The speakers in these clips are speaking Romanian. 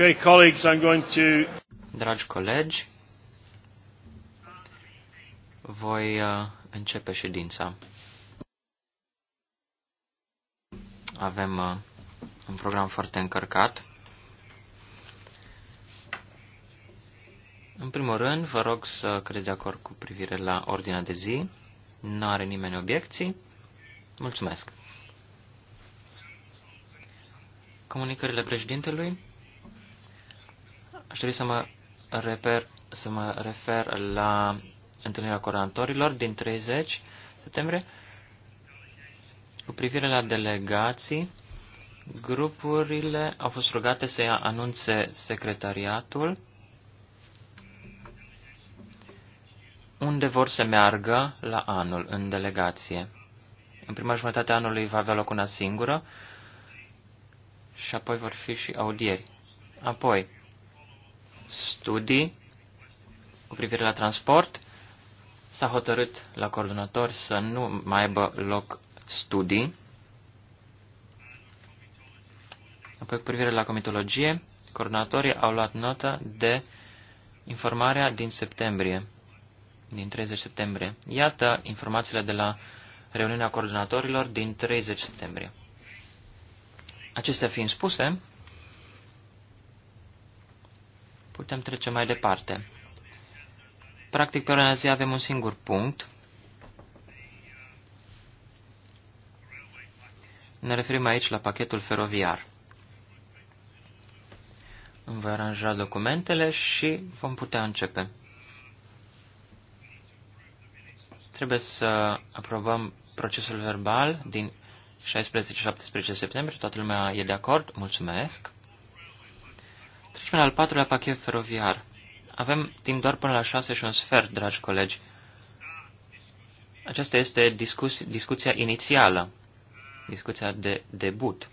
Okay, colleagues, I'm going to... Dragi colegi, voi uh, începe ședința. Avem uh, un program foarte încărcat. În primul rând, vă rog să credeți de acord cu privire la ordinea de zi. Nu are nimeni obiecții. Mulțumesc. Comunicările președintelui. Aș dori să mă, refer, să mă refer la întâlnirea coronatorilor din 30 septembrie cu privire la delegații. Grupurile au fost rugate să ia anunțe secretariatul unde vor să meargă la anul în delegație. În prima jumătate a anului va avea loc una singură și apoi vor fi și audieri. Apoi, studii cu privire la transport, s-a hotărât la coordonatori să nu mai aibă loc studii. Apoi, cu privire la comitologie, coordonatorii au luat notă de informarea din septembrie, din 30 septembrie. Iată informațiile de la reuniunea coordonatorilor din 30 septembrie. Acestea fiind spuse, Putem trece mai departe. Practic, pe ordinea zi avem un singur punct. Ne referim aici la pachetul feroviar. Îmi voi aranja documentele și vom putea începe. Trebuie să aprobăm procesul verbal din 16-17 septembrie. Toată lumea e de acord? Mulțumesc! Trecem la al patrulea pachet feroviar. Avem timp doar până la șase și un sfert, dragi colegi. Aceasta este discuția, discuția inițială, discuția de debut.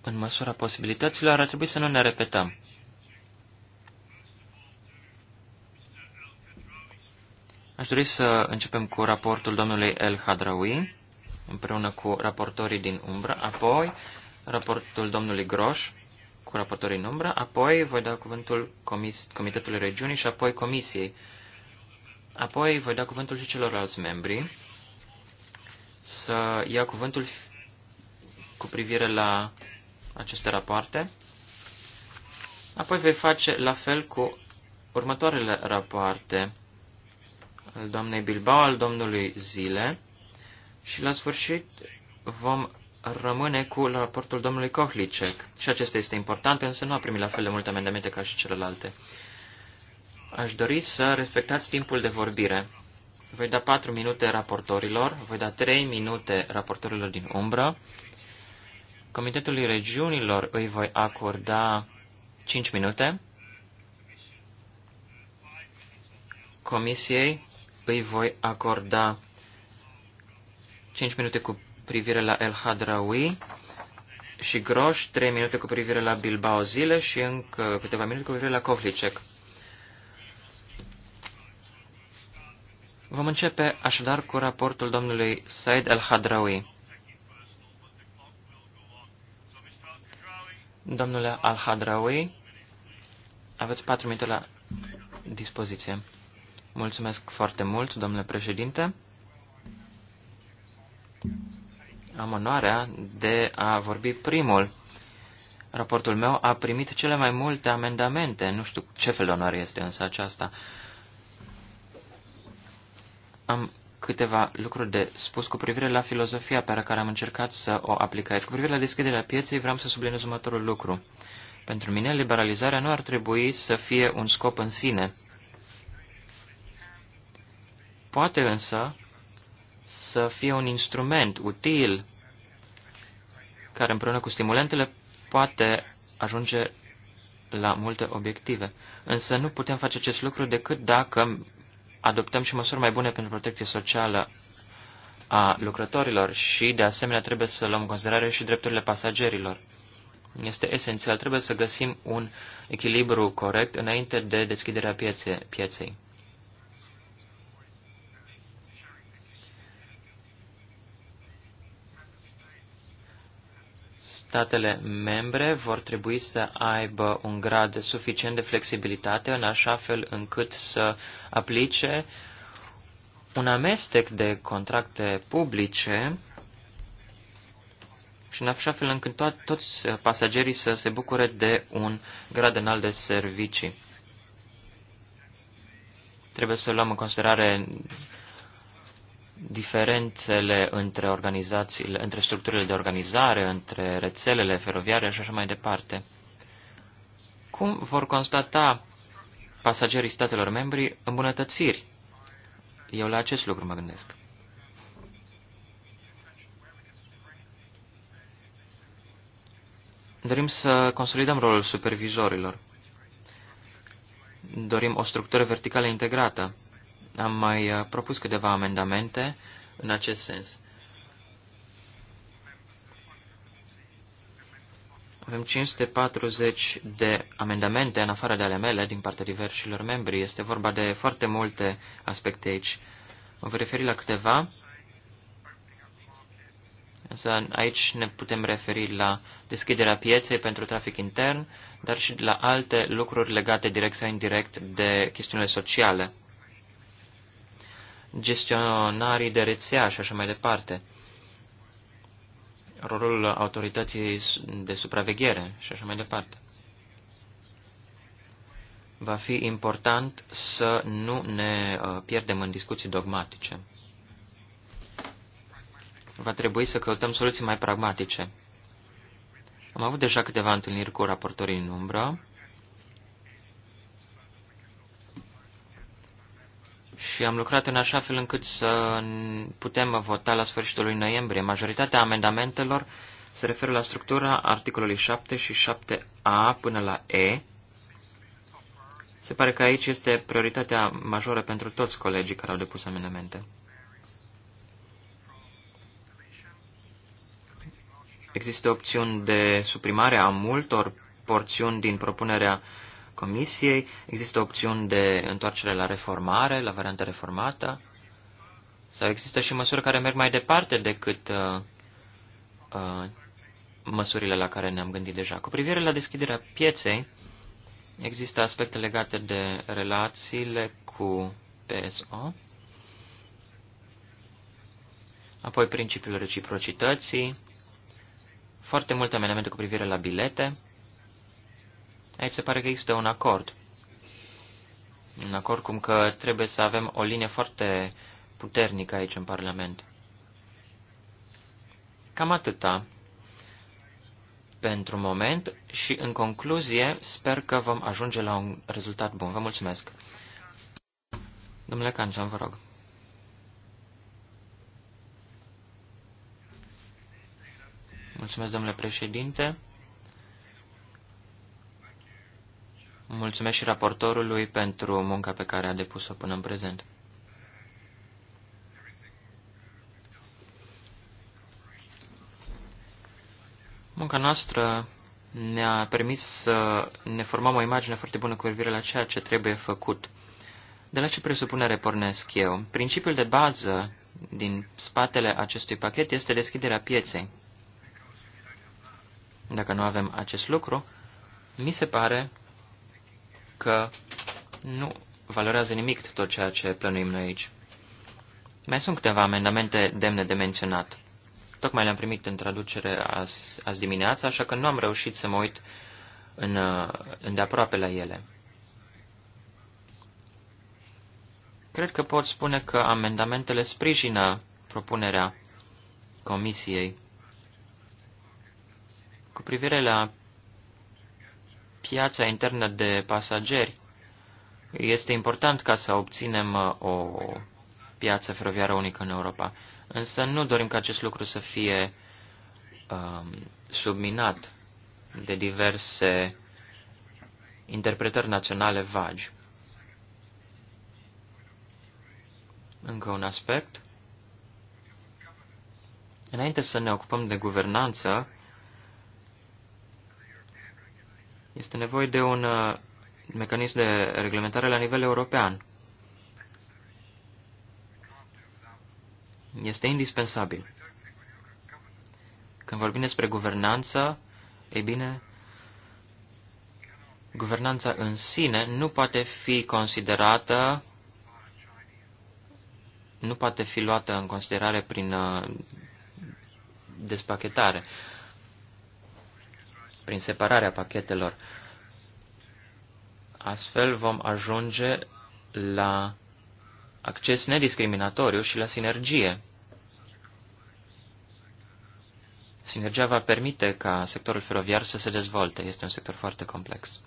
În măsura posibilităților, ar trebui să nu ne repetăm. Aș dori să începem cu raportul domnului El Hadraoui, împreună cu raportorii din umbră, apoi raportul domnului Groș cu raportorii în umbră, apoi voi da cuvântul comis- Comitetului Regiunii și apoi Comisiei. Apoi voi da cuvântul și celorlalți membri să ia cuvântul cu privire la aceste rapoarte. Apoi vei face la fel cu următoarele rapoarte al doamnei Bilbao, al domnului Zile și la sfârșit vom rămâne cu raportul domnului Kohlicek. Și acesta este important, însă nu a primit la fel de multe amendamente ca și celelalte. Aș dori să respectați timpul de vorbire. Voi da 4 minute raportorilor, voi da 3 minute raportorilor din umbră. Comitetului regiunilor îi voi acorda 5 minute. Comisiei îi voi acorda 5 minute cu privire la El Hadraoui și Groș, 3 minute cu privire la Bilbao Zile și încă câteva minute cu privire la Kovlicek. Vom începe așadar cu raportul domnului Said El Hadraoui. Domnule Al Hadraoui, aveți patru minute la dispoziție. Mulțumesc foarte mult, domnule președinte am onoarea de a vorbi primul. Raportul meu a primit cele mai multe amendamente. Nu știu ce fel de onoare este însă aceasta. Am câteva lucruri de spus cu privire la filozofia pe care am încercat să o aplic aici. Cu privire la deschiderea pieței, vreau să subliniez următorul lucru. Pentru mine, liberalizarea nu ar trebui să fie un scop în sine. Poate însă să fie un instrument util care împreună cu stimulentele poate ajunge la multe obiective. Însă nu putem face acest lucru decât dacă adoptăm și măsuri mai bune pentru protecție socială a lucrătorilor și, de asemenea, trebuie să luăm în considerare și drepturile pasagerilor. Este esențial, trebuie să găsim un echilibru corect înainte de deschiderea piețe, pieței. statele membre vor trebui să aibă un grad suficient de flexibilitate în așa fel încât să aplice un amestec de contracte publice și în așa fel încât to- toți pasagerii să se bucure de un grad înalt de servicii. Trebuie să luăm în considerare diferențele între organizațiile, între structurile de organizare, între rețelele feroviare și așa mai departe. Cum vor constata pasagerii statelor membri îmbunătățiri? Eu la acest lucru mă gândesc. Dorim să consolidăm rolul supervizorilor. Dorim o structură verticală integrată. Am mai uh, propus câteva amendamente în acest sens. Avem 540 de amendamente, în afară de ale mele, din partea diversilor membri. Este vorba de foarte multe aspecte aici. Mă voi referi la câteva, însă aici ne putem referi la deschiderea pieței pentru trafic intern, dar și la alte lucruri legate direct sau indirect de chestiunile sociale gestionarii de rețea și așa mai departe, rolul autorității de supraveghere și așa mai departe. Va fi important să nu ne uh, pierdem în discuții dogmatice. Va trebui să căutăm soluții mai pragmatice. Am avut deja câteva întâlniri cu raportorii în umbră și am lucrat în așa fel încât să putem vota la sfârșitul lui noiembrie. Majoritatea amendamentelor se referă la structura articolului 7 și 7a până la e. Se pare că aici este prioritatea majoră pentru toți colegii care au depus amendamente. Există opțiuni de suprimare a multor porțiuni din propunerea uh, Comisiei. Există opțiuni de întoarcere la reformare, la variantă reformată. Sau există și măsuri care merg mai departe decât uh, uh, măsurile la care ne-am gândit deja. Cu privire la deschiderea pieței, există aspecte legate de relațiile cu PSO, apoi principiul reciprocității, foarte multe amendamente cu privire la bilete, Aici se pare că există un acord. Un acord cum că trebuie să avem o linie foarte puternică aici în Parlament. Cam atâta pentru moment și în concluzie sper că vom ajunge la un rezultat bun. Vă mulțumesc. Domnule Cancian, vă rog. Mulțumesc, domnule președinte. Mulțumesc și raportorului pentru munca pe care a depus-o până în prezent. Munca noastră ne-a permis să ne formăm o imagine foarte bună cu privire la ceea ce trebuie făcut. De la ce presupunere pornesc eu? Principiul de bază din spatele acestui pachet este deschiderea pieței. Dacă nu avem acest lucru, mi se pare că nu valorează nimic tot ceea ce plănuim noi aici. Mai sunt câteva amendamente demne de menționat. Tocmai le-am primit în traducere azi, azi dimineața, așa că nu am reușit să mă uit în, aproape la ele. Cred că pot spune că amendamentele sprijină propunerea Comisiei. Cu privire la piața internă de pasageri. Este important ca să obținem uh, o piață feroviară unică în Europa. Însă nu dorim ca acest lucru să fie um, subminat de diverse interpretări naționale vagi. Încă un aspect. Înainte să ne ocupăm de guvernanță, Este nevoie de un uh, mecanism de reglementare la nivel european. Este indispensabil. Când vorbim despre guvernanță, e bine, guvernanța în sine nu poate fi considerată, nu poate fi luată în considerare prin uh, despachetare prin separarea pachetelor. Astfel vom ajunge la acces nediscriminatoriu și la sinergie. Sinergia va permite ca sectorul feroviar să se dezvolte. Este un sector foarte complex.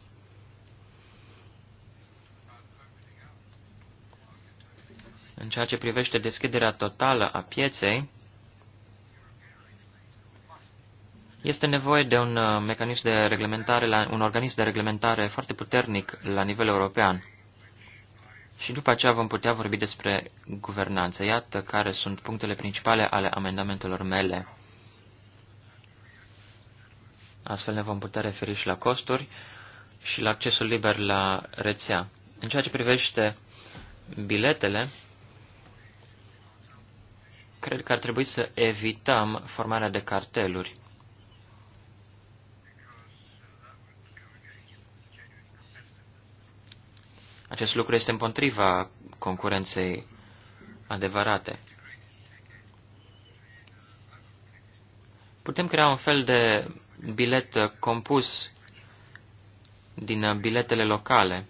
În ceea ce privește deschiderea totală a pieței, Este nevoie de un uh, mecanism de reglementare, un organism de reglementare foarte puternic la nivel european. Și după aceea vom putea vorbi despre guvernanță. Iată care sunt punctele principale ale amendamentelor mele. Astfel ne vom putea referi și la costuri și la accesul liber la rețea. În ceea ce privește biletele, cred că ar trebui să evităm formarea de carteluri. Acest lucru este împotriva concurenței adevărate. Putem crea un fel de bilet compus din biletele locale.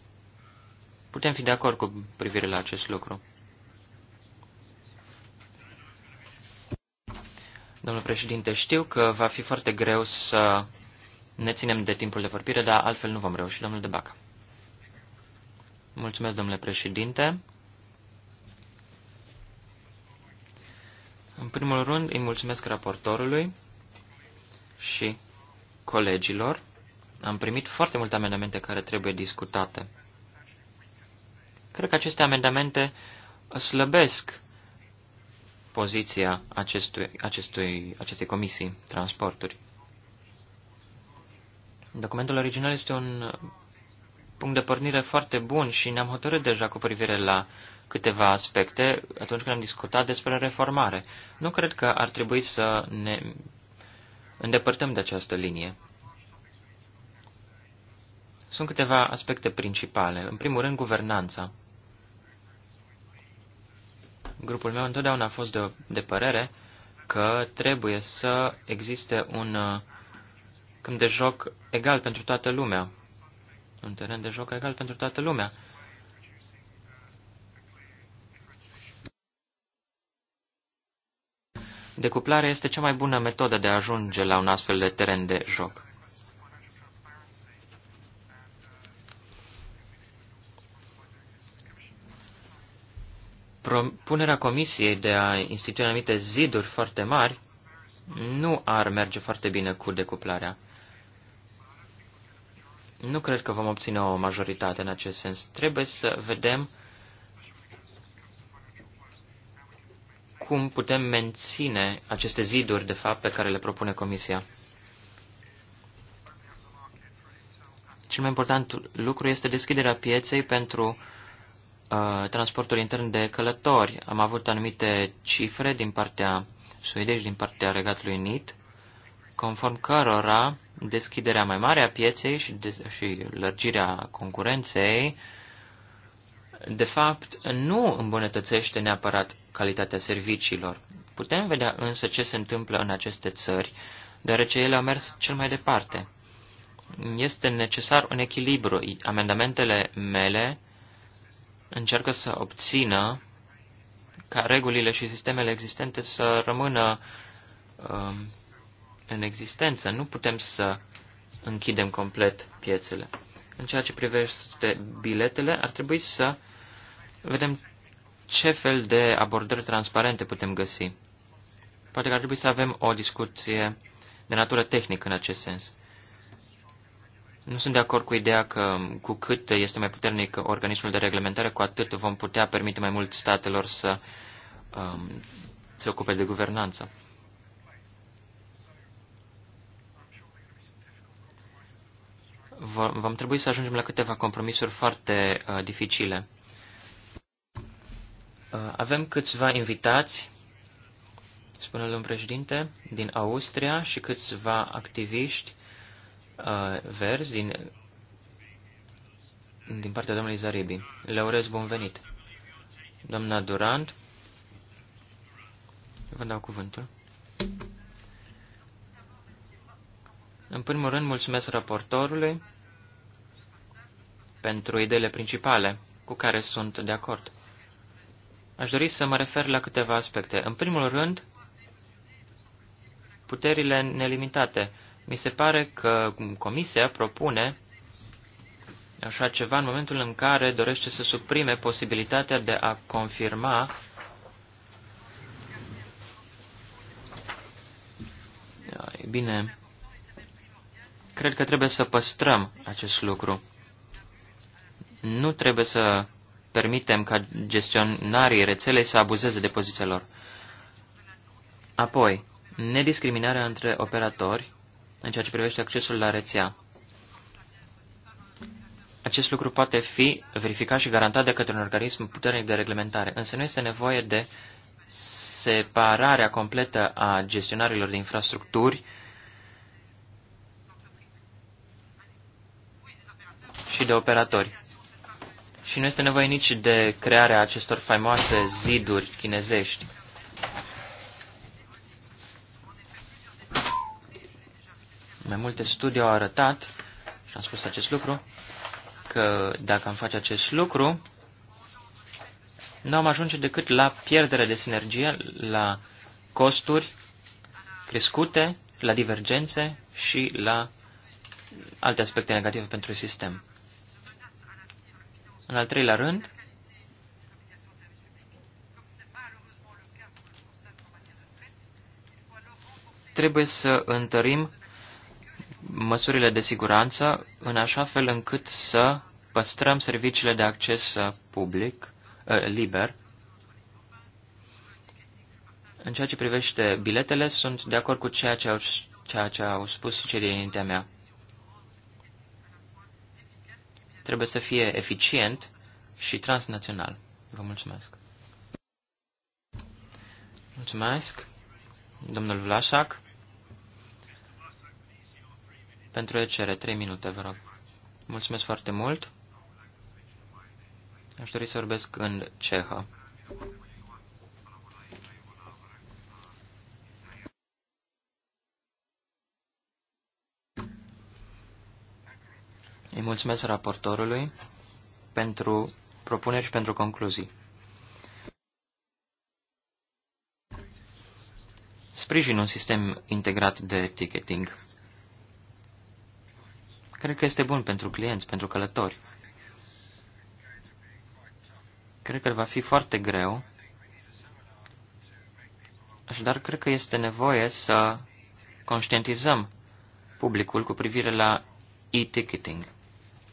Putem fi de acord cu privire la acest lucru. Domnul președinte, știu că va fi foarte greu să ne ținem de timpul de vorbire, dar altfel nu vom reuși. Domnul de baca. Mulțumesc, domnule președinte. În primul rând, îi mulțumesc raportorului și colegilor. Am primit foarte multe amendamente care trebuie discutate. Cred că aceste amendamente slăbesc poziția acestui, acestui, acestei comisii transporturi. Documentul original este un punct de pornire foarte bun și ne-am hotărât deja cu privire la câteva aspecte atunci când am discutat despre reformare. Nu cred că ar trebui să ne îndepărtăm de această linie. Sunt câteva aspecte principale. În primul rând, guvernanța. Grupul meu întotdeauna a fost de, de părere că trebuie să existe un uh, câmp de joc egal pentru toată lumea, un teren de joc egal pentru toată lumea. Decuplarea este cea mai bună metodă de a ajunge la un astfel de teren de joc. Propunerea Comisiei de a institui anumite ziduri foarte mari nu ar merge foarte bine cu decuplarea. Nu cred că vom obține o majoritate în acest sens. Trebuie să vedem cum putem menține aceste ziduri, de fapt, pe care le propune Comisia. Cel mai important lucru este deschiderea pieței pentru uh, transportul intern de călători. Am avut anumite cifre din partea Suedei și din partea Regatului Unit conform cărora deschiderea mai mare a pieței și, de, și lărgirea concurenței, de fapt, nu îmbunătățește neapărat calitatea serviciilor. Putem vedea însă ce se întâmplă în aceste țări, deoarece ele au mers cel mai departe. Este necesar un echilibru. Amendamentele mele încearcă să obțină ca regulile și sistemele existente să rămână uh, în existență. Nu putem să închidem complet piețele. În ceea ce privește biletele, ar trebui să vedem ce fel de abordări transparente putem găsi. Poate că ar trebui să avem o discuție de natură tehnică în acest sens. Nu sunt de acord cu ideea că cu cât este mai puternic organismul de reglementare, cu atât vom putea permite mai mult statelor să um, se ocupe de guvernanță. vom trebui să ajungem la câteva compromisuri foarte uh, dificile. Uh, avem câțiva invitați, spune domnul președinte, din Austria și câțiva activiști uh, verzi din, din partea domnului Zaribi. Le urez bun venit. Doamna Durand, vă dau cuvântul. În primul rând, mulțumesc raportorului pentru ideile principale cu care sunt de acord. Aș dori să mă refer la câteva aspecte. În primul rând, puterile nelimitate. Mi se pare că Comisia propune așa ceva în momentul în care dorește să suprime posibilitatea de a confirma da, bine Cred că trebuie să păstrăm acest lucru. Nu trebuie să permitem ca gestionarii rețelei să abuzeze de poziția lor. Apoi, nediscriminarea între operatori în ceea ce privește accesul la rețea. Acest lucru poate fi verificat și garantat de către un organism puternic de reglementare, însă nu este nevoie de separarea completă a gestionarilor de infrastructuri și de operatori. Și nu este nevoie nici de crearea acestor faimoase ziduri chinezești. Mai multe studii au arătat, și am spus acest lucru, că dacă am face acest lucru, nu am ajunge decât la pierdere de sinergie, la costuri crescute, la divergențe și la alte aspecte negative pentru sistem. În al treilea rând, trebuie să întărim măsurile de siguranță în așa fel încât să păstrăm serviciile de acces public ă, liber. În ceea ce privește biletele, sunt de acord cu ceea ce au, ceea ce au spus cei dinaintea mea. trebuie să fie eficient și transnațional. Vă mulțumesc. Mulțumesc, domnul Vlașac. Pentru ECR, trei minute, vă rog. Mulțumesc foarte mult. Aș dori să vorbesc în cehă. mulțumesc raportorului pentru propuneri și pentru concluzii. Sprijin un sistem integrat de ticketing. Cred că este bun pentru clienți, pentru călători. Cred că va fi foarte greu, dar cred că este nevoie să conștientizăm publicul cu privire la e-ticketing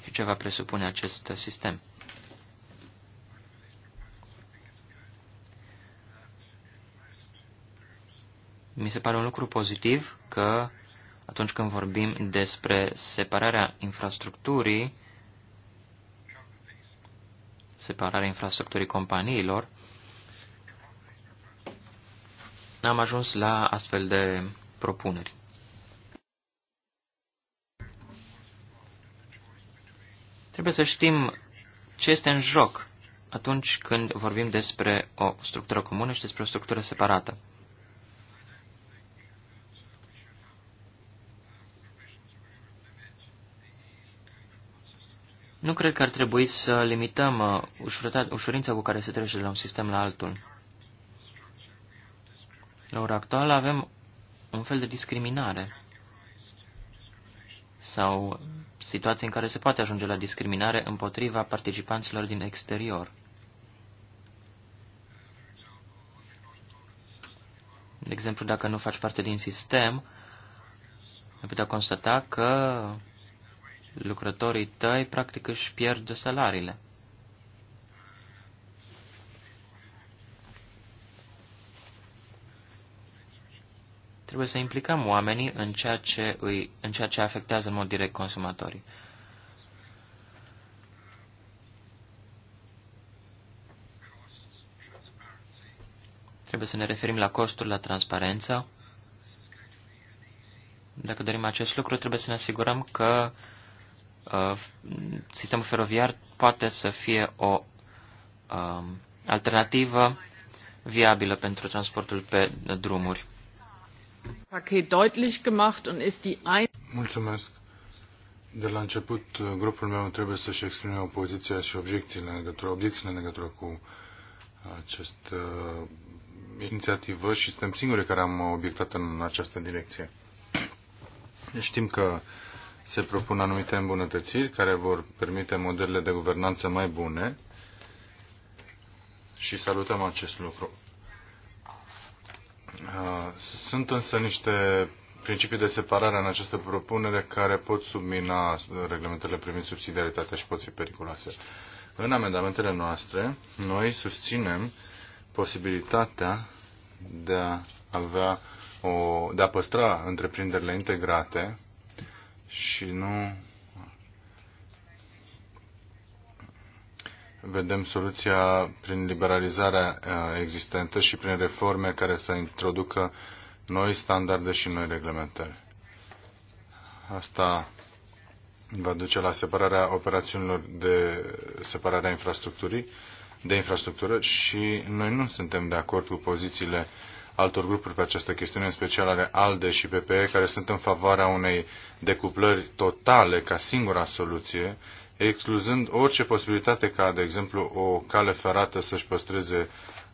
și ce va presupune acest sistem. Mi se pare un lucru pozitiv că atunci când vorbim despre separarea infrastructurii, separarea infrastructurii companiilor, am ajuns la astfel de propuneri. Trebuie să știm ce este în joc atunci când vorbim despre o structură comună și despre o structură separată. Nu cred că ar trebui să limităm uh, ușurința cu care se trece de la un sistem la altul. La ora actuală avem un fel de discriminare sau situații în care se poate ajunge la discriminare împotriva participanților din exterior. De exemplu, dacă nu faci parte din sistem, ai putea constata că lucrătorii tăi practic își pierd salariile. Trebuie să implicăm oamenii în ceea ce, îi, în ceea ce afectează în mod direct consumatorii. Trebuie să ne referim la costuri, la transparență. Dacă dorim acest lucru, trebuie să ne asigurăm că uh, sistemul feroviar poate să fie o uh, alternativă viabilă pentru transportul pe drumuri. Pachet deutlich gemacht und ist die ein Mulțumesc. De la început, grupul meu trebuie să-și exprime opoziția și obiecțiile în legătură, obiecțiile în legătură cu această uh, inițiativă și suntem singuri care am obiectat în această direcție. Știm că se propun anumite îmbunătățiri care vor permite modele de guvernanță mai bune și salutăm acest lucru. Sunt însă niște principii de separare în această propunere care pot submina reglementările privind subsidiaritatea și pot fi periculoase. În amendamentele noastre, noi susținem posibilitatea de a avea o, de a păstra întreprinderile integrate și nu vedem soluția prin liberalizarea uh, existentă și prin reforme care să introducă noi standarde și noi reglementări. Asta va duce la separarea operațiunilor de separarea infrastructurii, de infrastructură și noi nu suntem de acord cu pozițiile altor grupuri pe această chestiune, în special ale ALDE și PPE, care sunt în favoarea unei decuplări totale ca singura soluție excluzând orice posibilitate ca, de exemplu, o cale ferată să-și păstreze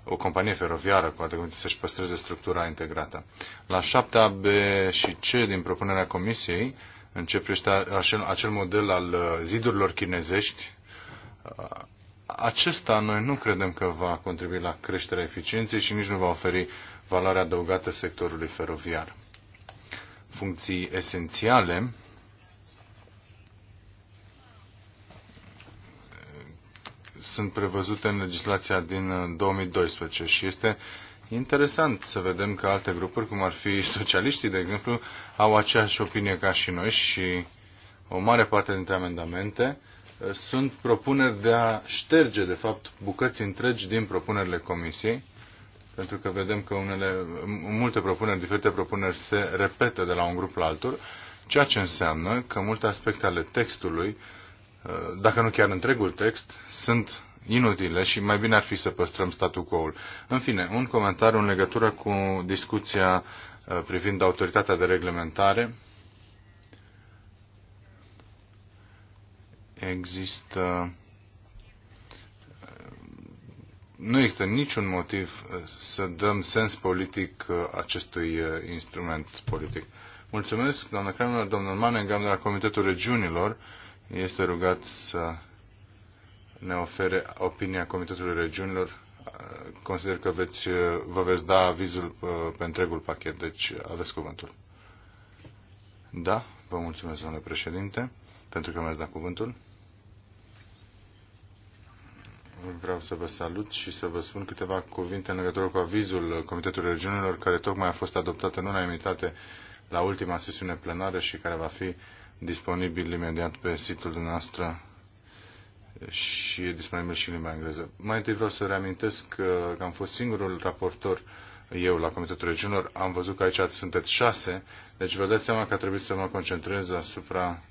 o companie feroviară, cu alte cuvinte, să-și păstreze structura integrată. La 7A, B și C din propunerea Comisiei începe acel, acel model al uh, zidurilor chinezești. Uh, acesta noi nu credem că va contribui la creșterea eficienței și nici nu va oferi valoare adăugată sectorului feroviar. Funcții esențiale sunt prevăzute în legislația din 2012 uh, și este interesant să vedem că alte grupuri, cum ar fi socialiștii, de exemplu, au aceeași opinie ca și noi și o mare parte dintre amendamente uh, sunt propuneri de a șterge, de fapt, bucăți întregi din propunerile Comisiei, pentru că vedem că unele, multe propuneri, diferite propuneri se repetă de la un grup la altul, ceea ce înseamnă că multe aspecte ale textului uh, dacă nu chiar întregul text, sunt inutile și mai bine ar fi să păstrăm statu quo-ul. În fine, un comentariu în legătură cu discuția uh, privind autoritatea de reglementare. Există uh, nu există niciun motiv uh, să dăm sens politic acestui instrument politic. Mulțumesc, doamna Kramer, domnul Manengam de la Comitetul Regiunilor este rugat să ne ofere opinia Comitetului Regiunilor. Consider că veți, vă veți da avizul uh, pe întregul pachet, deci aveți cuvântul. Da, vă mulțumesc, domnule președinte, pentru că mi-ați dat cuvântul. Vreau să vă salut și să vă spun câteva cuvinte în legătură cu avizul Comitetului Regiunilor, care tocmai a fost adoptat în unanimitate la ultima sesiune plenară și care va fi disponibil imediat pe site-ul dumneavoastră și e disponibil și în limba engleză. Mai întâi vreau să reamintesc că, că am fost singurul raportor eu la Comitetul Regiunilor. Am văzut că aici sunteți șase, deci vă dați seama că trebuie să mă concentrez asupra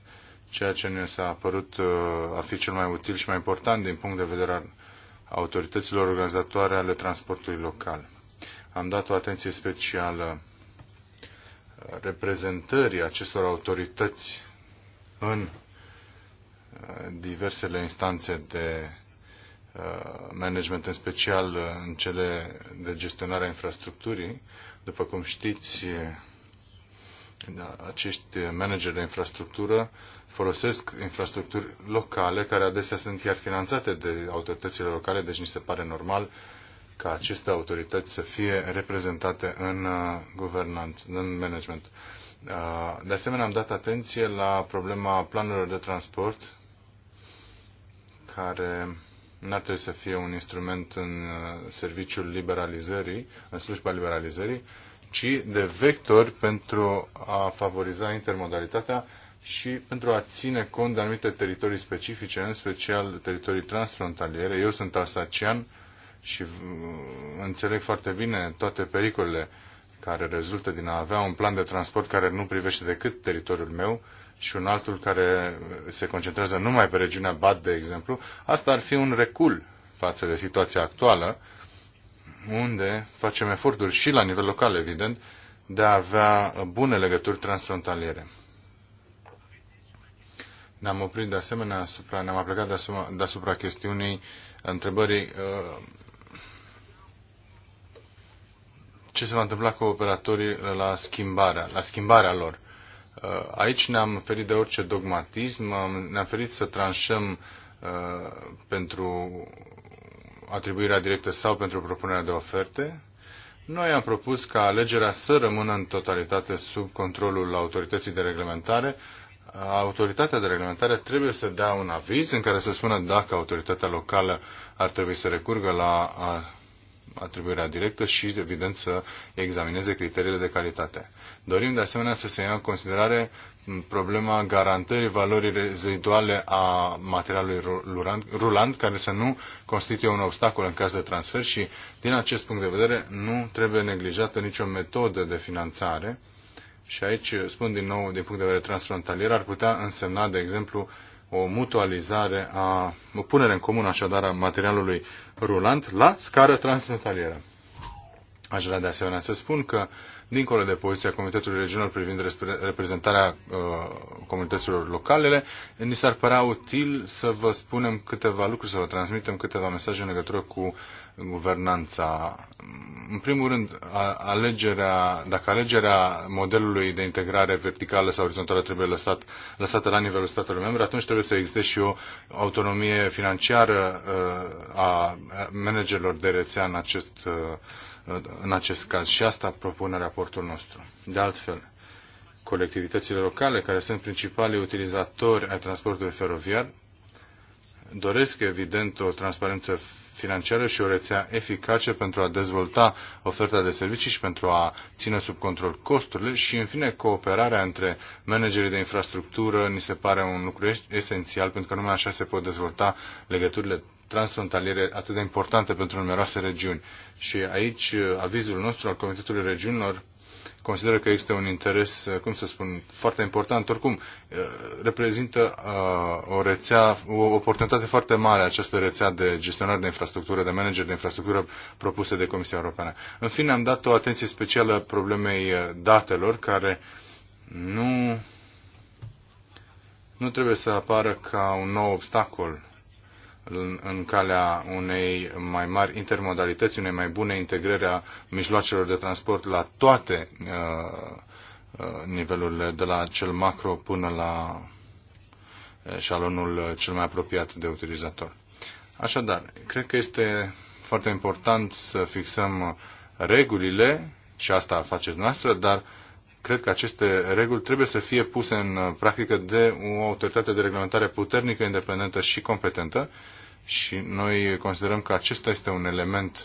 ceea ce ne s-a părut uh, a fi cel mai util și mai important din punct de vedere al autorităților organizatoare ale transportului local. Am dat o atenție specială uh, reprezentării acestor autorități în uh, diversele instanțe de uh, management, în special uh, în cele de gestionare a infrastructurii. După cum știți, da, acești manageri de infrastructură folosesc infrastructuri locale care adesea sunt chiar finanțate de autoritățile locale, deci ni se pare normal ca aceste autorități să fie reprezentate în, guvernanță, în management. Ah, de asemenea, am dat atenție la problema planurilor de transport, care n-ar trebui să fie un instrument în ah, serviciul liberalizării, în slujba liberalizării, ci de vector pentru a favoriza intermodalitatea și pentru a ține cont de anumite teritorii specifice, în special teritorii transfrontaliere. Eu sunt alsacian și înțeleg foarte bine toate pericolele care rezultă din a avea un plan de transport care nu privește decât teritoriul meu și un altul care se concentrează numai pe regiunea BAD, de exemplu, asta ar fi un recul față de situația actuală, unde facem eforturi și la nivel local, evident, de a avea bune legături transfrontaliere. Ne-am oprit de asemenea asupra, ne-am aplicat deasupra, deasupra chestiunii întrebării uh, ce se va întâmpla cu operatorii la schimbarea, la schimbarea lor. Uh, aici ne-am ferit de orice dogmatism, ne-am ferit să tranșăm uh, pentru atribuirea directă sau pentru propunerea de oferte. Noi am propus ca alegerea să rămână în totalitate sub controlul autorității de reglementare. Uh, autoritatea de reglementare trebuie să dea un aviz în care să spună dacă autoritatea locală ar trebui să recurgă la atribuirea directă și, evident, să examineze criteriile de calitate. Dorim, de asemenea, să se ia în considerare problema garantării valorii reziduale a materialului rulant, care să nu constituie un obstacol în caz de transfer și, din acest punct de vedere, nu trebuie neglijată nicio metodă de finanțare. Și aici, spun din nou, din punct de vedere transfrontalier, ar putea însemna, de exemplu, o mutualizare, a, o punere în comun așadar a materialului rulant la scară transfrontalieră. Aș vrea de asemenea să spun că, dincolo de poziția Comitetului Regional privind reprezentarea uh, comunităților locale, ni s-ar părea util să vă spunem câteva lucruri, să vă transmitem câteva mesaje în legătură cu guvernanța. În primul rând, alegerea, dacă alegerea modelului de integrare verticală sau orizontală trebuie lăsat, lăsată la nivelul statelor membre, atunci trebuie să existe și o autonomie financiară uh, a managerilor de rețea în acest, uh, în acest caz. Și asta propune raportul nostru. De altfel, colectivitățile locale, care sunt principalii utilizatori ai transportului feroviar, doresc evident o transparență financiară și o rețea eficace pentru a dezvolta oferta de servicii și pentru a ține sub control costurile și, în fine, cooperarea între managerii de infrastructură ni se pare un lucru esențial pentru că numai așa se pot dezvolta legăturile transfrontaliere atât de importante pentru numeroase regiuni. Și aici uh, avizul nostru al Comitetului Regiunilor consideră că există un interes, uh, cum să spun, foarte important. Oricum, uh, reprezintă uh, o rețea, o oportunitate foarte mare această rețea de gestionare de infrastructură, de manager de infrastructură propuse de Comisia Europeană. În fine, am dat o atenție specială problemei datelor, care nu, nu trebuie să apară ca un nou obstacol în, calea unei mai mari intermodalități, unei mai bune integrări a mijloacelor de transport la toate uh, uh, nivelurile, de la cel macro până la șalonul cel mai apropiat de utilizator. Așadar, cred că este foarte important să fixăm regulile și asta faceți noastră, dar uh, Cred că aceste reguli trebuie să fie puse în uh, practică de o autoritate de reglementare puternică, independentă și competentă și noi considerăm că acesta este un element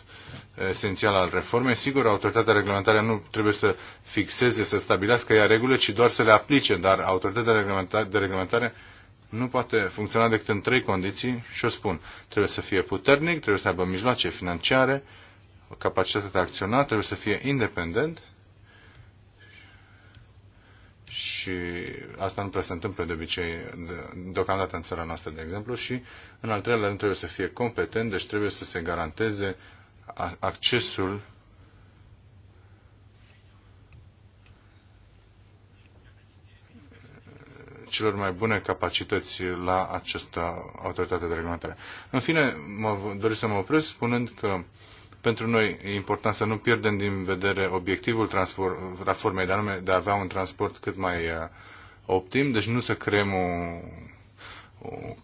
uh, esențial al reformei. Sigur, autoritatea reglementară nu trebuie să fixeze, să stabilească ea regulile, ci doar să le aplice, dar autoritatea de reglementare nu poate funcționa decât în trei condiții și o spun. Trebuie să fie puternic, trebuie să aibă mijloace financiare, capacitatea de a acționa, trebuie să fie independent și asta nu prea se întâmplă de obicei deocamdată în țara noastră, de exemplu, și în al treilea rând trebuie să fie competent, deci trebuie să se garanteze accesul celor mai bune capacități la această autoritate de reglementare. În fine, mă doresc să mă opresc spunând că pentru noi e important să nu pierdem din vedere obiectivul reformei, de anume de a avea un transport cât mai uh, optim, deci nu să creăm o,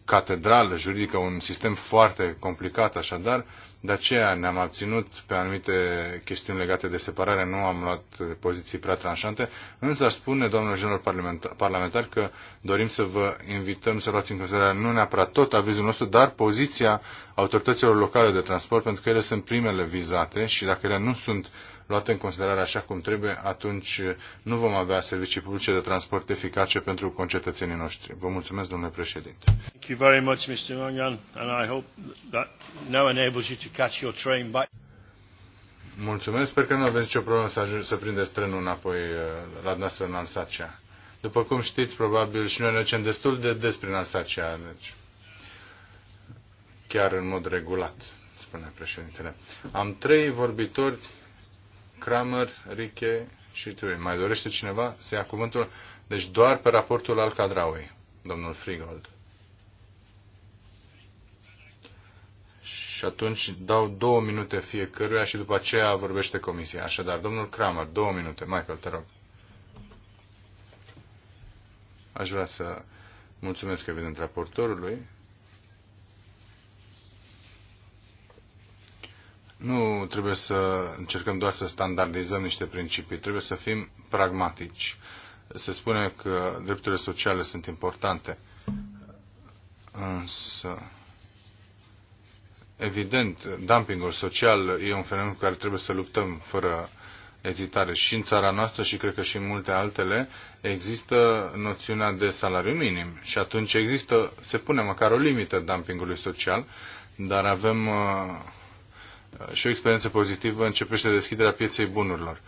catedrală juridică, un sistem foarte complicat așadar, de aceea ne-am abținut pe anumite chestiuni legate de separare, nu am luat poziții prea tranșante, însă aș spune, domnul general parlamentar, parlamentar, că dorim să vă invităm să luați în considerare nu neapărat tot avizul nostru, dar poziția autorităților locale de transport, pentru că ele sunt primele vizate și dacă ele nu sunt uh, luată în considerare așa cum trebuie, atunci nu vom avea servicii publice de transport eficace pentru concetățenii noștri. Vă mulțumesc, domnule președinte. Thank you very much, Mr. Mangan, and I hope that now enables you to catch your train back. Mulțumesc, sper că nu aveți nicio problemă să, ajung, să prindeți trenul înapoi uh, la noastră în Alsacea. După cum știți, probabil și noi ne ducem destul de des prin Alsacea, deci chiar în mod regulat, spune președintele. Am trei vorbitori Kramer, Riche și tu. Mai dorește cineva să ia cuvântul? Deci doar pe raportul al Cadraui, domnul Frigold. Și atunci dau două minute fiecăruia și după aceea vorbește comisia. Așadar, domnul Kramer, două minute. Michael, te rog. Aș vrea să mulțumesc, evident, raportorului Nu trebuie să încercăm doar să standardizăm niște principii, trebuie să fim pragmatici. Se spune că drepturile sociale sunt importante, însă evident, dumpingul social e un fenomen cu care trebuie să luptăm fără ezitare. Și în țara noastră și cred că și în multe altele există noțiunea de salariu minim și atunci există, se pune măcar o limită dumpingului social, dar avem uh, Uh, și o experiență pozitivă începește deschiderea pieței bunurilor.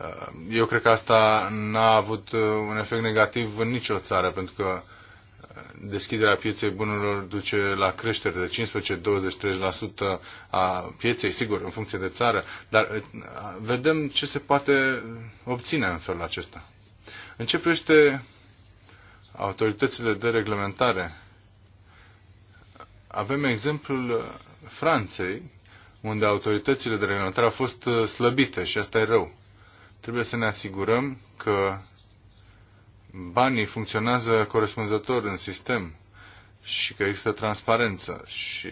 Uh, eu cred că asta n-a avut uh, un efect negativ în nicio țară, pentru că deschiderea pieței bunurilor duce la creștere de 15, 20, 30% a pieței, sigur, în funcție de țară, dar vedem ce se poate obține în felul acesta. În ce privește autoritățile de reglementare, avem exemplul Franței, unde autoritățile de reglementare au fost uh, slăbite și asta e rău. Trebuie să ne asigurăm că banii funcționează corespunzător în sistem și că există transparență și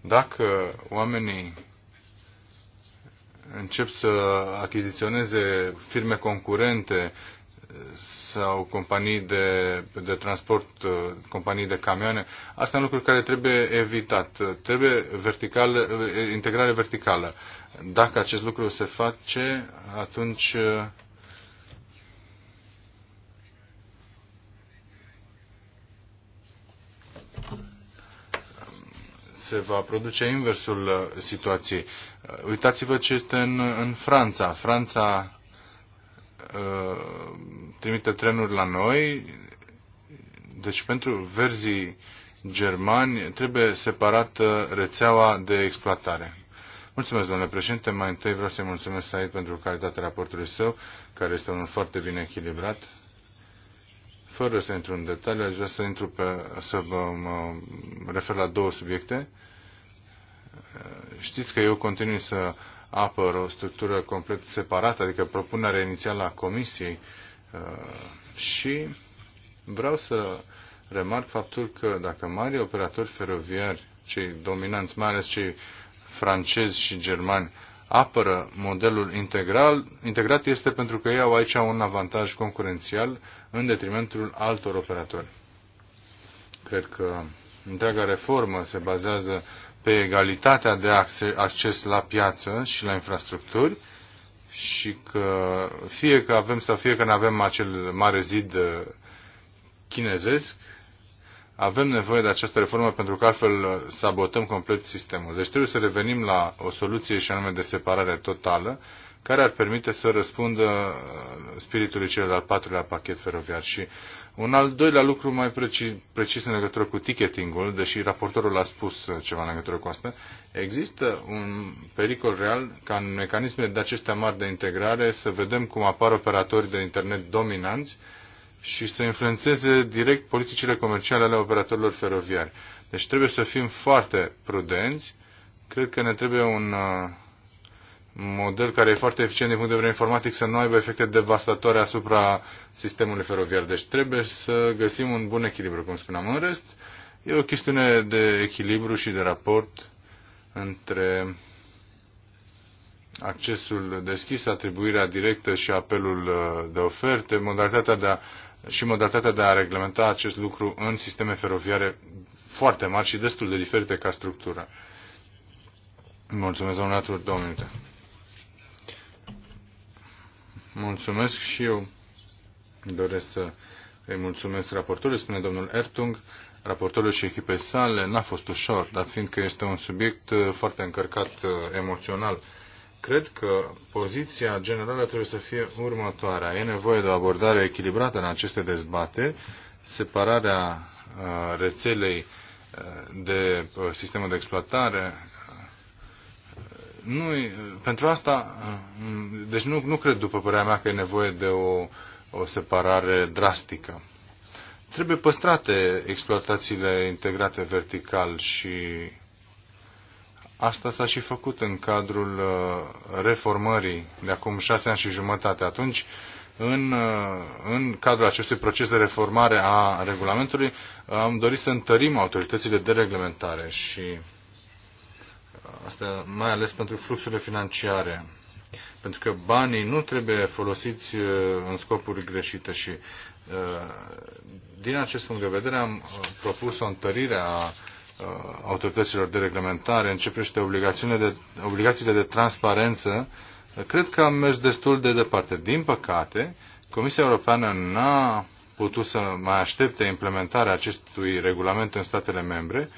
dacă oamenii încep să achiziționeze firme concurente sau companii de, de transport, uh, companii de camioane. Asta e un lucru care trebuie evitat. Trebuie vertical, uh, integrare verticală. Dacă acest lucru se face, atunci uh, se va produce inversul situației. Uitați-vă ce este în, în Franța. Franța Uh, trimite trenuri la noi. Deci pentru verzii germani trebuie separată rețeaua de exploatare. Mulțumesc, domnule președinte. Mai întâi vreau să-i mulțumesc Said pentru calitatea raportului său, care este unul foarte bine echilibrat. Fără să intru în detalii, aș vrea să, intru pe, să mă refer la două subiecte. Știți că eu continui să Apăr o structură complet separată, adică propunerea inițială a Comisiei. Uh, și vreau să remarc faptul că dacă mari operatori feroviari, cei dominanți, mai ales cei francezi și germani, apără modelul integral, integrat este pentru că ei au aici un avantaj concurențial în detrimentul altor operatori. Cred că întreaga reformă se bazează pe egalitatea de acces la piață și la infrastructuri și că fie că avem sau fie că nu avem acel mare zid uh, chinezesc, avem nevoie de această reformă pentru că altfel uh, sabotăm complet sistemul. Deci trebuie să revenim la o soluție și anume de separare totală care ar permite să răspundă uh, spiritului cel al patrulea pachet feroviar. Și un al doilea lucru mai precis, precis în legătură cu ticketingul, deși raportorul a spus uh, ceva în legătură cu asta, există un pericol real ca în mecanismele de acestea mari de integrare să vedem cum apar operatori de internet dominanți și să influențeze direct politicile comerciale ale operatorilor feroviari. Deci trebuie să fim foarte prudenți. Cred că ne trebuie un uh, model care e foarte eficient din punct de vedere informatic să nu aibă efecte devastatoare asupra sistemului feroviar. Deci trebuie să găsim un bun echilibru, cum spuneam. În rest, e o chestiune de echilibru și de raport între accesul deschis, atribuirea directă și apelul uh, de oferte, modalitatea de a, și modalitatea de a reglementa acest lucru în sisteme feroviare foarte mari și destul de diferite ca structură. Mulțumesc, domnule, domnule. două minute. Mulțumesc și eu doresc să îi mulțumesc raportorului, spune domnul Ertung, raportorul și echipei sale. N-a fost ușor, dar fiindcă este un subiect uh, foarte încărcat uh, emoțional. Cred că poziția generală trebuie să fie următoarea. E nevoie de o abordare echilibrată în aceste dezbateri, separarea uh, rețelei de sistemul de exploatare, nu, pentru asta, deci nu, nu cred, după părerea mea, că e nevoie de o, o separare drastică. Trebuie păstrate exploatațiile integrate vertical și asta s-a și făcut în cadrul uh, reformării de acum șase ani și jumătate. Atunci, în, uh, în cadrul acestui proces de reformare a regulamentului, am dorit să întărim autoritățile de reglementare și Asta mai ales pentru fluxurile financiare. Pentru că banii nu trebuie folosiți uh, în scopuri greșite și uh, din acest punct de vedere am uh, propus o întărire a autorităților de reglementare, începește obligațiile de, obligațiile de transparență, cred că am mers destul de departe. Din păcate, Comisia Europeană n-a putut să mai aștepte implementarea acestui regulament în statele membre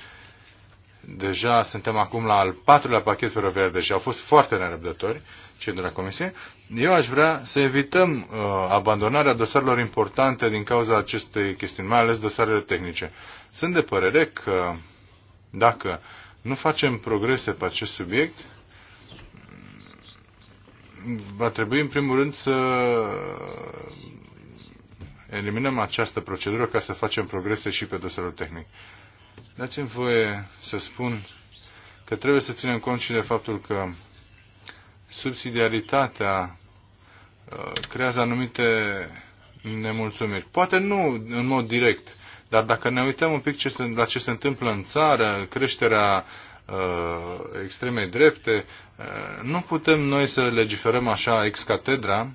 Deja suntem acum la al patrulea pachet feroviar, deși au fost foarte nerăbdători cei de la Comisie. Eu aș vrea să evităm uh, abandonarea dosarelor importante din cauza acestei chestiuni, mai ales dosarele tehnice. Sunt de părere că dacă nu facem progrese pe acest subiect, va trebui în primul rând să eliminăm această procedură ca să facem progrese și pe dosarul tehnic. Dați-mi voie să spun că trebuie să ținem cont și de faptul că subsidiaritatea uh, creează anumite nemulțumiri. Poate nu în mod direct, dar dacă ne uităm un pic ce se, la ce se întâmplă în țară, creșterea uh, extremei drepte, uh, nu putem noi să legiferăm așa ex catedra.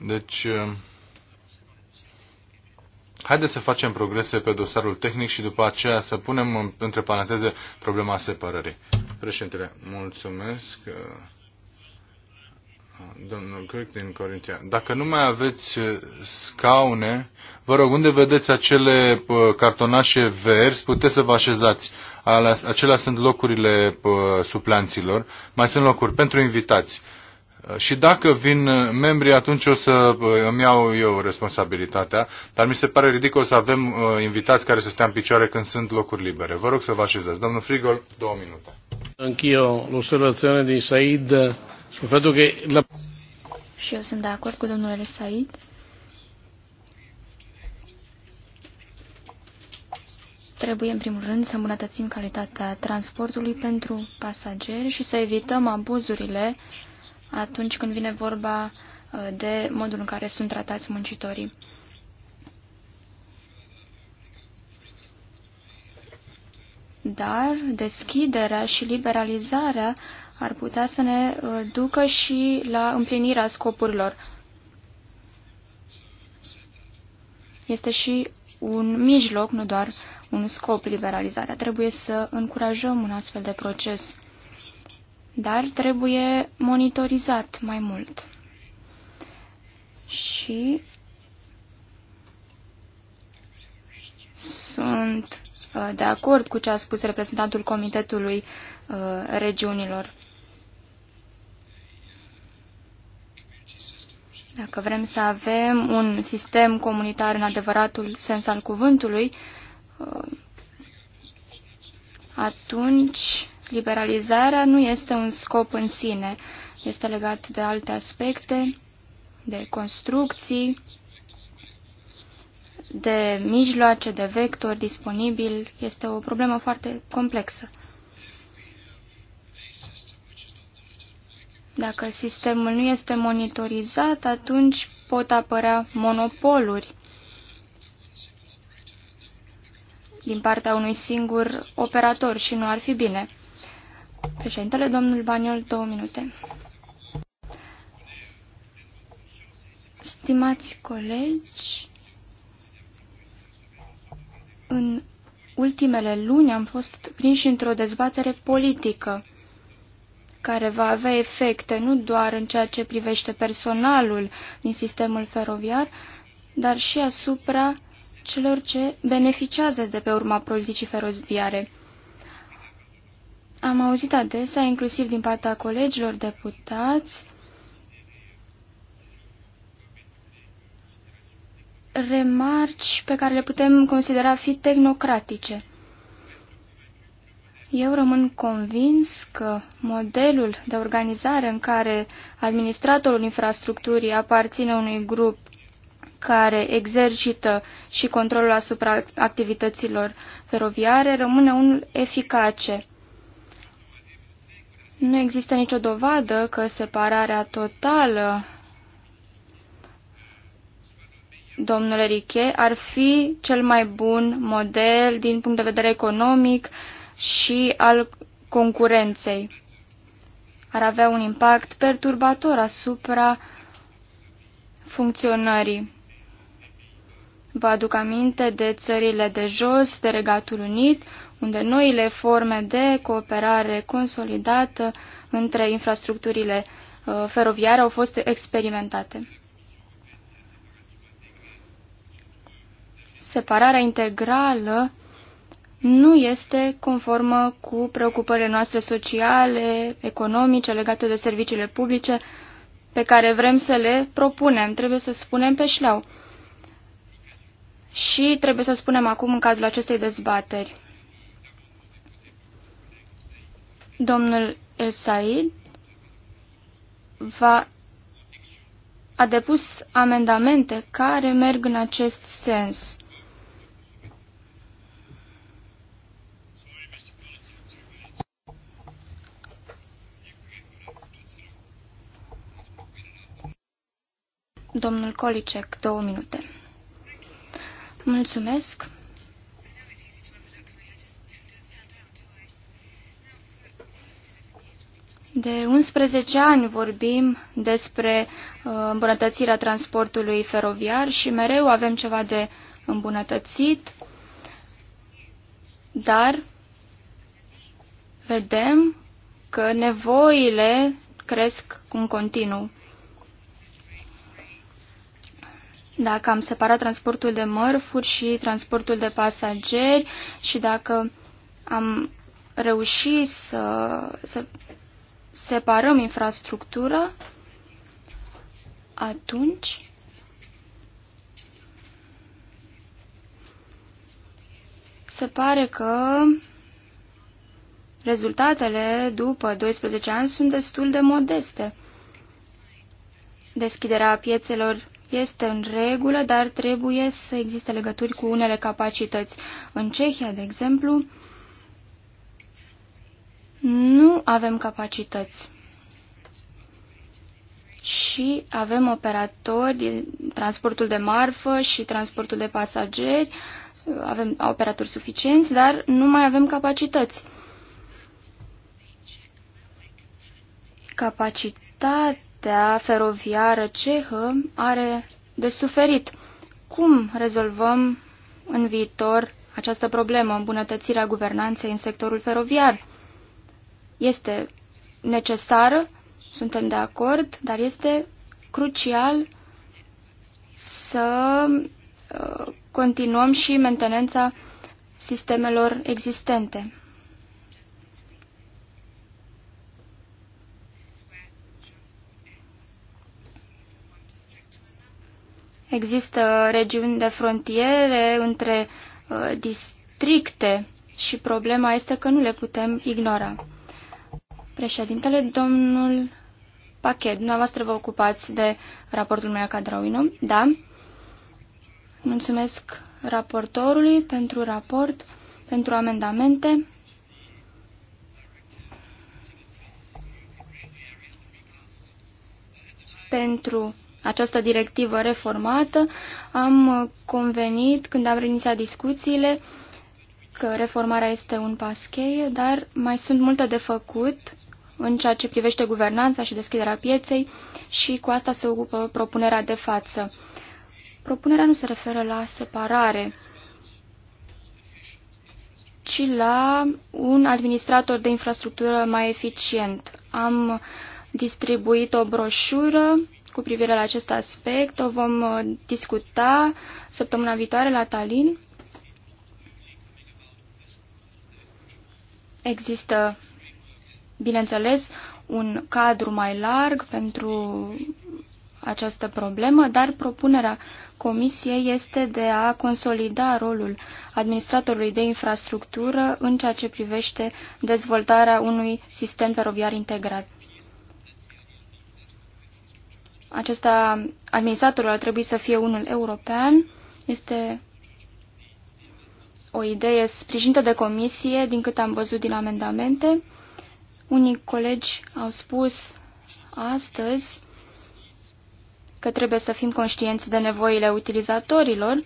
Deci, uh, Haideți să facem progrese pe dosarul tehnic și după aceea să punem între paranteze problema separării. Președintele, mulțumesc. Uh, domnul Cric din Corintia. Dacă nu mai aveți uh, scaune, vă rog, unde vedeți acele uh, cartonașe verzi, puteți să vă așezați. Acelea sunt locurile suplanților. Mai sunt locuri pentru invitați. Și dacă vin uh, membrii, atunci o să uh, îmi iau eu responsabilitatea, dar mi se pare ridicol să avem uh, invitați care să stea în picioare când sunt locuri libere. Vă rog să vă așezați. Domnul Frigol, două minute. Închio l'osservazione din Said eh, sul fatto che la... Și eu sunt de acord cu domnul Said. Trebuie, în primul rând, să îmbunătățim calitatea transportului pentru pasageri și să evităm abuzurile uh, atunci când vine vorba uh, de modul în care sunt tratați muncitorii. Dar deschiderea și liberalizarea ar putea să ne uh, ducă și la împlinirea scopurilor. Este și un mijloc, nu doar un scop, liberalizarea. Trebuie să încurajăm un astfel de proces dar trebuie monitorizat mai mult. Și sunt uh, de acord cu ce a spus reprezentantul Comitetului uh, Regiunilor. Dacă vrem să avem un sistem comunitar în adevăratul sens al cuvântului, uh, atunci Liberalizarea nu este un scop în sine, este legat de alte aspecte, de construcții, de mijloace, de vectori disponibil. Este o problemă foarte complexă. Dacă sistemul nu este monitorizat, atunci pot apărea monopoluri din partea unui singur operator și nu ar fi bine. Președintele, domnul Baniol, două minute. Stimați colegi, în ultimele luni am fost prinși într-o dezbatere politică care va avea efecte nu doar în ceea ce privește personalul din sistemul feroviar, dar și asupra celor ce beneficiază de pe urma politicii feroviare. Am auzit adesea, inclusiv din partea colegilor deputați, remarci pe care le putem considera fi tehnocratice. Eu rămân convins că modelul de organizare în care administratorul infrastructurii aparține unui grup care exercită și controlul asupra activităților feroviare rămâne unul eficace. Nu există nicio dovadă că separarea totală, domnule Riche, ar fi cel mai bun model din punct de vedere economic și al concurenței. Ar avea un impact perturbator asupra funcționării. Vă aduc aminte de țările de jos, de Regatul Unit, unde noile forme de cooperare consolidată între infrastructurile uh, feroviare au fost experimentate. Separarea integrală nu este conformă cu preocupările noastre sociale, economice, legate de serviciile publice, pe care vrem să le propunem, trebuie să spunem pe șleau. Și trebuie să spunem acum în cadrul acestei dezbateri. Domnul El Said va, a depus amendamente care merg în acest sens. Domnul Kolicek, două minute. Mulțumesc. De 11 ani vorbim despre uh, îmbunătățirea transportului feroviar și mereu avem ceva de îmbunătățit, dar vedem că nevoile cresc cu un continuu. Dacă am separat transportul de mărfuri și transportul de pasageri și dacă am reușit să, să separăm infrastructura, atunci se pare că rezultatele după 12 ani sunt destul de modeste. Deschiderea piețelor este în regulă, dar trebuie să existe legături cu unele capacități. În Cehia, de exemplu, nu avem capacități și avem operatori din transportul de marfă și transportul de pasageri, avem operatori suficienți, dar nu mai avem capacități. Capacitatea feroviară cehă are de suferit. Cum rezolvăm în viitor această problemă, îmbunătățirea guvernanței în sectorul feroviar? este necesară, suntem de acord, dar este crucial să uh, continuăm și mentenența sistemelor existente. Există regiuni de frontiere între uh, districte și problema este că nu le putem ignora. Președintele, domnul Pachet, dumneavoastră vă ocupați de raportul meu Cadrauino, da? Mulțumesc raportorului pentru raport, pentru amendamente. Pentru această directivă reformată am convenit când am reinițiat discuțiile că reformarea este un pas cheie, dar mai sunt multe de făcut în ceea ce privește guvernanța și deschiderea pieței și cu asta se ocupă propunerea de față. Propunerea nu se referă la separare, ci la un administrator de infrastructură mai eficient. Am distribuit o broșură cu privire la acest aspect, o vom uh, discuta săptămâna viitoare la Tallinn. Există bineînțeles, un cadru mai larg pentru această problemă, dar propunerea Comisiei este de a consolida rolul administratorului de infrastructură în ceea ce privește dezvoltarea unui sistem feroviar integrat. Acesta, administratorul ar trebui să fie unul european, este o idee sprijinită de comisie, din câte am văzut din amendamente, unii colegi au spus astăzi că trebuie să fim conștienți de nevoile utilizatorilor,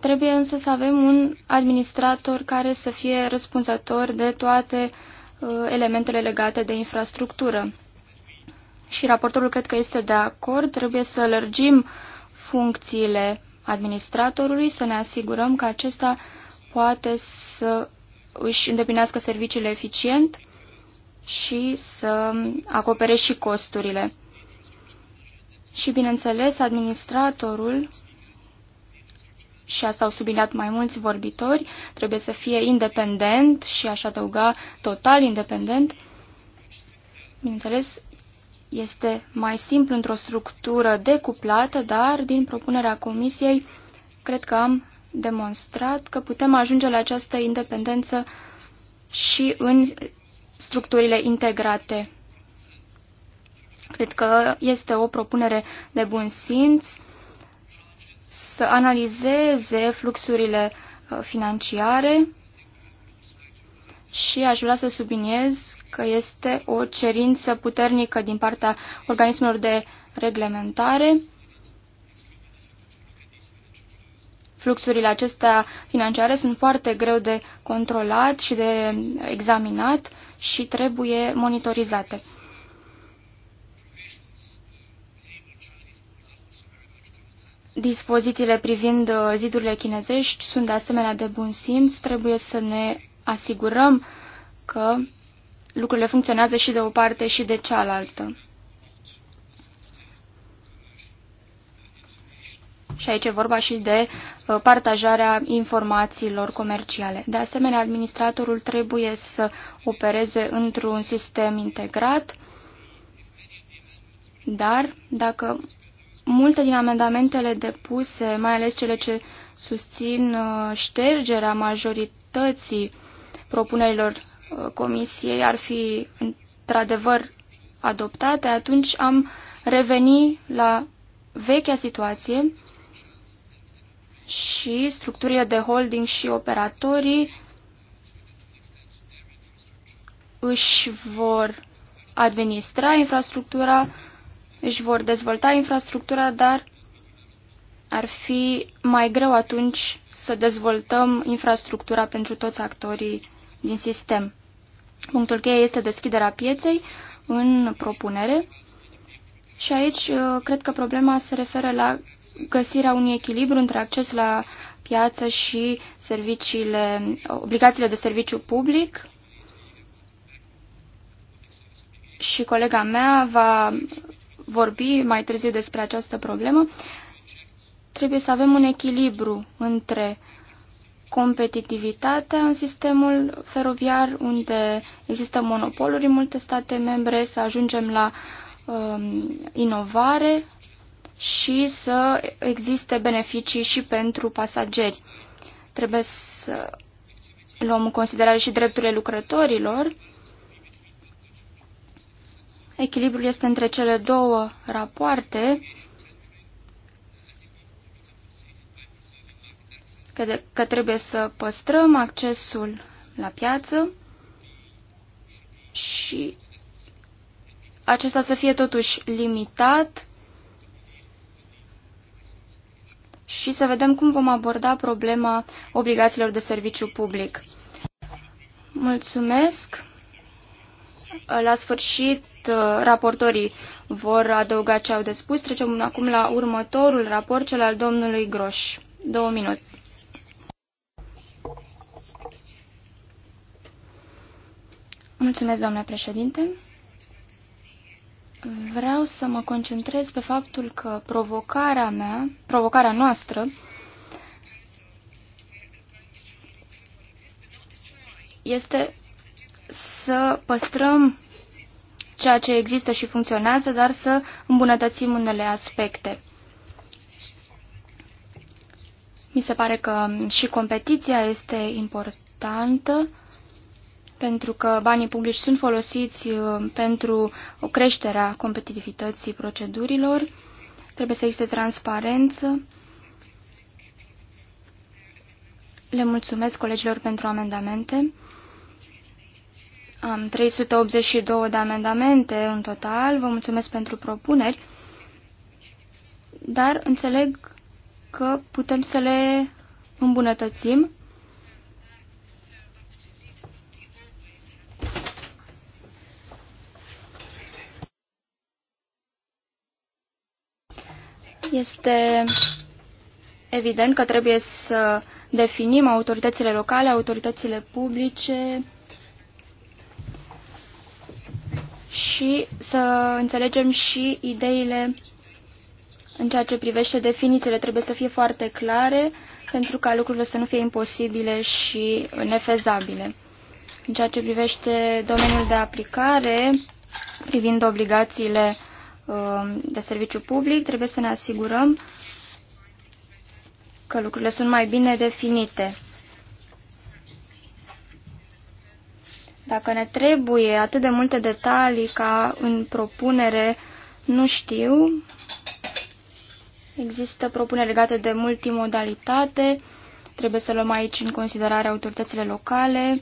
trebuie însă să avem un administrator care să fie răspunzător de toate uh, elementele legate de infrastructură. Și raportorul cred că este de acord, trebuie să lărgim funcțiile administratorului, să ne asigurăm că acesta poate să își îndeplinească serviciile eficient, și să acopere și costurile. Și, bineînțeles, administratorul, și asta au subliniat mai mulți vorbitori, trebuie să fie independent și aș adăuga total independent. Bineînțeles, este mai simplu într-o structură decuplată, dar din propunerea comisiei cred că am demonstrat că putem ajunge la această independență și în structurile integrate. Cred că este o propunere de bun simț să analizeze fluxurile uh, financiare și aș vrea să subliniez că este o cerință puternică din partea organismelor de reglementare. Fluxurile acestea financiare sunt foarte greu de controlat și de uh, examinat și trebuie monitorizate. Dispozițiile privind uh, zidurile chinezești sunt de asemenea de bun simț. Trebuie să ne asigurăm că lucrurile funcționează și de o parte și de cealaltă. și aici e vorba și de uh, partajarea informațiilor comerciale. De asemenea, administratorul trebuie să opereze într-un sistem integrat, dar dacă multe din amendamentele depuse, mai ales cele ce susțin uh, ștergerea majorității propunerilor uh, comisiei, ar fi într-adevăr adoptate, atunci am reveni la vechea situație și structurile de holding și operatorii își vor administra infrastructura, își vor dezvolta infrastructura, dar ar fi mai greu atunci să dezvoltăm infrastructura pentru toți actorii din sistem. Punctul cheie este deschiderea pieței în propunere și aici uh, cred că problema se referă la găsirea unui echilibru între acces la piață și serviciile, obligațiile de serviciu public. Și colega mea va vorbi mai târziu despre această problemă. Trebuie să avem un echilibru între competitivitatea în sistemul feroviar, unde există monopoluri în multe state membre, să ajungem la um, inovare și să existe beneficii și pentru pasageri. Trebuie să luăm în considerare și drepturile lucrătorilor. Echilibrul este între cele două rapoarte. de, că trebuie să păstrăm accesul la piață și acesta să fie totuși limitat și să vedem cum vom aborda problema obligațiilor de serviciu public. Mulțumesc! La sfârșit, raportorii vor adăuga ce au de spus. Trecem acum la următorul raport, cel al domnului Groș. Două minute. Mulțumesc, doamne președinte. Vreau să mă concentrez pe faptul că provocarea mea, provocarea noastră, este să păstrăm ceea ce există și funcționează, dar să îmbunătățim unele aspecte. Mi se pare că și competiția este importantă pentru că banii publici sunt folosiți uh, pentru o creștere a competitivității procedurilor, trebuie să existe transparență. Le mulțumesc colegilor pentru amendamente. Am 382 de amendamente în total. Vă mulțumesc pentru propuneri. Dar înțeleg că putem să le îmbunătățim Este evident că trebuie să definim autoritățile locale, autoritățile publice și să înțelegem și ideile în ceea ce privește definițiile. Trebuie să fie foarte clare pentru ca lucrurile să nu fie imposibile și nefezabile. În ceea ce privește domeniul de aplicare, privind obligațiile Um, de serviciu public, trebuie să ne asigurăm că lucrurile sunt mai bine definite. Dacă ne trebuie atât de multe detalii ca în propunere, nu știu. Există propuneri legate de multimodalitate, trebuie să luăm aici în considerare autoritățile locale,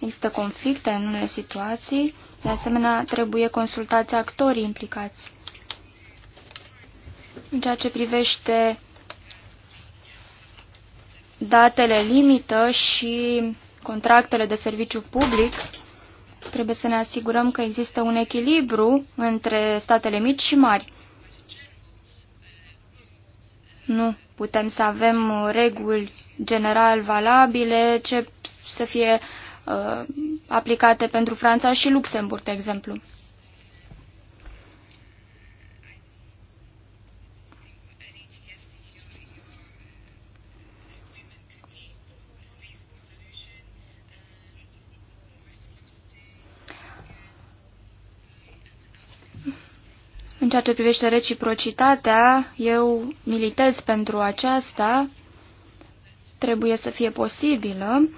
există conflicte în unele situații. De asemenea, trebuie consultați actorii implicați. În ceea ce privește datele limită și contractele de serviciu public, trebuie să ne asigurăm că există un echilibru între statele mici și mari. Nu putem să avem reguli general valabile ce să fie uh, aplicate pentru Franța și Luxemburg, de exemplu. În ceea ce privește reciprocitatea, eu militez pentru aceasta, trebuie să fie posibilă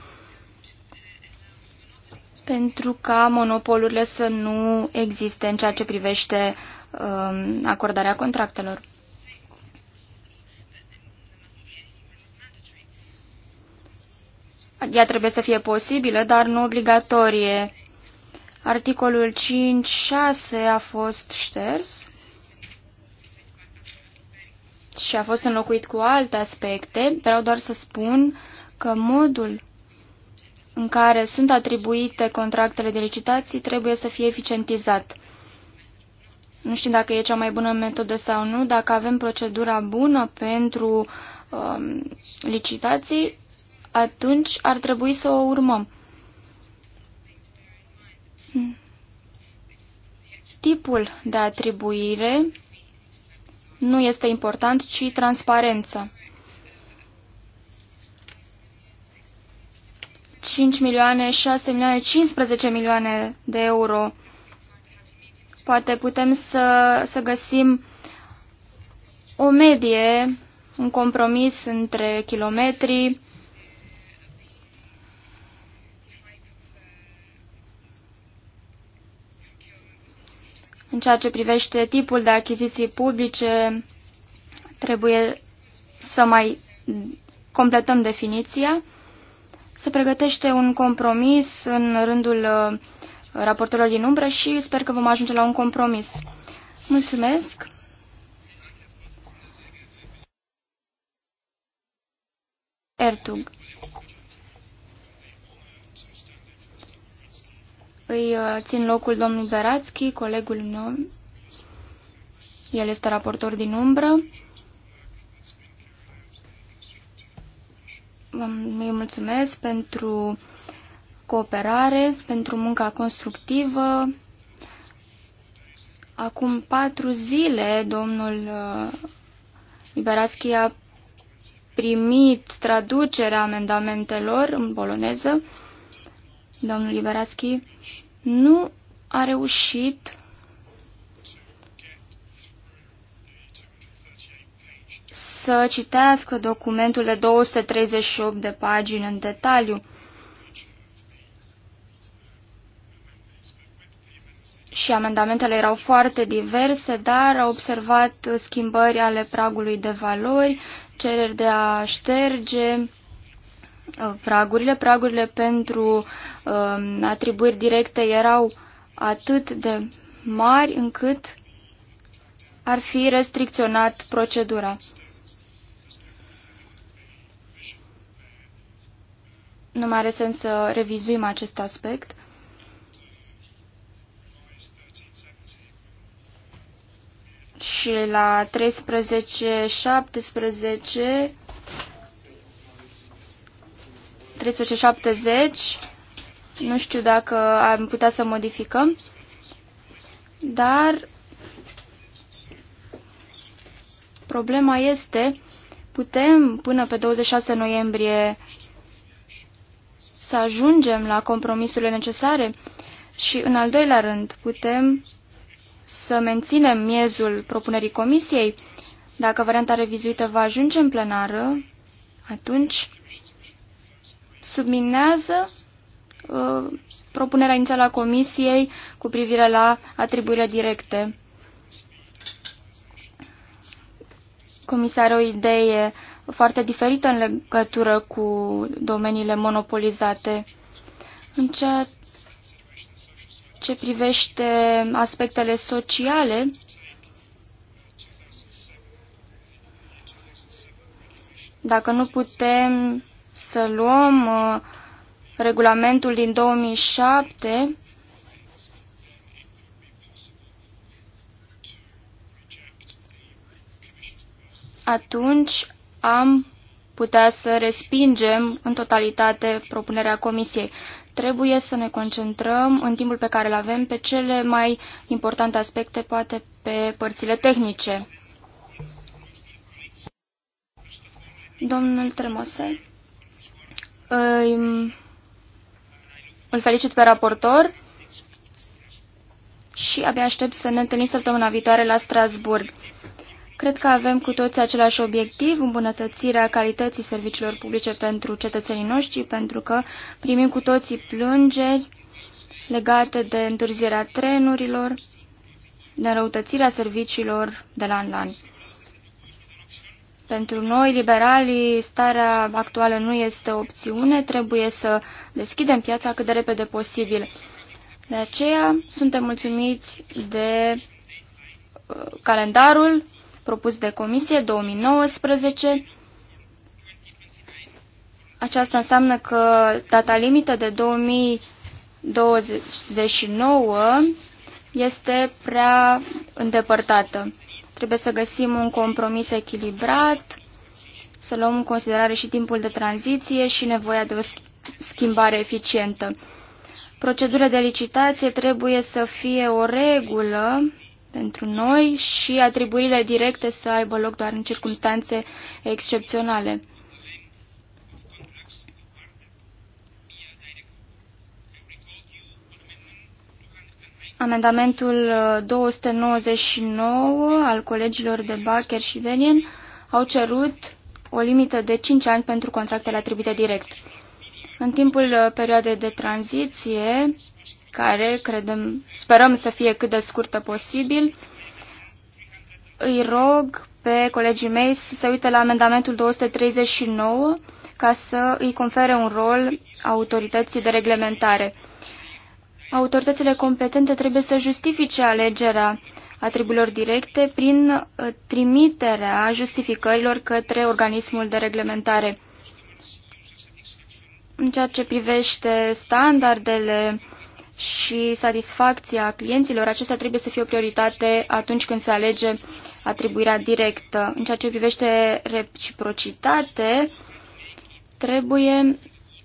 pentru ca monopolurile să nu existe în ceea ce privește um, acordarea contractelor. Ea trebuie să fie posibilă, dar nu obligatorie. Articolul 5.6 a fost șters și a fost înlocuit cu alte aspecte. Vreau doar să spun că modul în care sunt atribuite contractele de licitații trebuie să fie eficientizat. Nu știu dacă e cea mai bună metodă sau nu, dacă avem procedura bună pentru um, licitații, atunci ar trebui să o urmăm. Tipul de atribuire nu este important, ci transparență. 5 milioane, 6 milioane, 15 milioane de euro. Poate putem să, să găsim o medie, un compromis între kilometri, În ceea ce privește tipul de achiziții publice, trebuie să mai completăm definiția. Se pregătește un compromis în rândul uh, raportelor din umbră și sper că vom ajunge la un compromis. Mulțumesc! Ertug. Îi uh, țin locul domnul Beratski, colegul meu. El este raportor din umbră. vă mulțumesc pentru cooperare, pentru munca constructivă. Acum patru zile, domnul uh, Iberaschi a primit traducerea amendamentelor în poloneză. Domnul Iberaschi nu a reușit să citească documentul de 238 de pagini în detaliu. Și amendamentele erau foarte diverse, dar au observat schimbări ale pragului de valori, cereri de a șterge uh, pragurile. Pragurile pentru uh, atribuiri directe erau atât de mari încât ar fi restricționat procedura. Nu mai are sens să revizuim acest aspect. Și la 13-17 1370 nu știu dacă am putea să modificăm, dar problema este, putem până pe 26 noiembrie să ajungem la compromisurile necesare și, în al doilea rând, putem să menținem miezul propunerii comisiei. Dacă varianta revizuită va ajunge în plenară, atunci subminează uh, propunerea inițială a comisiei cu privire la atribuirile directe. Comisia are o idee uh, foarte diferită în legătură cu domeniile monopolizate. În ceea ce privește aspectele sociale, dacă nu putem să luăm uh, regulamentul din 2007, atunci am putea să respingem în totalitate propunerea Comisiei. Trebuie să ne concentrăm în timpul pe care îl avem pe cele mai importante aspecte, poate pe părțile tehnice. Domnul Tremose, îl felicit pe raportor și abia aștept să ne întâlnim săptămâna viitoare la Strasburg. Cred că avem cu toți același obiectiv, îmbunătățirea calității serviciilor publice pentru cetățenii noștri, pentru că primim cu toții plângeri legate de întârzierea trenurilor, de răutățirea serviciilor de la an la an. Pentru noi, liberalii, starea actuală nu este o opțiune, trebuie să deschidem piața cât de repede posibil. De aceea suntem mulțumiți de uh, calendarul propus de comisie 2019. Aceasta înseamnă că data limită de 2029 este prea îndepărtată. Trebuie să găsim un compromis echilibrat, să luăm în considerare și timpul de tranziție și nevoia de o schimbare eficientă. Procedurile de licitație trebuie să fie o regulă pentru noi și atribuirile directe să aibă loc doar în circunstanțe excepționale. Amendamentul 299 uh, al colegilor de Bacher și Venien au cerut o limită de 5 ani pentru contractele atribuite direct. În timpul uh, perioadei de tranziție, care credem, sperăm să fie cât de scurtă posibil. Îi rog pe colegii mei să se uite la amendamentul 239 ca să îi confere un rol autorității de reglementare. Autoritățile competente trebuie să justifice alegerea atribuilor directe prin uh, trimiterea justificărilor către organismul de reglementare. În ceea ce privește standardele și satisfacția clienților, acesta trebuie să fie o prioritate atunci când se alege atribuirea directă. În ceea ce privește reciprocitate, trebuie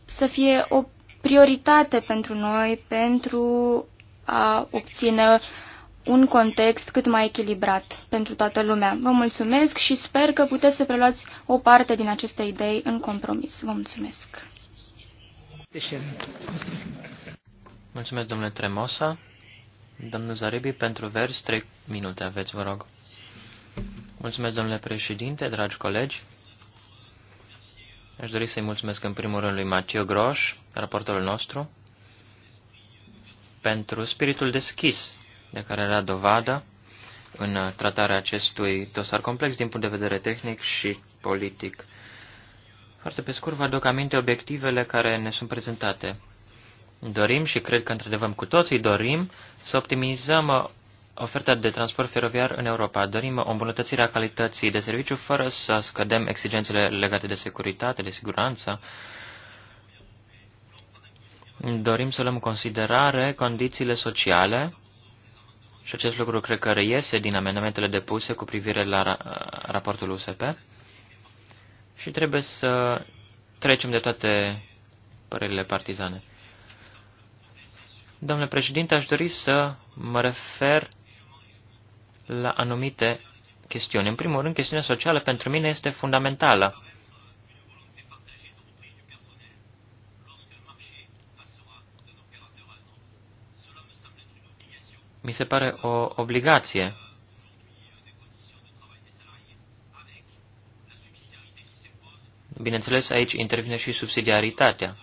să fie o prioritate pentru noi pentru a obține un context cât mai echilibrat pentru toată lumea. Vă mulțumesc și sper că puteți să preluați o parte din aceste idei în compromis. Vă mulțumesc! Mulțumesc, domnule Tremosa. Domnul Zaribi, pentru vers, trei minute aveți, vă rog. Mulțumesc, domnule președinte, dragi colegi. Aș dori să-i mulțumesc în primul rând lui Matiu Groș, raportorul nostru, pentru spiritul deschis de care era dovadă în tratarea acestui dosar complex din punct de vedere tehnic și politic. Foarte pe scurt vă aduc aminte obiectivele care ne sunt prezentate. Dorim și cred că într-adevăr cu toții dorim să optimizăm uh, oferta de transport feroviar în Europa. Dorim o îmbunătățire a calității de serviciu fără să scădem exigențele legate de securitate, de siguranță. Dorim să luăm în considerare condițiile sociale și acest lucru cred că reiese din amendamentele depuse cu privire la ra uh, raportul USP și trebuie să trecem de toate părerile partizane. Domnule președinte, aș dori să mă refer la anumite chestiuni. În primul rând, chestiunea socială pentru mine este fundamentală. Mi se pare o obligație. Bineînțeles, aici intervine și subsidiaritatea.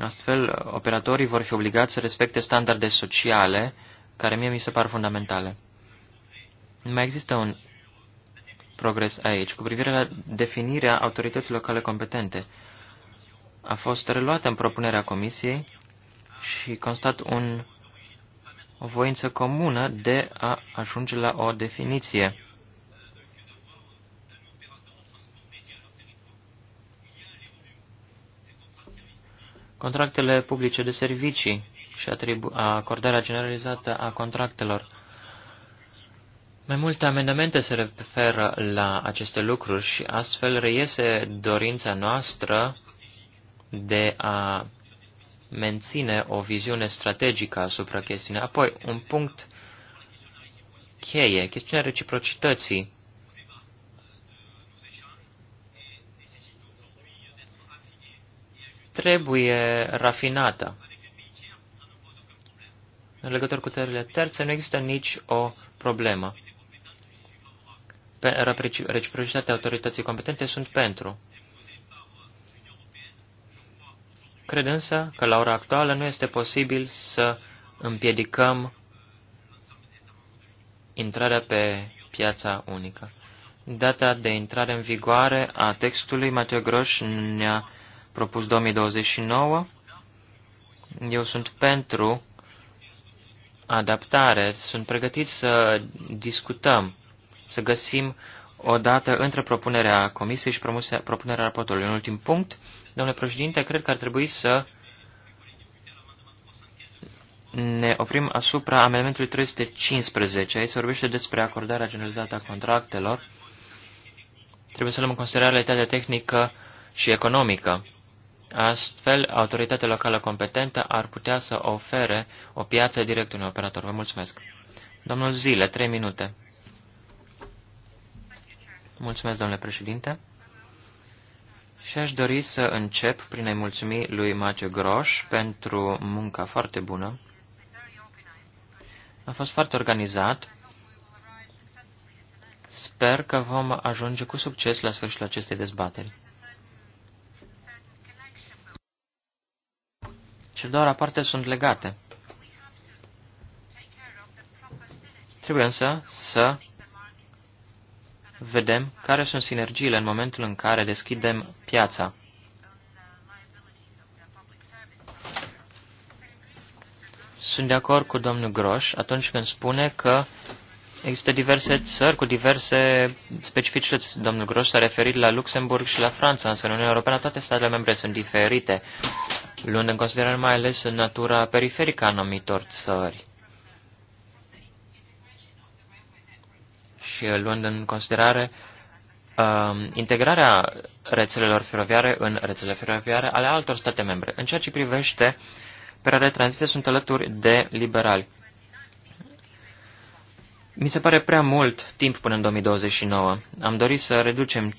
Astfel, operatorii vor fi obligați să respecte standarde sociale, care mie mi se par fundamentale. Mai există un progres aici, cu privire la definirea autorității locale competente. A fost reluată în propunerea Comisiei și constat un, o voință comună de a ajunge la o definiție contractele publice de servicii și acordarea generalizată a contractelor. Mai multe amendamente se referă la aceste lucruri și astfel reiese dorința noastră de a menține o viziune strategică asupra chestiunii. Apoi, un punct cheie, chestiunea reciprocității. trebuie rafinată. În legătură cu țările terțe nu există nici o problemă. reciprocitatea autorității competente sunt pentru. Cred însă că la ora actuală nu este posibil să împiedicăm intrarea pe piața unică. Data de intrare în vigoare a textului, Mateo Groș ne-a propus 2029. Eu sunt pentru adaptare, sunt pregătit să discutăm, să găsim o dată între propunerea comisiei și propunerea raportului. Un ultim punct, domnule președinte, cred că ar trebui să ne oprim asupra amendamentului 315. Aici se vorbește despre acordarea generalizată a contractelor. Trebuie să luăm în considerare realitatea tehnică și economică. Astfel, autoritatea locală competentă ar putea să ofere o piață direct unui operator. Vă mulțumesc. Domnul Zile, trei minute. Mulțumesc, domnule președinte. Și aș dori să încep prin a-i mulțumi lui Mathieu Groș pentru munca foarte bună. A fost foarte organizat. Sper că vom ajunge cu succes la sfârșitul acestei dezbateri. Cele două rapoarte sunt legate. Trebuie însă să vedem care sunt sinergiile în momentul în care deschidem piața. Sunt de acord cu domnul Groș atunci când spune că există diverse țări cu diverse specificități. Domnul Groș s-a referit la Luxemburg și la Franța, însă în Uniunea Europeană toate statele membre sunt diferite luând în considerare mai ales natura periferică a anumitor țări și luând în considerare uh, integrarea rețelelor feroviare în rețele feroviare ale altor state membre. În ceea ce privește perioadele tranzite, sunt alături de liberali. Mi se pare prea mult timp până în 2029. Am dorit să reducem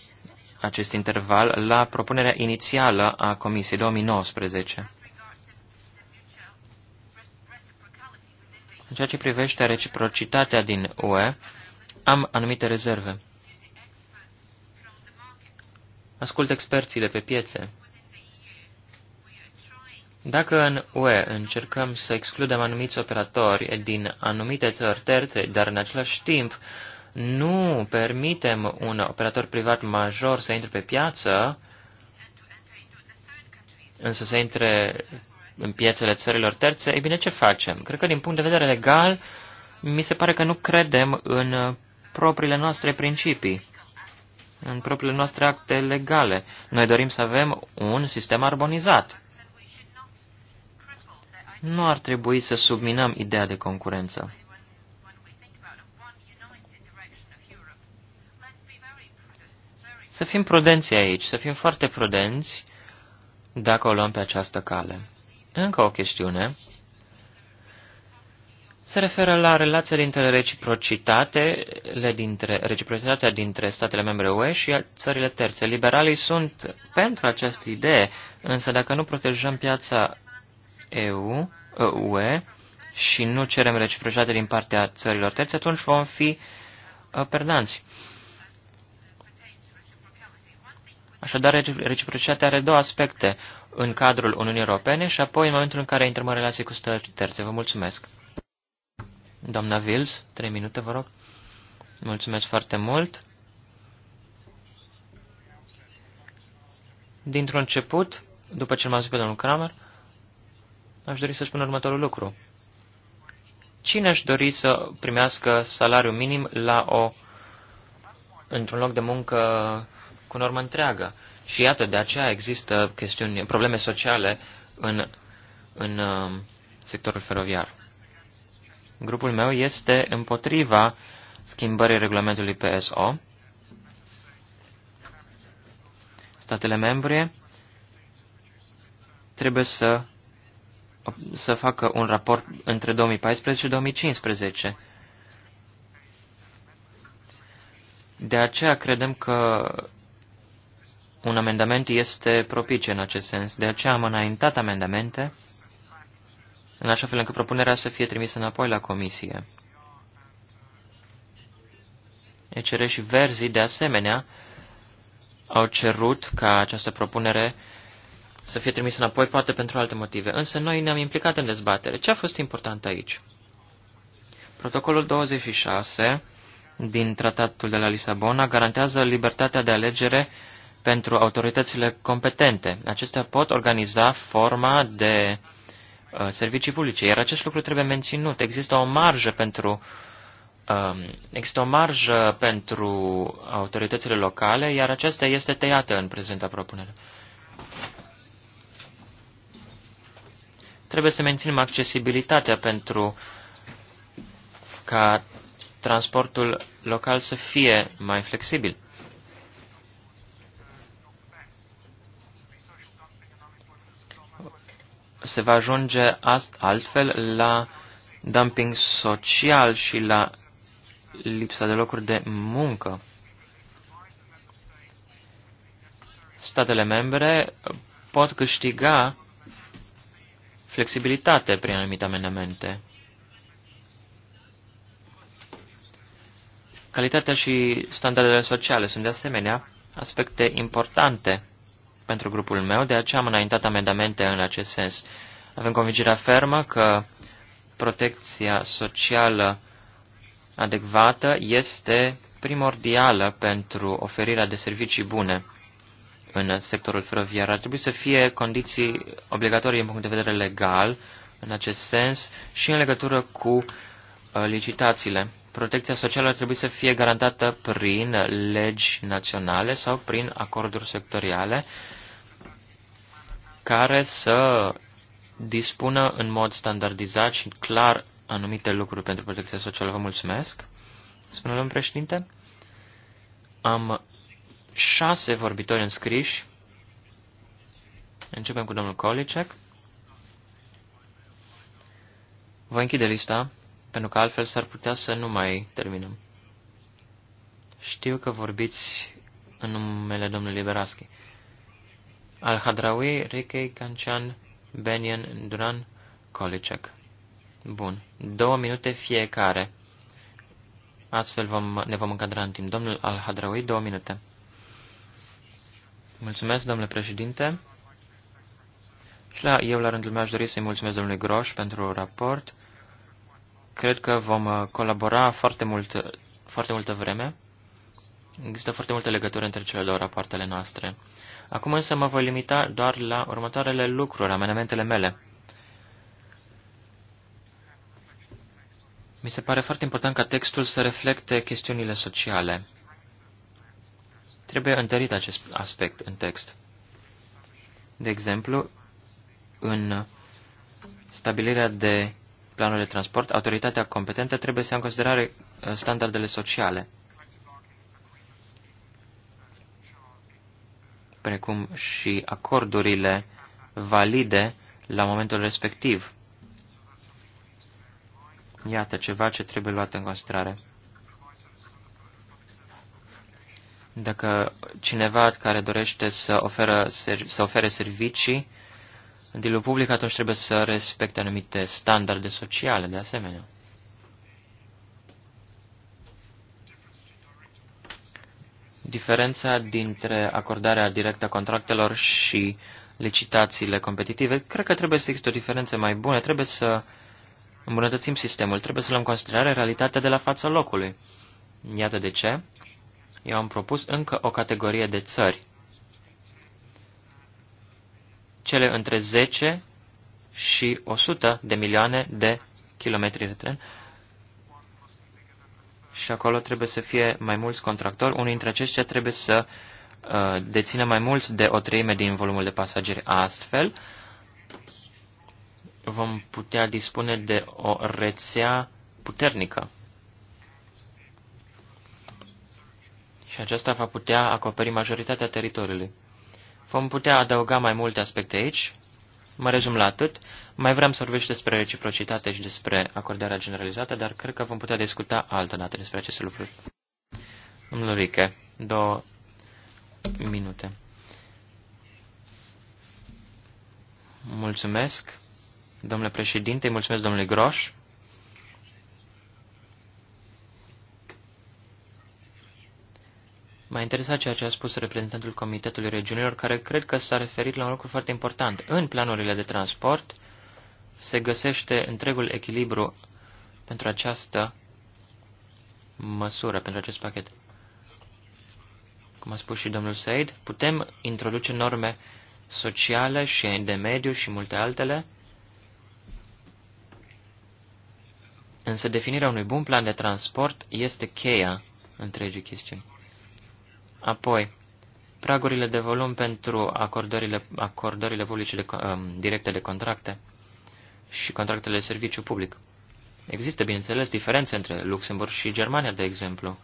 acest interval la propunerea inițială a Comisiei 2019. În ceea ce privește reciprocitatea din UE, am anumite rezerve. Ascult experții de pe piețe. Dacă în UE încercăm să excludem anumiți operatori din anumite țări terțe, dar în același timp nu permitem un operator privat major să intre pe piață, însă să intre în piețele țărilor terțe, e bine, ce facem? Cred că din punct de vedere legal, mi se pare că nu credem în propriile noastre principii, în propriile noastre acte legale. Noi dorim să avem un sistem armonizat. Nu ar trebui să subminăm ideea de concurență. Să fim prudenți aici, să fim foarte prudenți dacă o luăm pe această cale. Încă o chestiune se referă la relația dintre reciprocitatele dintre, reciprocitatea dintre statele membre UE și țările terțe. Liberalii sunt pentru această idee, însă dacă nu protejăm piața EU, UE și nu cerem reciprocitate din partea țărilor terțe, atunci vom fi uh, perdanți. Așadar, reciprocitatea are două aspecte în cadrul Uniunii Europene și apoi în momentul în care intrăm în relații cu stări terțe. Vă mulțumesc. Doamna Vils, trei minute, vă rog. Mulțumesc foarte mult. Dintr-un început, după ce m-a zis pe domnul Kramer, aș dori să spun următorul lucru. Cine aș dori să primească salariu minim la o, într-un loc de muncă cu normă întreagă. Și iată, de aceea există chestiuni, probleme sociale în, în um, sectorul feroviar. Grupul meu este împotriva schimbării regulamentului PSO. Statele membre trebuie să, să facă un raport între 2014 și 2015. De aceea credem că un amendament este propice în acest sens. De aceea am înaintat amendamente în așa fel încât propunerea să fie trimisă înapoi la comisie. ECR și Verzii, de asemenea, au cerut ca această propunere să fie trimisă înapoi, poate pentru alte motive. Însă noi ne-am implicat în dezbatere. Ce a fost important aici? Protocolul 26 din Tratatul de la Lisabona garantează libertatea de alegere pentru autoritățile competente. Acestea pot organiza forma de uh, servicii publice, iar acest lucru trebuie menținut. Există o marjă pentru um, Există o marjă pentru autoritățile locale, iar aceasta este tăiată în prezenta propunere. Trebuie să menținem accesibilitatea pentru ca transportul local să fie mai flexibil. se va ajunge ast, altfel la dumping social și la lipsa de locuri de muncă. Statele membre pot câștiga flexibilitate prin anumite amendamente. Calitatea și standardele sociale sunt de asemenea aspecte importante pentru grupul meu, de aceea am înaintat amendamente în acest sens. Avem convingerea fermă că protecția socială adecvată este primordială pentru oferirea de servicii bune în sectorul feroviar. Ar trebui să fie condiții obligatorii în punct de vedere legal, în acest sens, și în legătură cu uh, licitațiile. Protecția socială ar trebui să fie garantată prin legi naționale sau prin acorduri sectoriale care să dispună în mod standardizat și clar anumite lucruri pentru protecția socială. Vă mulțumesc, spune domnul președinte. Am șase vorbitori înscriși. Începem cu domnul Kolicek. Voi închide lista, pentru că altfel s-ar putea să nu mai terminăm. Știu că vorbiți în numele domnului Liberaschi. Al-Hadrawi, Rikei Kanchan, Benian, Duran, Kolicek. Bun. Două minute fiecare. Astfel vom, ne vom încadra în timp. Domnul Al-Hadrawi, două minute. Mulțumesc, domnule președinte. Și la, eu, la rândul meu, aș dori să-i mulțumesc domnului Groș pentru raport. Cred că vom uh, colabora foarte, mult, foarte multă vreme. Există foarte multe legături între cele două rapoartele noastre. Acum însă mă voi limita doar la următoarele lucruri, amenamentele mele. Mi se pare foarte important ca textul să reflecte chestiunile sociale. Trebuie întărit acest aspect în text. De exemplu, în stabilirea de planul de transport, autoritatea competentă trebuie să ia în considerare uh, standardele sociale. precum și acordurile valide la momentul respectiv. Iată ceva ce trebuie luat în considerare. Dacă cineva care dorește să, oferă, să ofere servicii în public, atunci trebuie să respecte anumite standarde sociale, de asemenea. diferența dintre acordarea directă a contractelor și licitațiile competitive. Cred că trebuie să există o diferență mai bună, trebuie să îmbunătățim sistemul, trebuie să luăm în considerare realitatea de la fața locului. Iată de ce eu am propus încă o categorie de țări. Cele între 10 și 100 de milioane de kilometri de tren, și acolo trebuie să fie mai mulți contractori. unul dintre aceștia trebuie să uh, dețină mai mult de o treime din volumul de pasageri. Astfel, vom putea dispune de o rețea puternică. Și aceasta va putea acoperi majoritatea teritoriului. Vom putea adăuga mai multe aspecte aici, Mă rezum la atât. Mai vreau să vorbesc despre reciprocitate și despre acordarea generalizată, dar cred că vom putea discuta altă dată despre aceste lucruri. Domnul Rică, două minute. Mulțumesc, domnule președinte, mulțumesc, domnule Groș. M-a interesat ceea ce a spus reprezentantul Comitetului Regiunilor, care cred că s-a referit la un lucru foarte important. În planurile de transport se găsește întregul echilibru pentru această măsură, pentru acest pachet. Cum a spus și domnul Said, putem introduce norme sociale și de mediu și multe altele, însă definirea unui bun plan de transport este cheia întregii chestiuni. Apoi, pragurile de volum pentru acordările, acordările publice de, um, directe de contracte și contractele de serviciu public. Există, bineînțeles, diferențe între Luxemburg și Germania, de exemplu.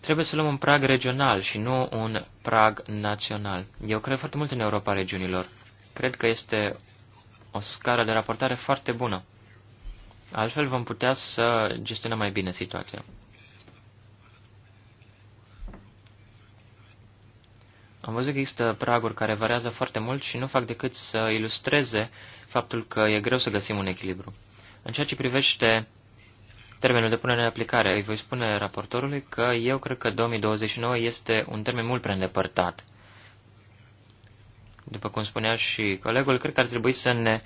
Trebuie să luăm un prag regional și nu un prag național. Eu cred foarte mult în Europa regiunilor. Cred că este o scară de raportare foarte bună. Altfel vom putea să gestionăm mai bine situația. Am văzut că există praguri care variază foarte mult și nu fac decât să ilustreze faptul că e greu să găsim un echilibru. În ceea ce privește termenul de punere în aplicare, îi voi spune raportorului că eu cred că 2029 este un termen mult prea îndepărtat. După cum spunea și colegul, cred că ar trebui să ne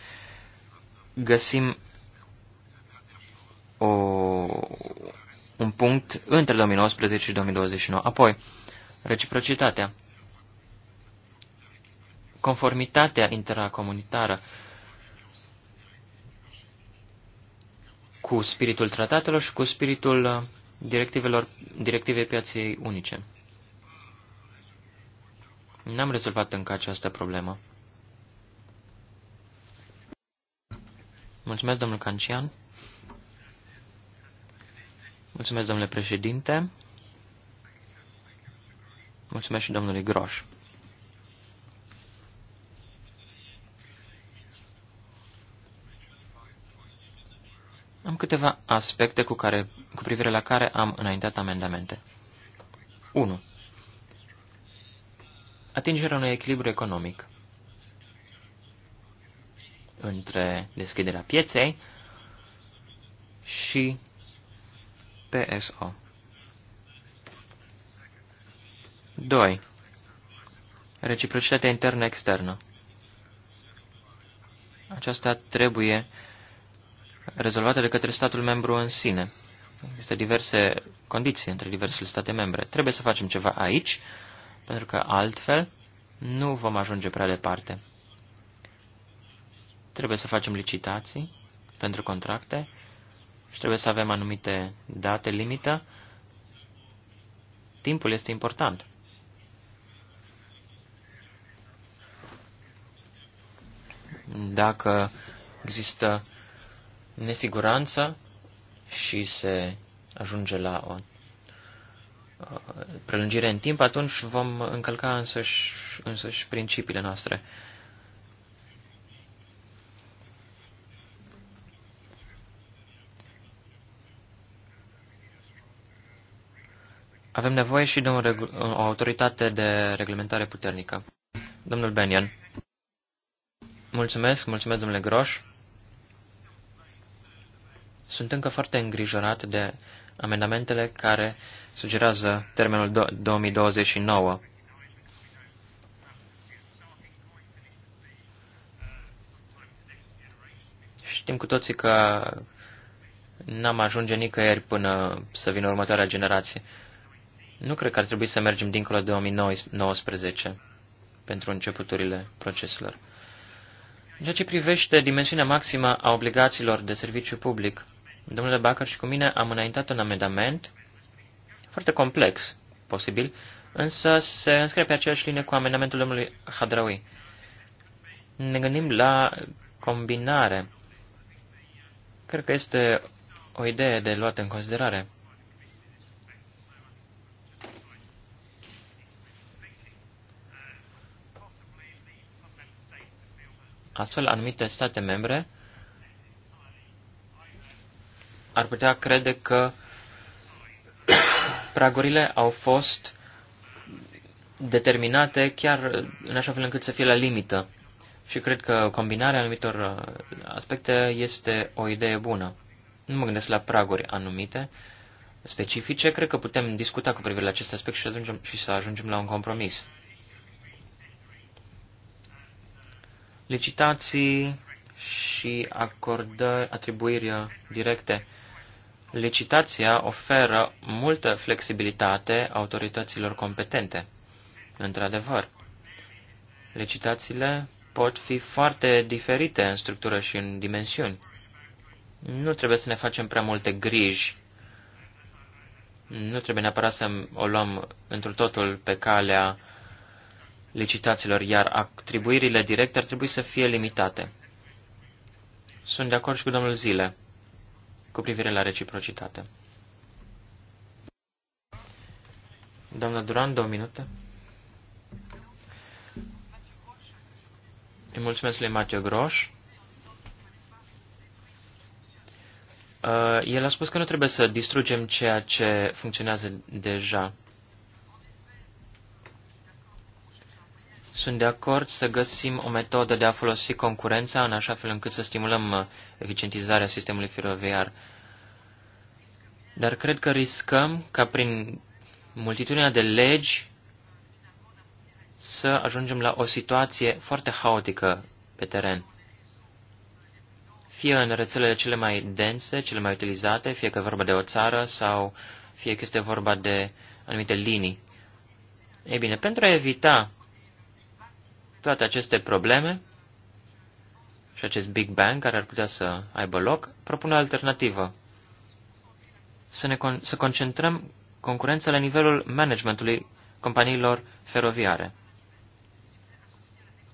găsim o, un punct între 2019 și 2029. Apoi, reciprocitatea conformitatea intracomunitară cu spiritul tratatelor și cu spiritul uh, directivelor, directivei piaței unice. N-am rezolvat încă această problemă. Mulțumesc, domnul Cancian. Mulțumesc, domnule președinte. Mulțumesc și domnului Groș. Am câteva aspecte cu, care, cu privire la care am înaintat amendamente. 1. Atingerea unui echilibru economic între deschiderea pieței și PSO. 2. Reciprocitatea internă-externă. Aceasta trebuie uh, rezolvate de către statul membru în sine. Există diverse condiții între diversele state membre. Trebuie să facem ceva aici, pentru că altfel nu vom ajunge prea departe. Trebuie să facem licitații pentru contracte și trebuie să avem anumite date limită. Timpul este important. Dacă există nesiguranța și se ajunge la o prelungire în timp, atunci vom încălca însăși, însăși principiile noastre. Avem nevoie și de un o autoritate de reglementare puternică. Domnul Benian. Mulțumesc, mulțumesc, domnule Groș. Sunt încă foarte îngrijorat de amendamentele care sugerează termenul 2029. Știm cu toții că n-am ajunge nicăieri până să vină următoarea generație. Nu cred că ar trebui să mergem dincolo de 2019 pentru începuturile proceselor. În ceea ce privește dimensiunea maximă a obligațiilor de serviciu public, Domnule Bacăr și cu mine am înaintat un amendament foarte complex, posibil, însă se înscrie pe aceeași linie cu amendamentul domnului Hadraui. Ne gândim la combinare. Cred că este o idee de luat în considerare. Astfel, anumite state membre ar putea crede că pragurile au fost determinate chiar în așa fel încât să fie la limită. Și cred că combinarea anumitor uh, aspecte este o idee bună. Nu mă gândesc la praguri anumite, specifice, cred că putem discuta cu privire la acest aspect și să ajungem, și să ajungem la un compromis. Licitații și acordări, atribuiri uh, directe. Licitația oferă multă flexibilitate autorităților competente. Într-adevăr, licitațiile pot fi foarte diferite în structură și în dimensiuni. Nu trebuie să ne facem prea multe griji. Nu trebuie neapărat să o luăm într totul pe calea licitațiilor, iar atribuirile directe ar trebui să fie limitate. Sunt de acord și cu domnul Zile cu privire la reciprocitate. Doamna Duran, două minute. Îi mulțumesc lui Mateo Groș. Uh, el a spus că nu trebuie să distrugem ceea ce funcționează deja. Sunt de acord să găsim o metodă de a folosi concurența în așa fel încât să stimulăm uh, eficientizarea sistemului feroviar. Dar cred că riscăm ca prin multitudinea de legi să ajungem la o situație foarte haotică pe teren. Fie în rețelele cele mai dense, cele mai utilizate, fie că e vorba de o țară sau fie că este vorba de anumite linii. Ei bine, pentru a evita toate aceste probleme și acest Big Bang care ar putea să aibă loc, propun o alternativă. Să, ne con- să concentrăm concurența la nivelul managementului companiilor feroviare.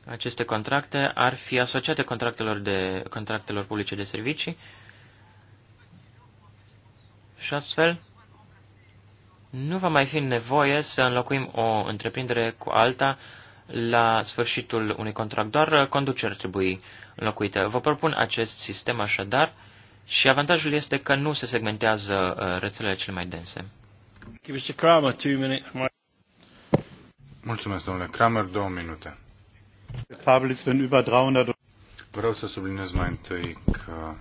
Aceste contracte ar fi asociate contractelor, de, contractelor publice de servicii și astfel nu va mai fi nevoie să înlocuim o întreprindere cu alta la sfârșitul unui contract. Doar uh, conducerea trebuie înlocuită. Vă propun acest sistem așadar și avantajul este că nu se segmentează uh, rețelele cele mai dense. Mulțumesc, domnule Kramer. Două minute. Vreau să subliniez mai întâi că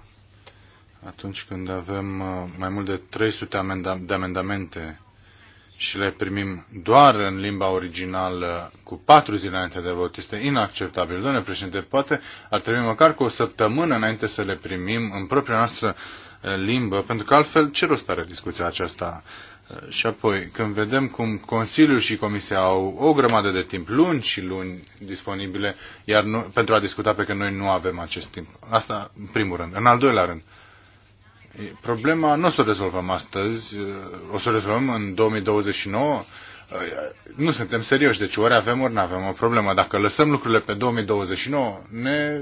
atunci când avem uh, mai mult de 300 de amendamente și le primim doar în limba originală cu patru zile înainte de vot. Este inacceptabil. Domnule președinte, poate ar trebui măcar cu o săptămână înainte să le primim în propria noastră eh, limbă, pentru că altfel ce rost are discuția aceasta? Eh, și apoi, când vedem cum Consiliul și Comisia au o grămadă de timp, luni și luni disponibile, iar nu, pentru a discuta pe că noi nu avem acest timp. Asta în primul rând. În al doilea rând, Problema nu o să o rezolvăm astăzi, o să o rezolvăm în 2029. Nu suntem serioși, deci ori avem, ori nu avem o problemă. Dacă lăsăm lucrurile pe 2029, ne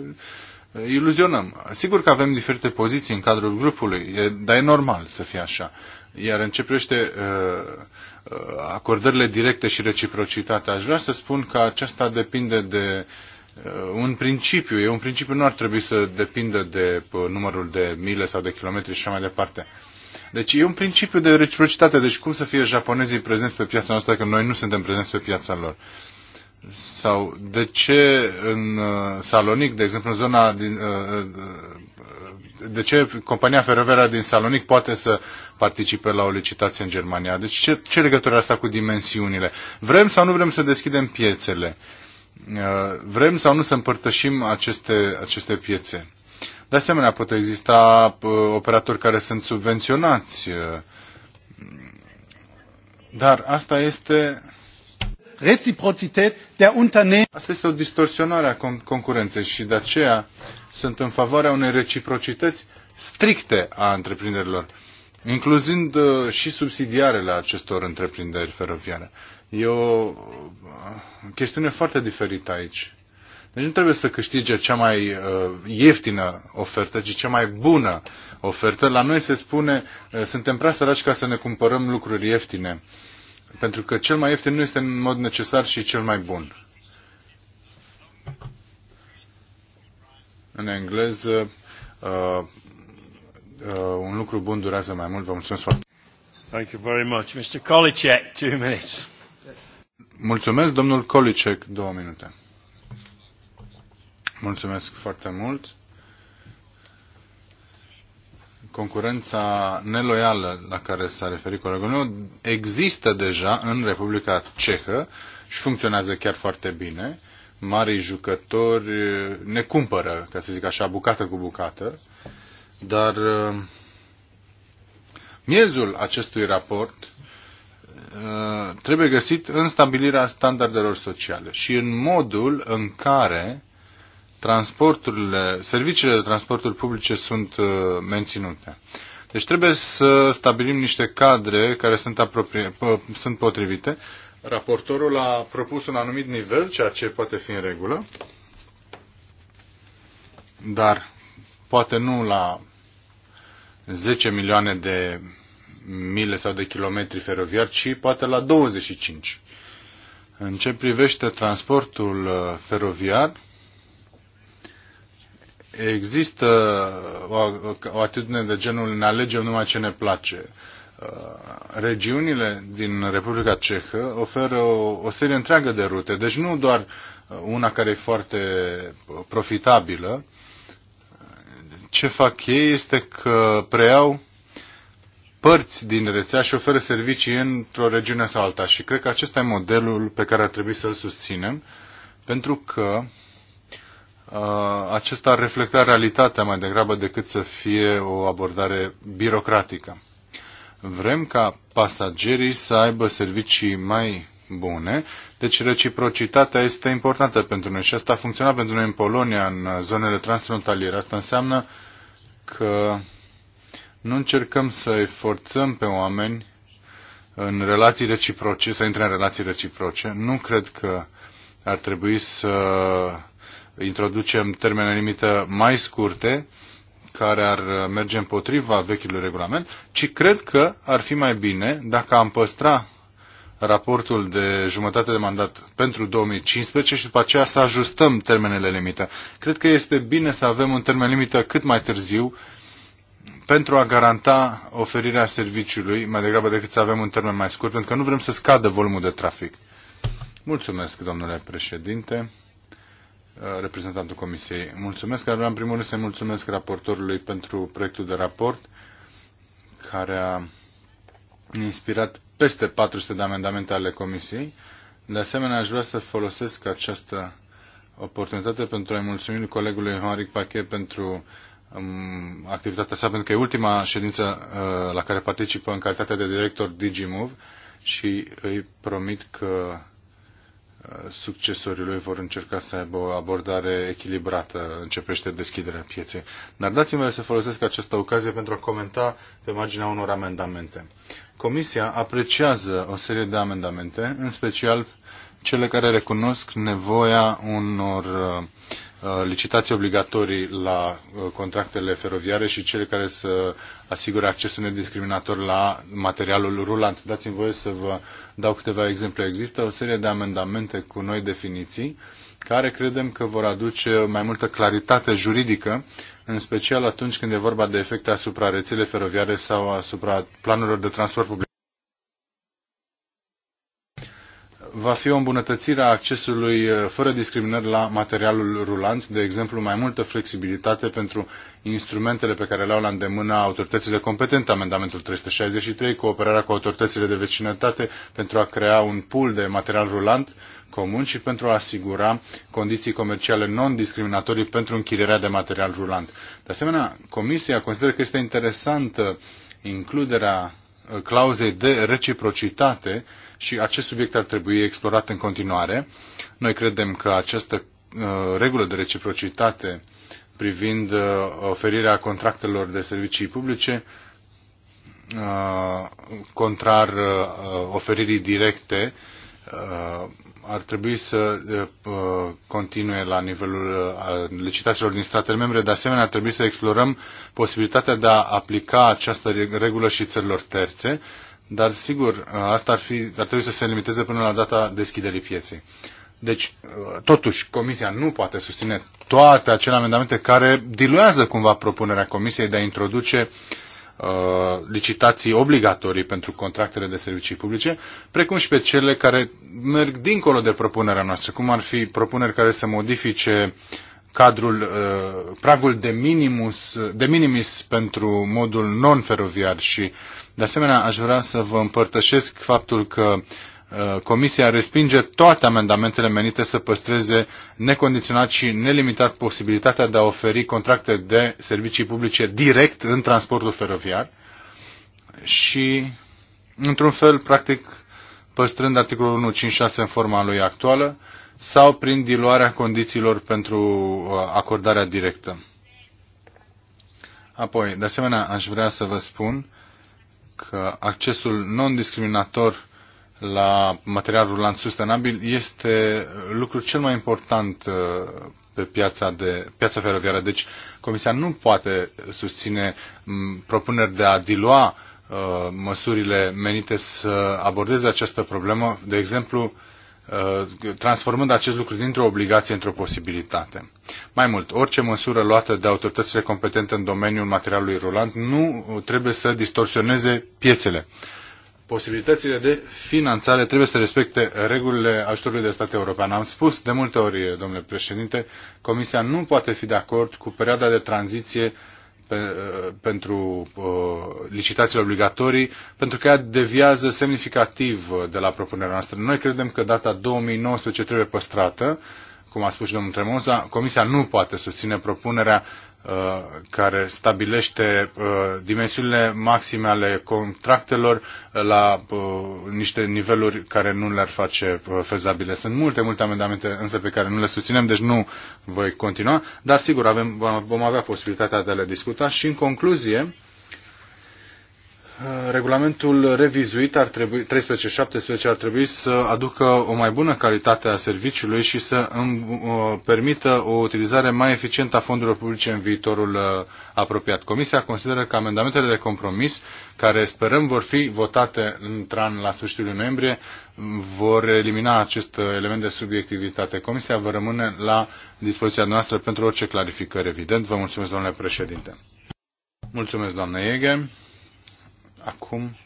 iluzionăm. Sigur că avem diferite poziții în cadrul grupului, dar e normal să fie așa. Iar în ce privește acordările directe și reciprocitatea, aș vrea să spun că aceasta depinde de uh, Uh, un principiu. E un principiu, nu ar trebui să depindă de uh, numărul de mile sau de kilometri și așa mai departe. Deci e un principiu de reciprocitate. Deci cum să fie japonezii prezenți pe piața noastră când noi nu suntem prezenți pe piața lor? Sau de ce în uh, Salonic, de exemplu, în zona din, de ce compania feroviară din Salonic poate să participe la o licitație în Germania? Deci ce, ce legătură asta cu dimensiunile? Vrem sau nu vrem să deschidem piețele? Uh, vrem sau nu să împărtășim aceste, aceste piețe. De asemenea, pot exista uh, operatori care sunt subvenționați, uh, dar asta este Asta este o distorsionare a concurenței și de aceea sunt în favoarea unei reciprocități stricte a întreprinderilor, incluzând și subsidiarele acestor întreprinderi feroviare. E o chestiune foarte diferită aici. Deci nu trebuie să câștige cea mai uh, ieftină ofertă, ci cea mai bună ofertă. La noi se spune, uh, suntem prea săraci ca să ne cumpărăm lucruri ieftine, pentru că cel mai ieftin nu este în mod necesar și cel mai bun. În engleză, uh, uh, un lucru bun durează mai mult. Vă mulțumesc foarte mult. Thank you very much. Mr. Kolicek, two minutes. Mulțumesc, domnul Kolicek, două minute. Mulțumesc foarte mult. Concurența neloială la care s-a referit colegul meu există deja în Republica Cehă și funcționează chiar foarte bine. Marii jucători ne cumpără, ca să zic așa, bucată cu bucată, dar uh, miezul acestui raport Uh, trebuie găsit în stabilirea standardelor sociale și în modul în care transporturile, serviciile de transporturi publice sunt uh, menținute. Deci trebuie să stabilim niște cadre care sunt, apropie, sunt potrivite. Raportorul a propus un anumit nivel, ceea ce poate fi în regulă, dar poate nu la 10 milioane de mile sau de kilometri feroviari, ci poate la 25. În ce privește transportul uh, feroviar, există uh, o, o atitudine de genul ne alegem numai ce ne place. Uh, regiunile din Republica Cehă oferă o, o serie întreagă de rute, deci nu doar una care e foarte profitabilă. Ce fac ei este că preiau părți din rețea și oferă servicii într-o regiune sau alta. Și cred că acesta e modelul pe care ar trebui să-l susținem, pentru că uh, acesta ar reflecta realitatea mai degrabă decât să fie o abordare birocratică. Vrem ca pasagerii să aibă servicii mai bune, deci reciprocitatea este importantă pentru noi și asta a funcționat pentru noi în Polonia, în zonele transfrontaliere. Asta înseamnă că nu încercăm să îi forțăm pe oameni în relații reciproce, să intre în relații reciproce. Nu cred că ar trebui să introducem termene limită mai scurte care ar merge împotriva vechiului regulament, ci cred că ar fi mai bine dacă am păstra raportul de jumătate de mandat pentru 2015 și după aceea să ajustăm termenele limită. Cred că este bine să avem un termen limită cât mai târziu pentru a garanta oferirea serviciului, mai degrabă decât să avem un termen mai scurt, pentru că nu vrem să scadă volumul de trafic. Mulțumesc, domnule președinte, uh, reprezentantul Comisiei. Mulțumesc, dar vreau în primul rând să mulțumesc raportorului pentru proiectul de raport, care a inspirat peste 400 de amendamente ale Comisiei. De asemenea, aș vrea să folosesc această oportunitate pentru a-i mulțumi colegului Henric Pachet pentru uh, activitatea sa, pentru că e ultima ședință uh, la care participă în calitate de director DigiMove și îi promit că uh, succesorii lui vor încerca să aibă o abordare echilibrată în ce privește deschiderea pieței. Dar dați-mi să folosesc această ocazie pentru a comenta pe marginea unor amendamente. Comisia apreciază o serie de amendamente, în special cele care recunosc nevoia unor uh, Uh, licitații obligatorii la uh, contractele feroviare și cele care să asigure accesul nediscriminator la materialul rulant. Dați-mi voie să vă dau câteva exemple. Există o serie de amendamente cu noi definiții care credem că vor aduce mai multă claritate juridică, în special atunci când e vorba de efecte asupra rețelei feroviare sau asupra planurilor de transport public. va fi o îmbunătățire a accesului eh, fără discriminări la materialul rulant, de exemplu mai multă flexibilitate pentru instrumentele pe care le au la îndemână autoritățile competente, amendamentul 363, cooperarea cu autoritățile de vecinătate pentru a crea un pool de material rulant comun și pentru a asigura condiții comerciale non-discriminatorii pentru închirierea de material rulant. De asemenea, Comisia consideră că este interesantă includerea eh, clauzei de reciprocitate și acest subiect ar trebui explorat în continuare. Noi credem că această uh, regulă de reciprocitate privind uh, oferirea contractelor de servicii publice uh, contrar oferirii directe ar trebui să continue la nivelul licitațiilor din statele membre. De asemenea, ar trebui să explorăm posibilitatea de a aplica această regulă și țărilor terțe dar sigur, asta ar, fi, ar trebui să se limiteze până la data deschiderii pieței. Deci, totuși, Comisia nu poate susține toate acele amendamente care diluează cumva propunerea Comisiei de a introduce uh, licitații obligatorii pentru contractele de servicii publice, precum și pe cele care merg dincolo de propunerea noastră, cum ar fi propuneri care să modifice cadrul, uh, pragul de, minimus, de minimis pentru modul non-feroviar și uh, de asemenea, aș vrea să vă împărtășesc faptul că uh, Comisia respinge toate amendamentele menite să păstreze necondiționat și nelimitat posibilitatea de a oferi contracte de servicii publice direct în transportul feroviar și, într-un fel, practic, păstrând articolul 156 în forma lui actuală sau prin diluarea condițiilor pentru uh, acordarea directă. Apoi, de asemenea, aș vrea să vă spun că accesul non-discriminator la material rulant sustenabil este lucrul cel mai important uh, pe piața, de, piața feroviară. Deci Comisia nu poate susține propuneri de a dilua uh, măsurile menite să abordeze această problemă, de exemplu, uh, transformând acest lucru dintr-o obligație într-o posibilitate. Mai mult, orice măsură luată de autoritățile competente în domeniul materialului rulant nu trebuie să distorsioneze piețele. Posibilitățile de finanțare trebuie să respecte regulile ajutorului de stat european. Am spus de multe ori, domnule președinte, Comisia nu poate fi de acord cu perioada de tranziție pe, pentru uh, licitațiile obligatorii, pentru că ea deviază semnificativ de la propunerea noastră. Noi credem că data 2019 trebuie păstrată cum a spus și domnul Tremosa, Comisia nu poate susține propunerea uh, care stabilește uh, dimensiunile maxime ale contractelor uh, la niște niveluri care nu le-ar face fezabile. Sunt multe, multe amendamente însă pe care nu le susținem, deci nu voi continua, dar sigur avem, vom avea posibilitatea de a le discuta și în concluzie Uh, regulamentul revizuit ar trebui, 13 ar trebui să aducă o mai bună calitate a serviciului și să îmi uh, permită o utilizare mai eficientă a fondurilor publice în viitorul uh, apropiat. Comisia consideră că amendamentele de compromis, care sperăm vor fi votate într an la sfârșitul noiembrie, vor elimina acest element de subiectivitate. Comisia vă rămâne la dispoziția noastră pentru orice clarificări, evident. Vă mulțumesc, domnule președinte. Mulțumesc, doamne Iege acum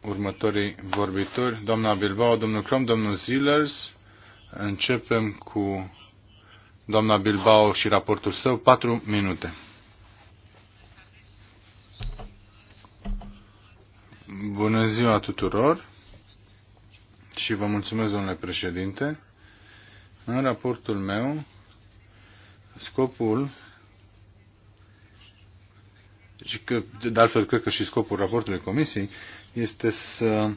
următorii vorbitori, doamna Bilbao, domnul Crom, domnul Zillers. Începem cu doamna Bilbao și raportul său, patru minute. Bună ziua tuturor și vă mulțumesc, domnule președinte. În raportul meu, scopul și că, de altfel cred că și scopul raportului Comisiei este să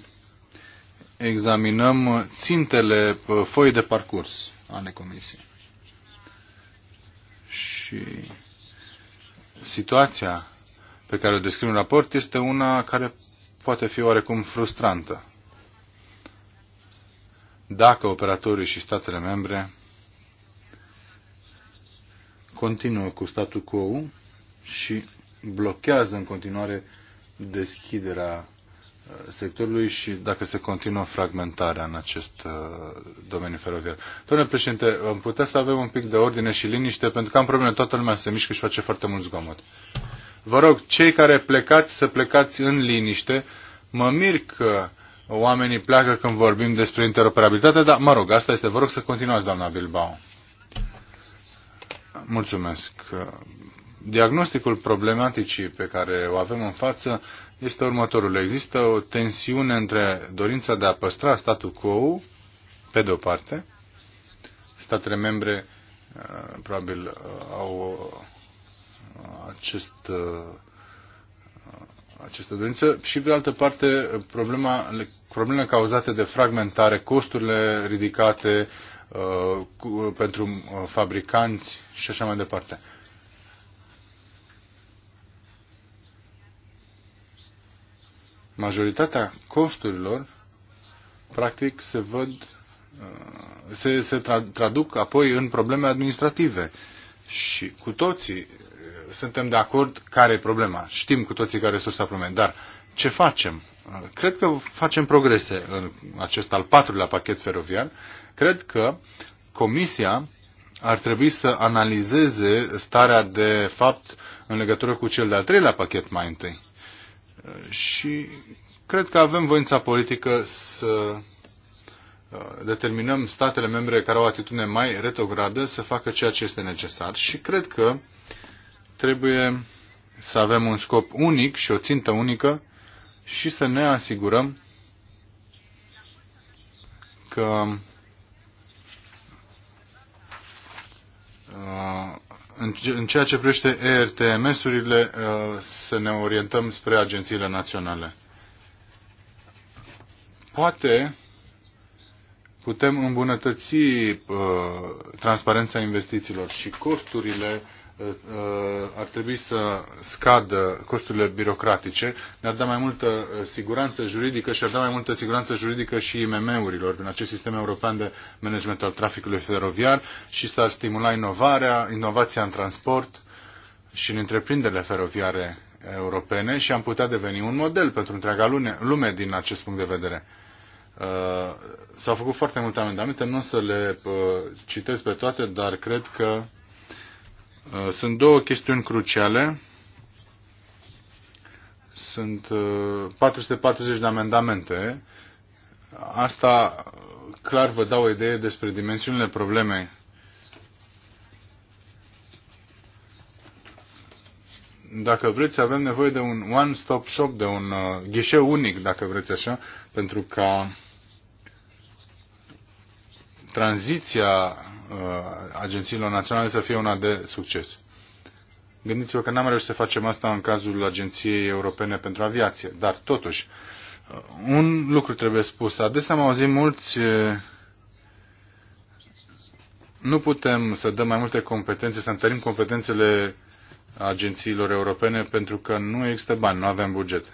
examinăm țintele uh, foii de parcurs ale Comisiei. Și situația pe care o descriu în raport este una care poate fi oarecum frustrantă. Dacă operatorii și statele membre continuă cu statul quo și blochează în continuare deschiderea uh, sectorului și dacă se continuă fragmentarea în acest uh, domeniu feroviar. Domnule președinte, am putea să avem un pic de ordine și liniște, pentru că am probleme, toată lumea se mișcă și face foarte mult zgomot. Vă rog, cei care plecați, să plecați în liniște. Mă mir că oamenii pleacă când vorbim despre interoperabilitate, dar mă rog, asta este. Vă rog să continuați, doamna Bilbao. Mulțumesc. Diagnosticul problematicii pe care o avem în față este următorul. Există o tensiune între dorința de a păstra statul quo, pe de o parte, statele membre uh, probabil uh, au uh, acest, această dorință și, pe de altă parte, problema, problemele cauzate de fragmentare, costurile ridicate pentru fabricanți și așa mai departe. majoritatea costurilor practic se văd uh, se, se traduc apoi în probleme administrative. Și cu toții uh, suntem de acord care e problema. Știm cu toții care sunt sursa Dar ce facem? Uh, cred că facem progrese în acest al patrulea pachet feroviar. Cred că Comisia ar trebui să analizeze starea de fapt în legătură cu cel de-al treilea pachet mai întâi și cred că avem voința politică să uh, determinăm statele membre care au o atitudine mai retrogradă să facă ceea ce este necesar și cred că trebuie să avem un scop unic și o țintă unică și să ne asigurăm că uh, în ceea ce privește ERTMS-urile, uh, să ne orientăm spre agențiile naționale. Poate putem îmbunătăți uh, transparența investițiilor și costurile ar trebui să scadă costurile birocratice, ne-ar da mai multă uh, siguranță juridică și ar da mai multă siguranță juridică și IMM-urilor din acest sistem european de management al traficului feroviar și s-ar stimula inovarea, inovația în transport și în întreprinderile feroviare europene și am putea deveni un model pentru întreaga lume, lume din acest punct de vedere. Uh, s-au făcut foarte multe amendamente, nu o să le uh, citesc pe toate, dar cred că Uh, sunt două chestiuni cruciale. Sunt 440 uh, de amendamente. Asta clar vă dau o idee despre dimensiunile problemei. Dacă vreți, avem nevoie de un one-stop shop, de un uh, ghișeu unic, dacă vreți așa, pentru ca tranziția uh, agențiilor naționale să fie una de succes. Gândiți-vă că n-am reușit să facem asta în cazul Agenției Europene pentru Aviație, dar totuși, uh, un lucru trebuie spus. Adesea am auzit mulți uh, nu putem să dăm mai multe competențe, să întărim competențele agențiilor europene pentru că nu există bani, nu avem buget.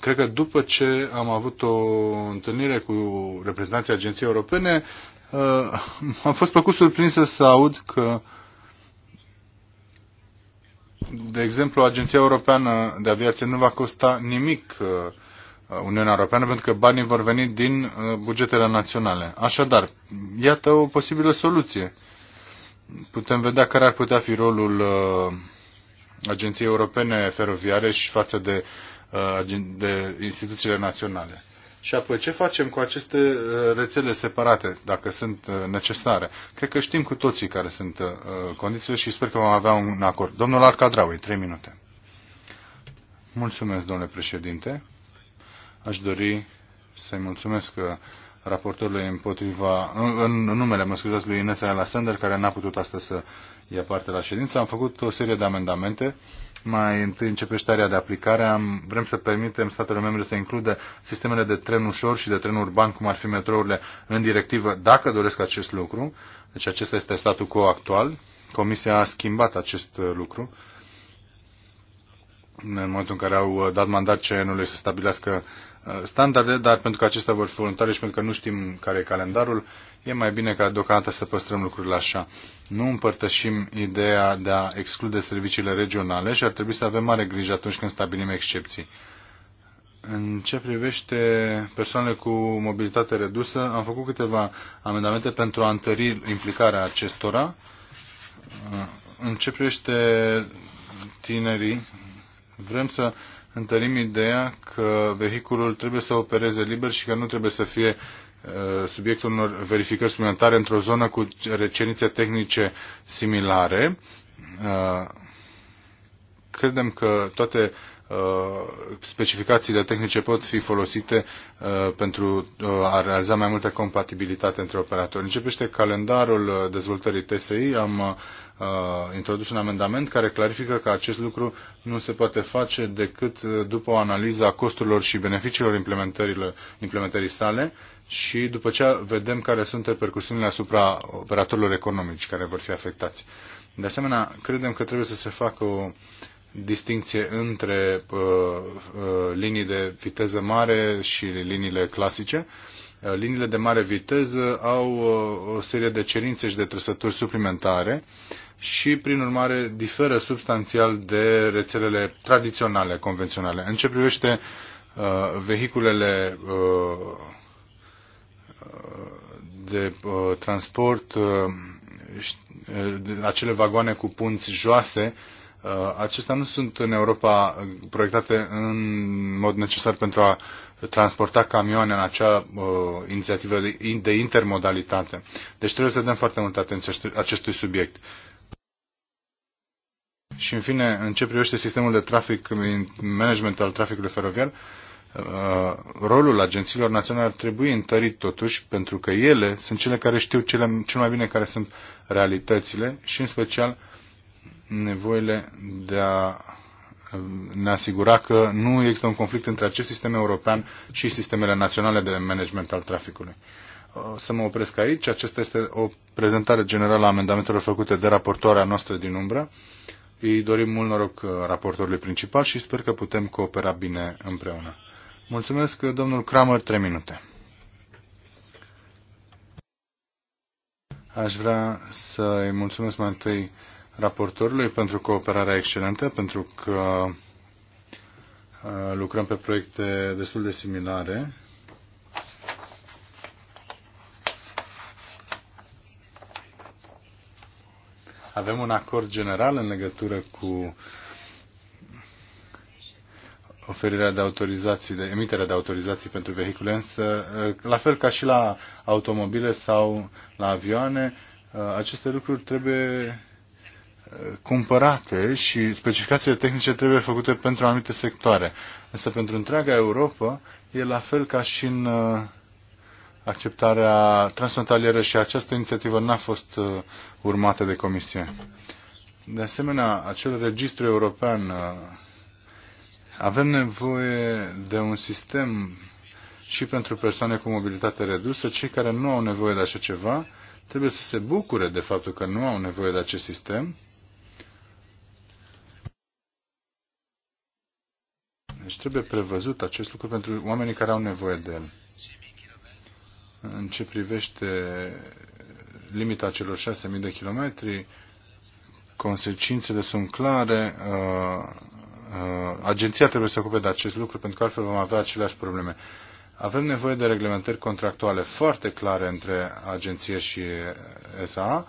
Cred că după ce am avut o întâlnire cu reprezentanții agenției europene, uh, am fost plăcut surprins să aud că, de exemplu, Agenția Europeană de Aviație nu va costa nimic uh, Uniunea Europeană, pentru că banii vor veni din uh, bugetele naționale. Așadar, iată o posibilă soluție. Putem vedea care ar putea fi rolul Agenției Europene Feroviare și față de Uh, de instituțiile naționale. Și apoi, ce facem cu aceste uh, rețele separate, dacă sunt uh, necesare? Cred că știm cu toții care sunt condițiile și sper că vom avea un acord. Domnul Arcadraui, trei minute. Mulțumesc, domnule președinte. Aș dori să-i mulțumesc raportorului împotriva, în, în numele, mă scuzați, lui Ines Alassander, care n-a putut astăzi să ia parte la ședință. Am făcut o serie de amendamente. Mai întâi începe starea de aplicare. Am, vrem să permitem statelor membre să includă sistemele de tren ușor și de tren urban, cum ar fi metrourile, în directivă, dacă doresc acest lucru. Deci acesta este statul quo actual. Comisia a schimbat acest uh, lucru în momentul în care au uh, dat mandat CN-ului să stabilească uh, Uh, standarde, dar pentru că acestea vor fi voluntare și pentru că nu știm care e calendarul, e mai bine ca deocamdată să păstrăm lucrurile așa. Nu împărtășim ideea de a exclude serviciile regionale și ar trebui să avem mare grijă atunci când stabilim excepții. În ce privește persoanele cu mobilitate redusă, am făcut câteva amendamente pentru a întări implicarea acestora. Uh, în ce privește tinerii, vrem să întărim ideea că vehiculul trebuie să opereze liber și că nu trebuie să fie uh, subiectul unor verificări suplimentare într-o zonă cu recenițe tehnice similare. Uh, credem că toate Uh, specificațiile tehnice pot fi folosite uh, pentru uh, a realiza mai multă compatibilitate între operatori. Începește calendarul dezvoltării TSI. Am introdus un amendament care clarifică că acest lucru nu se poate face decât după o analiză a costurilor și beneficiilor implementării sale și după ce vedem care sunt repercusiunile asupra operatorilor economici care vor fi afectați. De asemenea, credem că trebuie să se facă o distinție între uh, uh, linii de viteză mare și liniile clasice. Uh, liniile de mare viteză au uh, o serie de cerințe și de trăsături suplimentare și, prin urmare, diferă substanțial de rețelele tradiționale, convenționale. În ce privește uh, vehiculele uh, uh de uh, transport, uh, acele vagoane cu punți joase, uh, Uh, acestea nu sunt în Europa uh, proiectate în mod necesar pentru a transporta camioane în acea uh, inițiativă de, de intermodalitate. Deci trebuie să dăm foarte multă atenție acestui subiect. Și în fine, în ce privește sistemul de trafic, management al traficului feroviar, uh, rolul agențiilor naționale ar trebui întărit totuși, pentru că ele sunt cele care știu cele, cel mai bine care sunt realitățile și în special uh, nevoile de a ne asigura că nu există un conflict între acest sistem european și sistemele naționale de management al traficului. O să mă opresc aici. Aceasta este o prezentare generală a amendamentelor făcute de raportoarea noastră din umbră. Îi dorim mult noroc uh, raportorului principal și sper că putem coopera bine împreună. Mulțumesc, uh, domnul Kramer, 3 minute. Aș vrea să-i mulțumesc mai întâi raportorului pentru cooperarea excelentă, pentru că uh, lucrăm pe proiecte destul de similare. Avem un acord general în legătură cu oferirea de autorizații, de emiterea de autorizații pentru vehicule, însă, uh, la fel ca și la automobile sau la avioane, uh, aceste lucruri trebuie cumpărate și specificațiile tehnice trebuie făcute pentru anumite sectoare. Însă pentru întreaga Europa e la fel ca și în uh, acceptarea transfrontalieră și această inițiativă n-a fost uh, urmată de Comisie. De asemenea, acel registru european, uh, avem nevoie de un sistem și pentru persoane cu mobilitate redusă, cei care nu au nevoie de așa ceva, trebuie să se bucure de faptul că nu au nevoie de acest sistem Deci trebuie prevăzut acest lucru pentru oamenii care au nevoie de el. În ce privește limita celor 6.000 de kilometri, consecințele sunt clare. Uh, uh, agenția trebuie să ocupe de acest lucru pentru că altfel vom avea aceleași probleme. Avem nevoie de reglementări contractuale foarte clare între agenție și SAA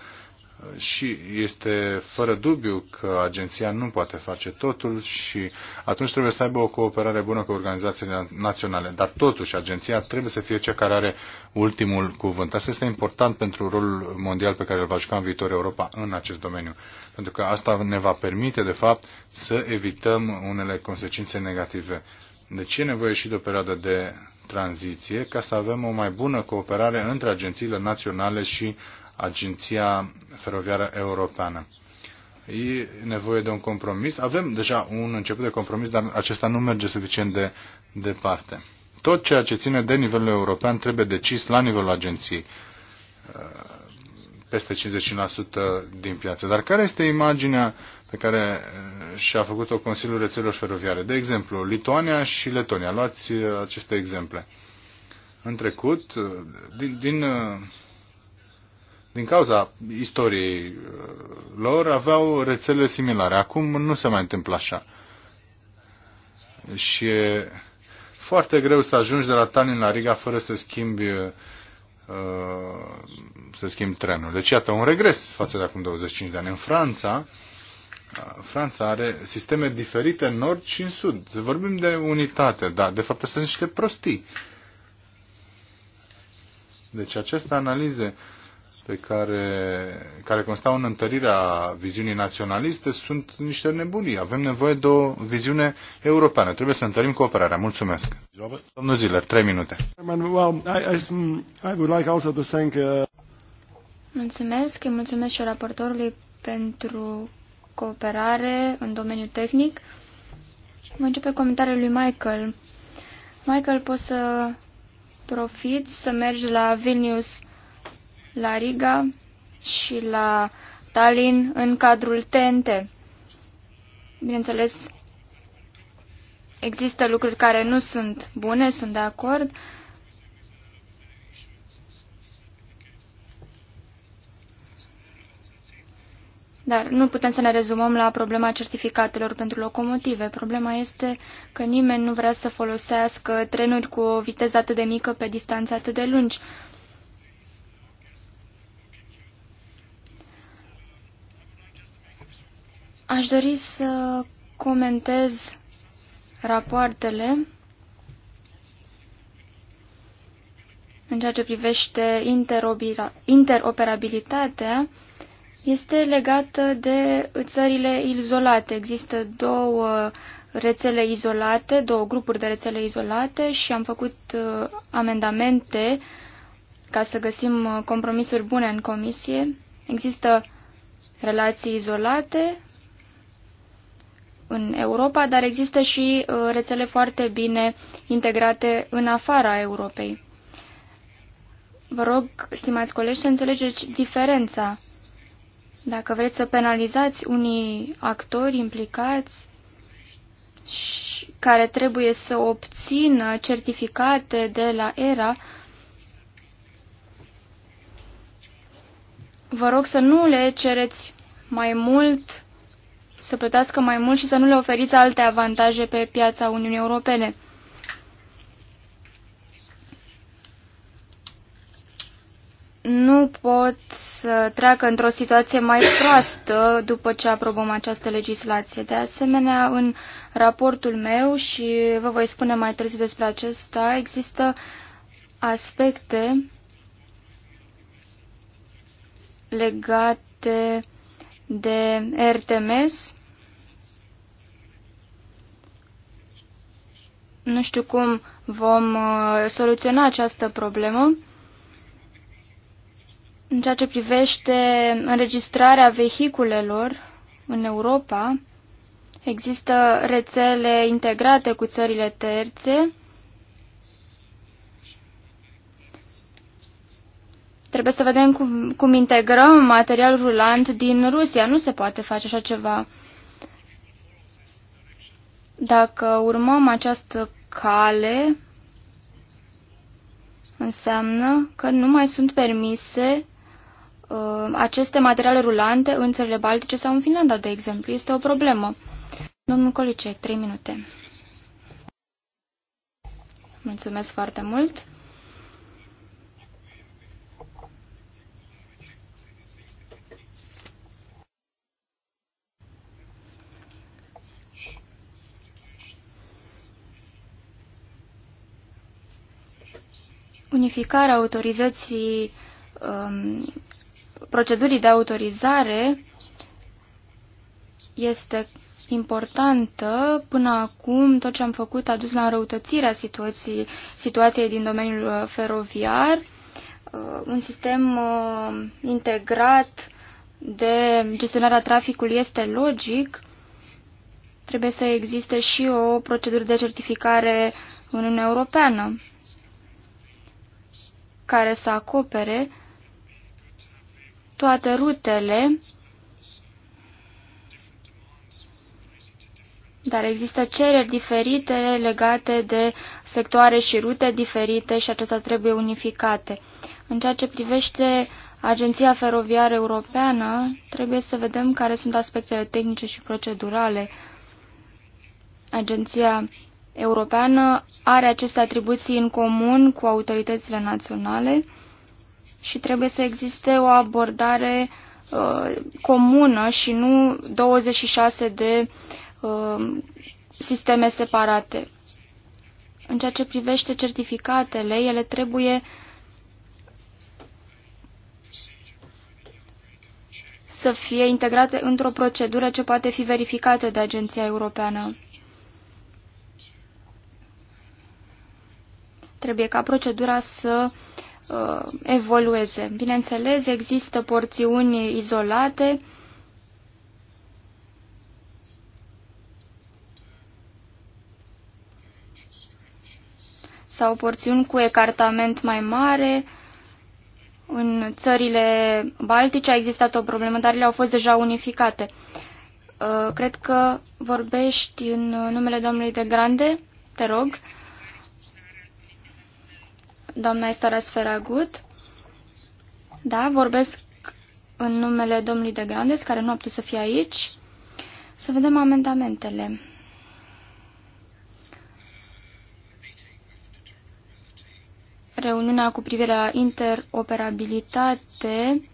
și este fără dubiu că agenția nu poate face totul și atunci trebuie să aibă o cooperare bună cu organizațiile naționale. Dar totuși, agenția trebuie să fie cea care are ultimul cuvânt. Asta este important pentru rolul mondial pe care îl va juca în viitor Europa în acest domeniu. Pentru că asta ne va permite, de fapt, să evităm unele consecințe negative. Deci e nevoie și de o perioadă de tranziție ca să avem o mai bună cooperare între agențiile naționale și Agenția Feroviară Europeană. E nevoie de un compromis. Avem deja un început de compromis, dar acesta nu merge suficient de departe. Tot ceea ce ține de nivelul european trebuie decis la nivelul agenției uh, peste 50% din piață. Dar care este imaginea pe care uh, și-a făcut-o Consiliul Rețelor Feroviare? De exemplu, Lituania și Letonia. Luați uh, aceste exemple. În trecut, din, din din cauza istoriei uh, lor, aveau rețele similare. Acum nu se mai întâmplă așa. Și e foarte greu să ajungi de la Tallinn la Riga fără să schimbi uh, să schimbi trenul. Deci, iată, un regres față de acum 25 de ani. În Franța, uh, Franța are sisteme diferite în nord și în sud. Vorbim de unitate, da, de fapt, sunt niște prostii. Deci, aceste analize uh, pe care, care constau în întărirea viziunii naționaliste sunt niște nebunii. Avem nevoie de o viziune europeană. Trebuie să întărim cooperarea. Mulțumesc. Domnul Ziller, trei minute. Uh, mulțumesc. Îi mulțumesc și raportorului pentru cooperare în domeniul tehnic. Mă începe comentariul lui Michael. Michael, poți să profit să mergi la Vilnius la Riga și la Tallinn în cadrul TNT. Bineînțeles, există lucruri care nu sunt bune, sunt de acord. Dar nu putem să ne rezumăm la problema certificatelor pentru locomotive. Problema este că nimeni nu vrea să folosească trenuri cu o viteză atât de mică pe distanțe atât de lungi. Aș dori să comentez rapoartele în ceea ce privește interoperabilitatea este legată de țările izolate. Există două rețele izolate, două grupuri de rețele izolate și am făcut uh, amendamente ca să găsim uh, compromisuri bune în comisie. Există relații izolate în Europa, dar există și uh, rețele foarte bine integrate în afara Europei. Vă rog, stimați colegi, să înțelegeți diferența. Dacă vreți să penalizați unii actori implicați și care trebuie să obțină certificate de la ERA, vă rog să nu le cereți mai mult să plătească mai mult și să nu le oferiți alte avantaje pe piața Uniunii Europene. Nu pot să treacă într-o situație mai proastă după ce aprobăm această legislație. De asemenea, în raportul meu, și vă voi spune mai târziu despre acesta, există aspecte legate de RTMS. Nu știu cum vom uh, soluționa această problemă. În ceea ce privește înregistrarea vehiculelor în Europa, există rețele integrate cu țările terțe Trebuie să vedem cum, cum integrăm material rulant din Rusia. Nu se poate face așa ceva. Dacă urmăm această cale, înseamnă că nu mai sunt permise uh, aceste materiale rulante în țările Baltice sau în Finlanda, de exemplu. Este o problemă. Domnul Colicec, trei minute. Mulțumesc foarte mult. unificarea autorizării um, procedurii de autorizare este importantă. Până acum, tot ce am făcut a dus la înrăutățirea situației, situației din domeniul uh, feroviar, uh, un sistem uh, integrat de gestionarea traficului este logic, trebuie să existe și o procedură de certificare în Uniunea Europeană care să acopere toate rutele, dar există cereri diferite legate de sectoare și rute diferite și acestea trebuie unificate. În ceea ce privește Agenția Feroviară Europeană, trebuie să vedem care sunt aspectele tehnice și procedurale. Agenția Europeană are aceste atribuții în comun cu autoritățile naționale și trebuie să existe o abordare uh, comună și nu 26 de uh, sisteme separate. În ceea ce privește certificatele, ele trebuie să fie integrate într-o procedură ce poate fi verificată de Agenția Europeană Trebuie ca procedura să uh, evolueze. Bineînțeles, există porțiuni izolate. sau porțiuni cu ecartament mai mare. În țările baltice a existat o problemă, dar ele au fost deja unificate. Uh, cred că vorbești în numele domnului de Grande, te rog doamna Estaras Feragut. Da, vorbesc în numele domnului de Grandes, care nu a putut să fie aici. Să vedem amendamentele. Reuniunea cu privire la interoperabilitate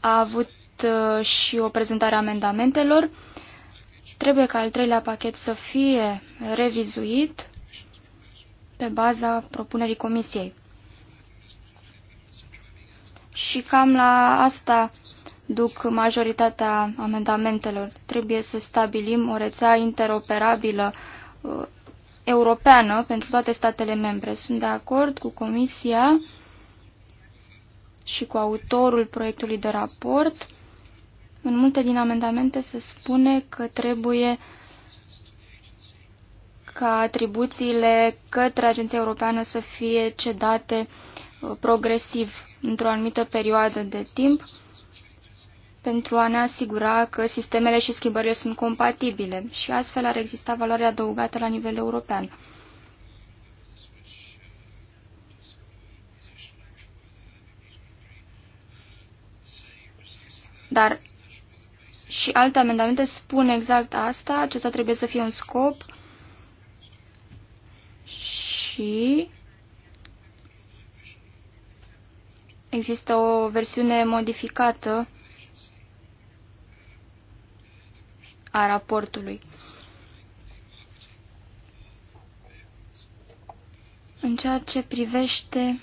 a avut uh, și o prezentare a amendamentelor. Trebuie ca al treilea pachet să fie revizuit pe baza propunerii comisiei. Și cam la asta duc majoritatea amendamentelor. Trebuie să stabilim o rețea interoperabilă uh, europeană pentru toate statele membre. Sunt de acord cu Comisia și cu autorul proiectului de raport în multe din amendamente se spune că trebuie ca atribuțiile către Agenția Europeană să fie cedate uh, progresiv într-o anumită perioadă de timp pentru a ne asigura că sistemele și schimbările sunt compatibile și astfel ar exista valoare adăugată la nivel european. Dar și alte amendamente spun exact asta, acesta trebuie să fie un scop și există o versiune modificată a raportului. În ceea ce privește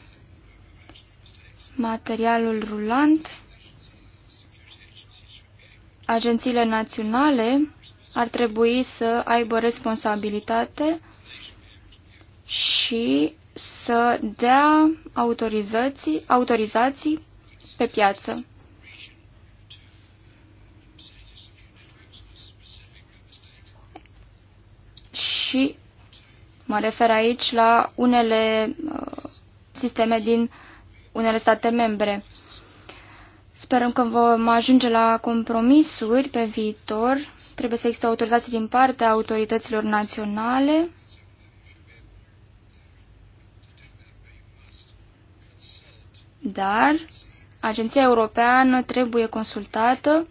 materialul rulant, agențiile naționale ar trebui să aibă responsabilitate și să dea autorizații, autorizații pe piață. Și mă refer aici la unele uh, sisteme din unele state membre. Sperăm că vom ajunge la compromisuri pe viitor. Trebuie să existe autorizații din partea autorităților naționale. Dar Agenția Europeană trebuie consultată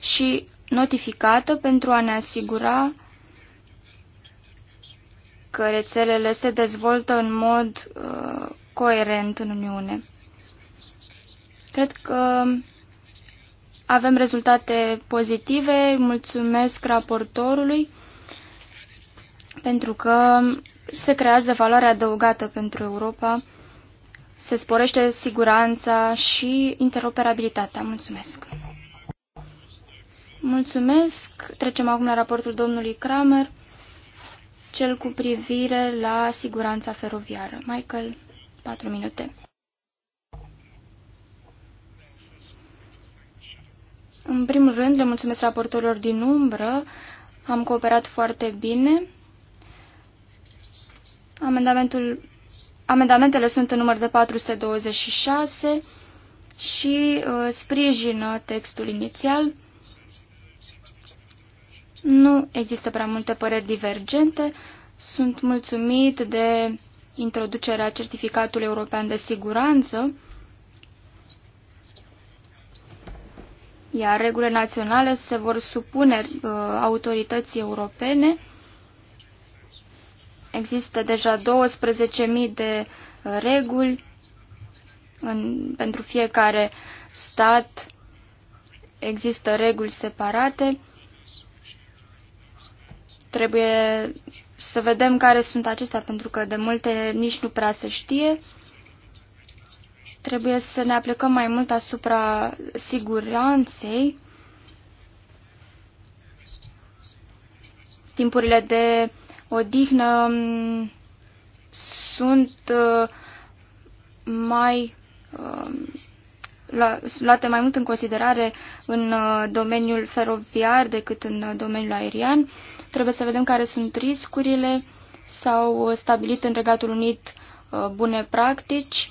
și notificată pentru a ne asigura că rețelele se dezvoltă în mod uh, coerent în Uniune. Cred că avem rezultate pozitive. Mulțumesc raportorului pentru că se creează valoare adăugată pentru Europa, se sporește siguranța și interoperabilitatea. Mulțumesc! Mulțumesc! Trecem acum la raportul domnului Kramer, cel cu privire la siguranța feroviară. Michael, patru minute. În primul rând, le mulțumesc raportorilor din umbră. Am cooperat foarte bine. Amendamentul, amendamentele sunt în număr de 426 și uh, sprijină textul inițial. Nu există prea multe păreri divergente. Sunt mulțumit de introducerea certificatului european de siguranță iar regulile naționale se vor supune uh, autorității europene. Există deja 12.000 de uh, reguli în, pentru fiecare stat. Există reguli separate. Trebuie să vedem care sunt acestea, pentru că de multe nici nu prea se știe. Trebuie să ne aplicăm mai mult asupra siguranței. Timpurile de odihnă mm, sunt uh, mai uh, luate mai mult în considerare în uh, domeniul feroviar decât în domeniul aerian. Trebuie să vedem care sunt riscurile. S-au stabilit în Regatul Unit bune practici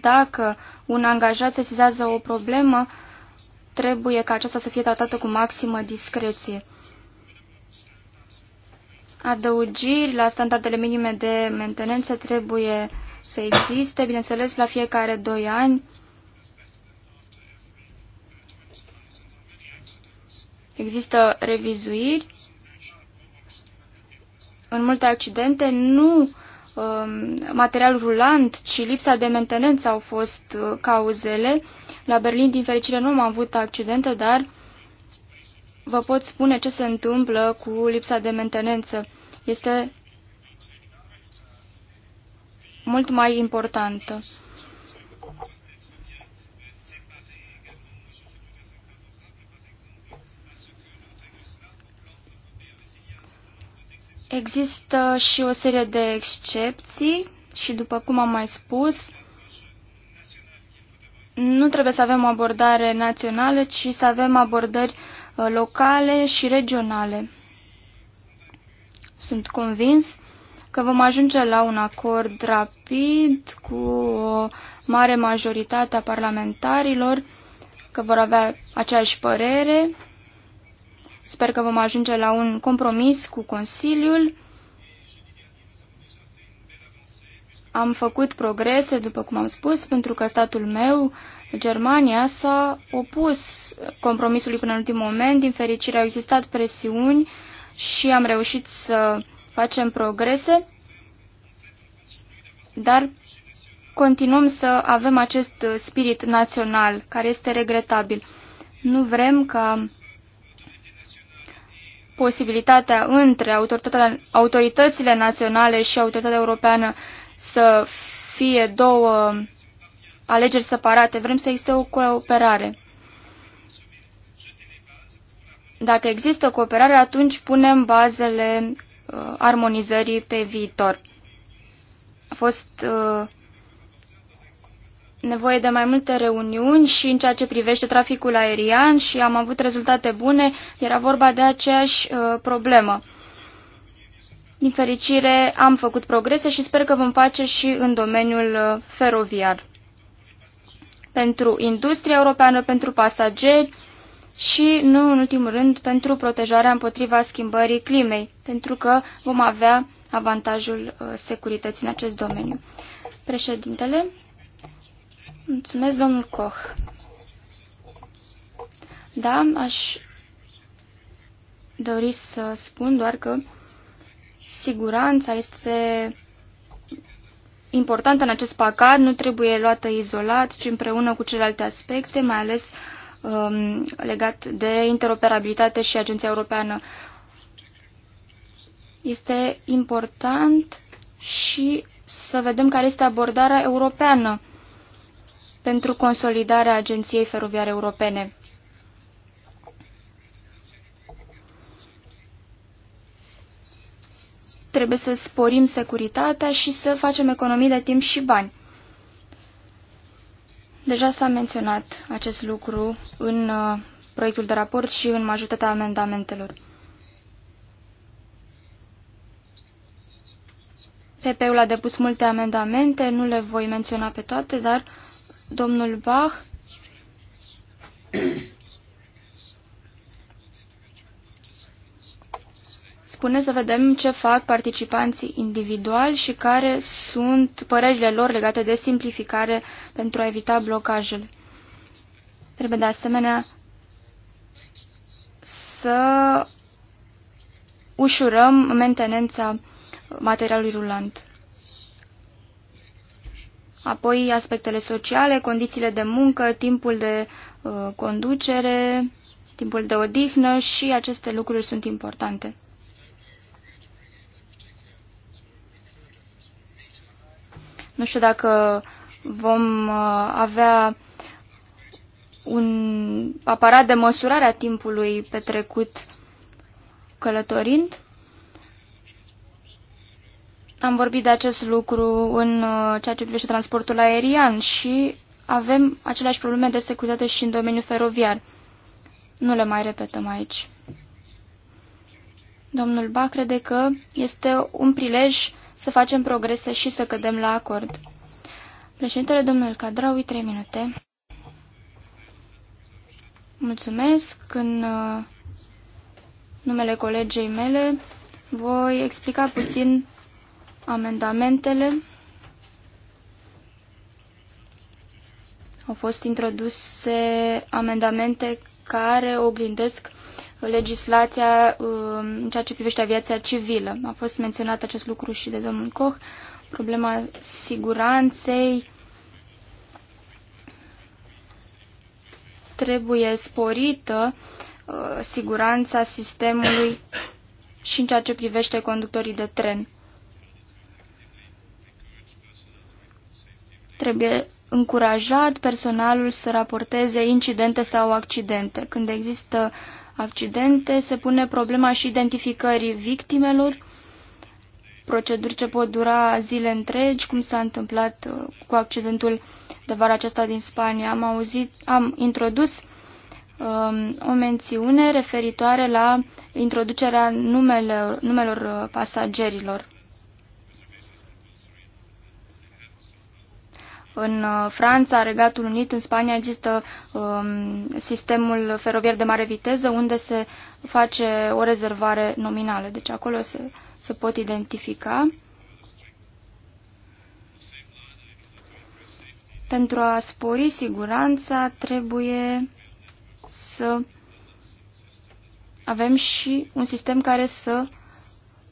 dacă un angajat sesizează o problemă, trebuie ca aceasta să fie tratată cu maximă discreție. Adăugiri la standardele minime de mentenență trebuie să existe, bineînțeles, la fiecare 2 ani. Există revizuiri. În multe accidente nu Um, material rulant, ci lipsa de mentenență au fost uh, cauzele. La Berlin, din fericire, nu am avut accidente, dar vă pot spune ce se întâmplă cu lipsa de mentenență. Este mult mai importantă. Există și o serie de excepții și, după cum am mai spus, nu trebuie să avem o abordare națională, ci să avem abordări uh, locale și regionale. Sunt convins că vom ajunge la un acord rapid cu o mare majoritate a parlamentarilor, că vor avea aceeași părere Sper că vom ajunge la un compromis cu Consiliul. Am făcut progrese, după cum am spus, pentru că statul meu, Germania, s-a opus compromisului până în ultim moment. Din fericire au existat presiuni și am reușit să facem progrese, dar continuăm să avem acest spirit național, care este regretabil. Nu vrem ca posibilitatea între autoritățile naționale și autoritatea europeană să fie două alegeri separate. Vrem să existe o cooperare. Dacă există cooperare, atunci punem bazele uh, armonizării pe viitor. A fost uh, nevoie de mai multe reuniuni și în ceea ce privește traficul aerian și am avut rezultate bune, era vorba de aceeași uh, problemă. Din fericire, am făcut progrese și sper că vom face și în domeniul uh, feroviar. Pentru industria europeană, pentru pasageri și, nu în ultimul rând, pentru protejarea împotriva schimbării climei, pentru că vom avea avantajul uh, securității în acest domeniu. Președintele, Mulțumesc, domnul Koch. Da, aș dori să spun doar că siguranța este importantă în acest pacat, nu trebuie luată izolat, ci împreună cu celelalte aspecte, mai ales um, legat de interoperabilitate și Agenția Europeană. Este important și să vedem care este abordarea europeană pentru consolidarea Agenției Feroviare Europene. Trebuie să sporim securitatea și să facem economii de timp și bani. Deja s-a menționat acest lucru în uh, proiectul de raport și în majoritatea amendamentelor. PP-ul a depus multe amendamente, nu le voi menționa pe toate, dar domnul Bach spune să vedem ce fac participanții individuali și care sunt părerile lor legate de simplificare pentru a evita blocajele. Trebuie de asemenea să ușurăm mentenența materialului rulant apoi aspectele sociale, condițiile de muncă, timpul de uh, conducere, timpul de odihnă și aceste lucruri sunt importante. Nu știu dacă vom uh, avea un aparat de măsurare a timpului petrecut călătorind. Am vorbit de acest lucru în uh, ceea ce privește transportul aerian și avem aceleași probleme de securitate și în domeniul feroviar. Nu le mai repetăm aici. Domnul Ba crede că este un prilej să facem progrese și să cădem la acord. Președintele domnul Cadraui, trei minute. Mulțumesc. În uh, numele colegei mele voi explica puțin Amendamentele au fost introduse amendamente care oglindesc legislația um, în ceea ce privește aviația civilă. A fost menționat acest lucru și de domnul Koch, problema siguranței trebuie sporită uh, siguranța sistemului și în ceea ce privește conductorii de tren. Trebuie încurajat personalul să raporteze incidente sau accidente. Când există accidente, se pune problema și identificării victimelor, proceduri ce pot dura zile întregi, cum s-a întâmplat uh, cu accidentul de vară acesta din Spania. Am auzit, am introdus um, o mențiune referitoare la introducerea numelor, numelor uh, pasagerilor. În uh, Franța, Regatul Unit, în Spania există um, sistemul feroviar de mare viteză unde se face o rezervare nominală. Deci acolo se, se pot identifica. Pentru a spori siguranța trebuie să avem și un sistem care să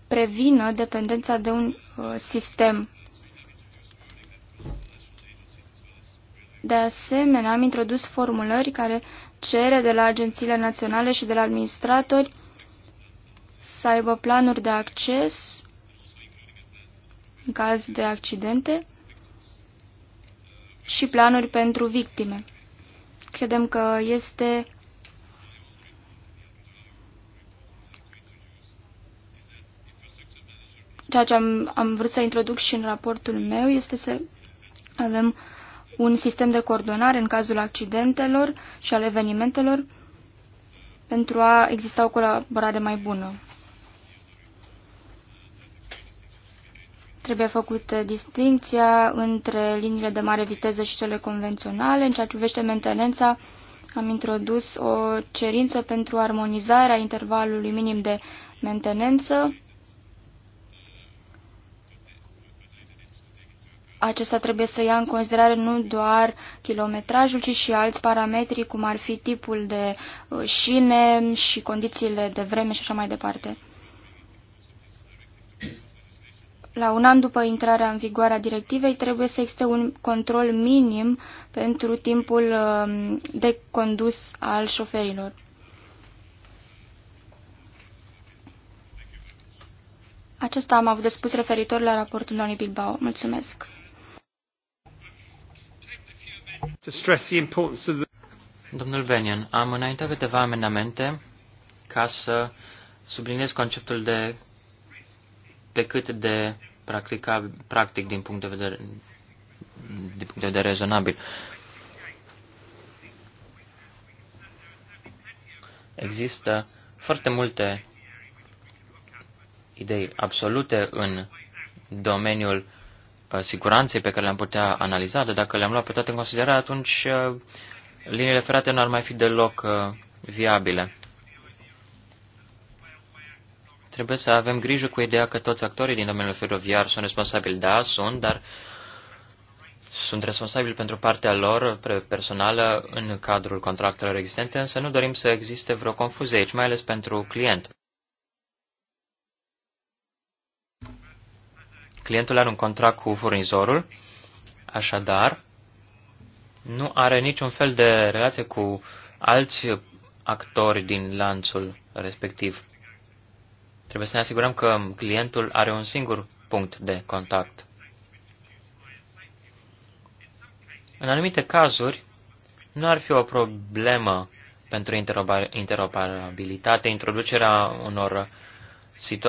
prevină dependența de un uh, sistem De asemenea, am introdus formulări care cere de la agențiile naționale și de la administratori să aibă planuri de acces în caz de accidente și planuri pentru victime. Credem că este ceea ce am, am vrut să introduc și în raportul meu este să avem uh, un sistem de coordonare în cazul accidentelor și al evenimentelor pentru a exista o colaborare mai bună. Trebuie făcută distinția între liniile de mare viteză și cele convenționale. În ceea ce privește mentenența, am introdus o cerință pentru armonizarea intervalului minim de mentenență acesta trebuie să ia în considerare nu doar kilometrajul, ci și alți parametri, cum ar fi tipul de uh, șine și condițiile de vreme și așa mai departe. La un an după intrarea în vigoare a directivei trebuie să existe un control minim pentru timpul um, de condus al șoferilor. Acesta am avut de spus referitor la raportul doamnei Bilbao. Mulțumesc! Domnul Venian, am înaintat câteva amendamente ca să subliniez conceptul de pe cât de practica, practic din punct de vedere din punct de vedere rezonabil. Există foarte multe idei absolute în domeniul Uh, siguranței pe care le-am putea analiza, dar dacă le-am luat pe toate în considerare, atunci uh, liniile ferate nu ar mai fi deloc uh, viabile. Trebuie să avem grijă cu ideea că toți actorii din domeniul feroviar sunt responsabili. Da, sunt, dar sunt responsabili pentru partea lor personală în cadrul contractelor existente, însă nu dorim să existe vreo confuzie aici, mai ales pentru client. clientul are un contract cu furnizorul, așadar nu are niciun fel de relație cu alți actori din lanțul respectiv. Trebuie să ne asigurăm că clientul are un singur punct de contact. În anumite cazuri, nu ar fi o problemă pentru interoperabilitate introducerea unor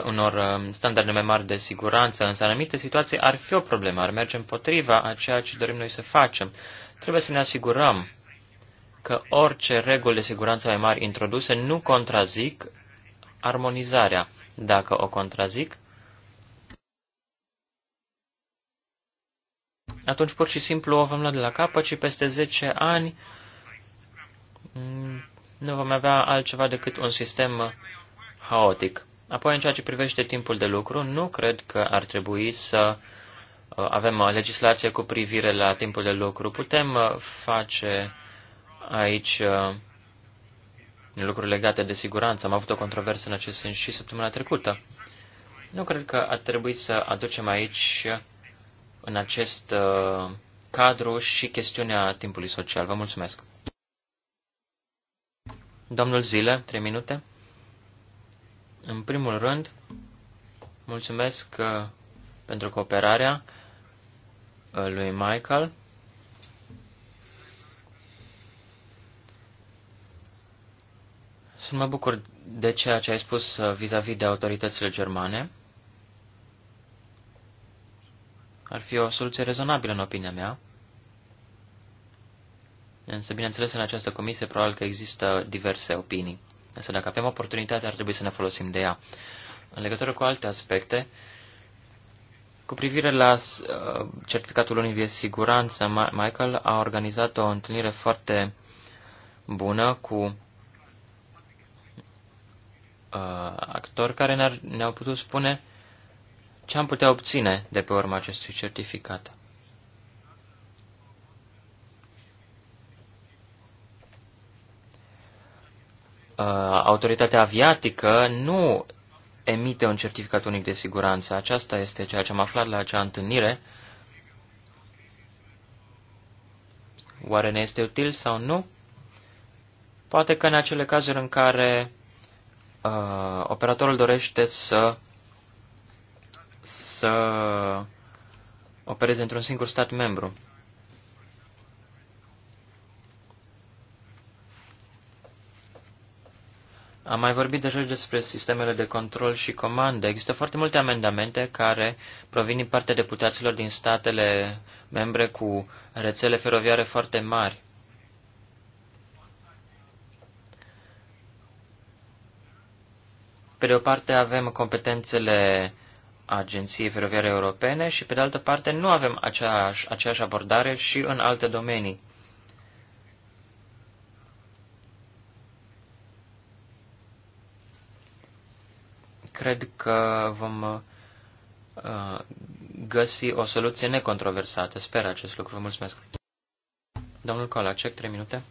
unor um, standarde mai mari de siguranță, însă în anumite situații ar fi o problemă, ar merge împotriva a ceea ce dorim noi să facem. Trebuie să ne asigurăm că orice reguli de siguranță mai mari introduse nu contrazic armonizarea. Dacă o contrazic, atunci pur și simplu o vom lua de la capăt și peste 10 ani mm, nu vom avea altceva decât un sistem haotic. Apoi, în ceea ce privește timpul de lucru, nu cred că ar trebui să uh, avem o legislație cu privire la timpul de lucru. Putem uh, face aici uh, lucruri legate de siguranță. Am avut o controversă în acest sens și săptămâna trecută. Nu cred că ar trebui să aducem aici, în acest cadru, și chestiunea timpului social. Vă mulțumesc. Domnul Zile, trei minute. În primul rând, mulțumesc uh, pentru cooperarea uh, lui Michael. Sunt mă bucur de ceea ce ai spus uh, vis-a-vis -vis de autoritățile germane. Ar fi o soluție rezonabilă în opinia mea. Însă, bineînțeles, în această comisie probabil că există diverse opinii. Însă dacă avem oportunitatea, ar trebui să ne folosim de ea. În legătură cu alte aspecte, cu privire la uh, certificatul unic de siguranță, Michael a organizat o întâlnire foarte bună cu uh, actori care ne-au ne putut spune ce am putea obține de pe urma acestui certificat. Uh, autoritatea aviatică nu emite un certificat unic de siguranță. Aceasta este ceea ce am aflat la acea întâlnire. Oare ne este util sau nu? Poate că în acele cazuri în care uh, operatorul dorește să, să opereze într-un singur stat membru. Am mai vorbit deja despre sistemele de control și comandă. Există foarte multe amendamente care provin din partea deputaților din statele membre cu rețele feroviare foarte mari. Pe de o parte avem competențele Agenției Feroviare Europene și pe de altă parte nu avem aceeași, aceeași abordare și în alte domenii. cred că vom uh, găsi o soluție necontroversată. Sper acest lucru. Vă mulțumesc. Domnul Colacek, trei minute.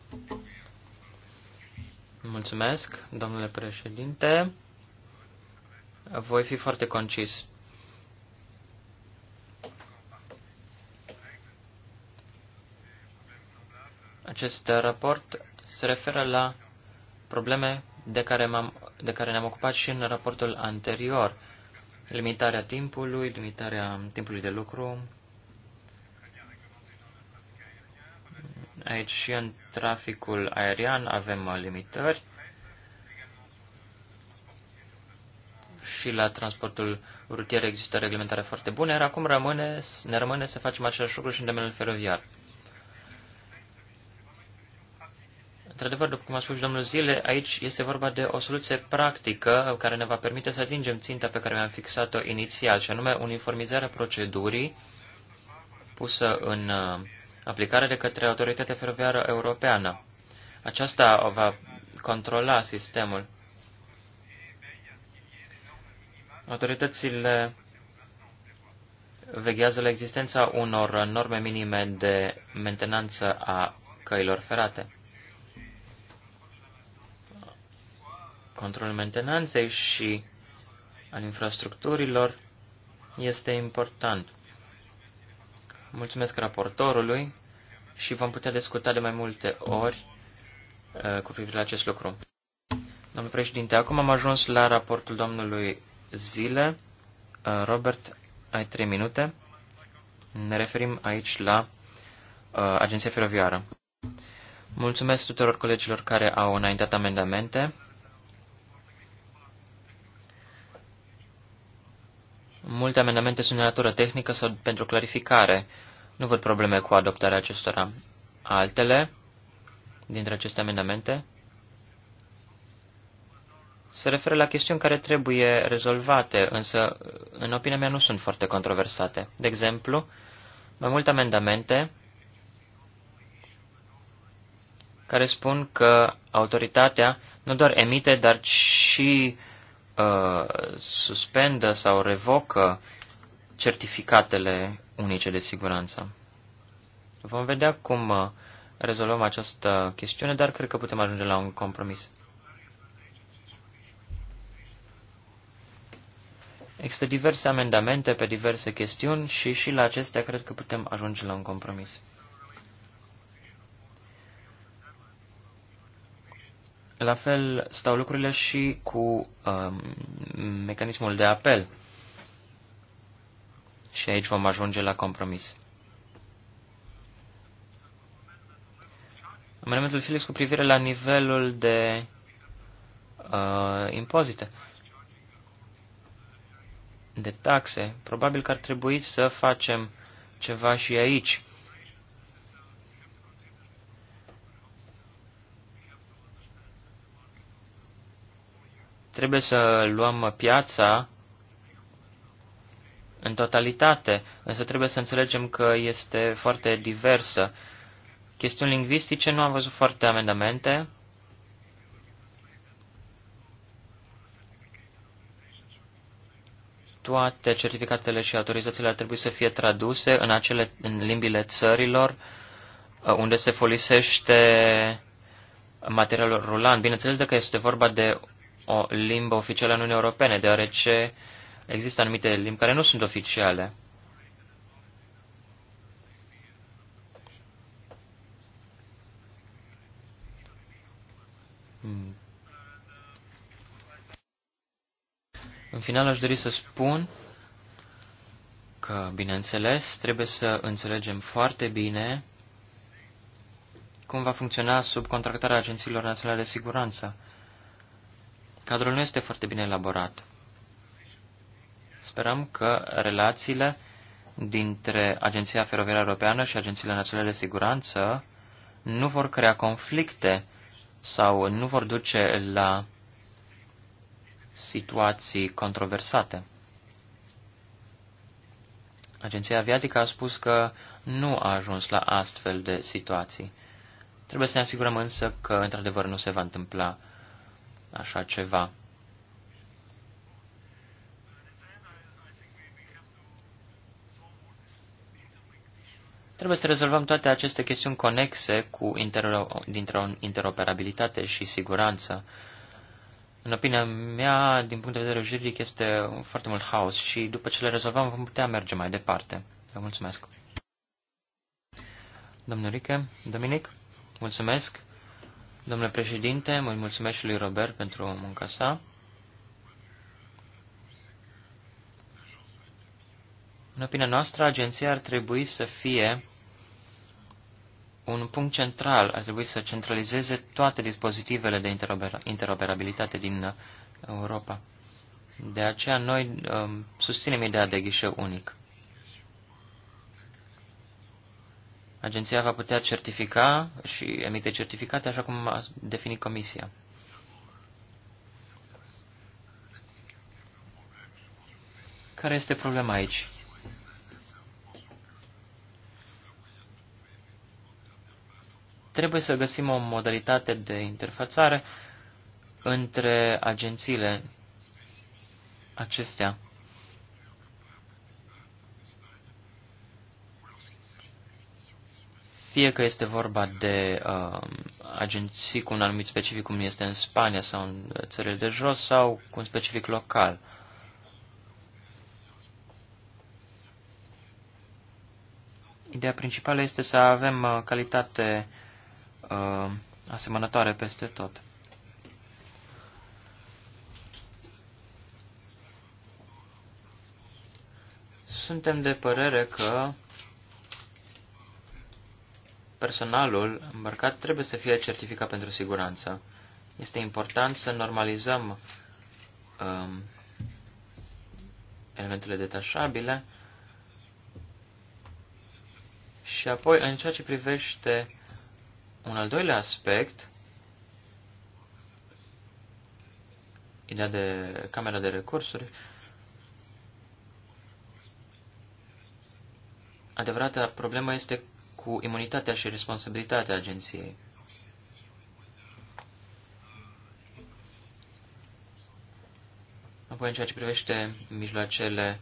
Mulțumesc, domnule președinte. Voi fi foarte concis. Acest raport se referă la probleme de care, am de care ne-am ocupat și în raportul anterior. Limitarea timpului, limitarea timpului de lucru. Aici și în traficul aerian avem limitări. și la transportul rutier există reglementare foarte bună, iar acum rămâne, ne rămâne să facem același lucru și în domeniul feroviar. Într-adevăr, după cum a spus domnul Zile, aici este vorba de o soluție practică care ne va permite să atingem ținta pe care mi-am fixat-o inițial, și anume uniformizarea procedurii pusă în uh, aplicare de către Autoritatea Feroviară Europeană. Aceasta o va controla sistemul. Autoritățile veghează la existența unor norme minime de mentenanță a căilor ferate. controlul mentenanței și al infrastructurilor este important. Mulțumesc raportorului și vom putea discuta de mai multe ori uh, cu privire la acest lucru. Domnul președinte, acum am ajuns la raportul domnului Zile. Uh, Robert, ai trei minute. Ne referim aici la uh, Agenția Feroviară. Mulțumesc tuturor colegilor care au înaintat amendamente. Multe amendamente sunt de natură tehnică sau pentru clarificare. Nu văd probleme cu adoptarea acestora. Altele dintre aceste amendamente se referă la chestiuni care trebuie rezolvate, însă, în opinia mea, nu sunt foarte controversate. De exemplu, mai multe amendamente care spun că autoritatea nu doar emite, dar și Uh, suspendă sau revocă certificatele unice de siguranță. Vom vedea cum uh, rezolvăm această chestiune, dar cred că putem ajunge la un compromis. Există diverse amendamente pe diverse chestiuni și și la acestea cred că putem ajunge la un compromis. La fel stau lucrurile și cu uh, mecanismul de apel. Și aici vom ajunge la compromis. Amendamentul Felix cu privire la nivelul de uh, impozite, de taxe, probabil că ar trebui să facem ceva și aici. Trebuie să luăm piața în totalitate, însă trebuie să înțelegem că este foarte diversă. Chestiuni lingvistice nu am văzut foarte amendamente. Toate certificatele și autorizațiile ar trebui să fie traduse în, acele, în limbile țărilor uh, unde se folosește materialul rulant. Bineînțeles, dacă este vorba de o limbă oficială în Uniunea Europene, deoarece există anumite limbi care nu sunt oficiale. În final aș dori să spun că, bineînțeles, trebuie să înțelegem foarte bine cum va funcționa subcontractarea agențiilor naționale de siguranță. Cadrul nu este foarte bine elaborat. Sperăm că relațiile dintre Agenția Feroviară Europeană și Agențiile Naționale de Siguranță nu vor crea conflicte sau nu vor duce la situații controversate. Agenția Aviatică a spus că nu a ajuns la astfel de situații. Trebuie să ne asigurăm însă că, într-adevăr, nu se va întâmpla așa ceva. Trebuie să rezolvăm toate aceste chestiuni conexe cu interoperabilitate și siguranță. În opinia mea, din punct de vedere juridic, este foarte mult haos și după ce le rezolvăm vom putea merge mai departe. Vă mulțumesc. Domnul Rică, Dominic, mulțumesc. Domnule președinte, mă mulțumesc și lui Robert pentru munca sa. În opinia noastră, agenția ar trebui să fie un punct central, ar trebui să centralizeze toate dispozitivele de interoperabilitate din uh, Europa. De aceea noi um, susținem ideea de ghișeu unic. Agenția va putea certifica și emite certificate așa cum a definit Comisia. Care este problema aici? Trebuie să găsim o modalitate de interfațare între agențiile acestea. fie că este vorba de uh, agenții cu un anumit specific, cum este în Spania sau în țările de jos, sau cu un specific local. Ideea principală este să avem uh, calitate uh, asemănătoare peste tot. Suntem de părere că personalul îmbarcat trebuie să fie certificat pentru siguranță. Este important să normalizăm um, elementele detașabile și apoi, în ceea ce privește un al doilea aspect, ideea de camera de recursuri, adevărata problemă este cu imunitatea și responsabilitatea agenției. Apoi, în ceea ce privește mijloacele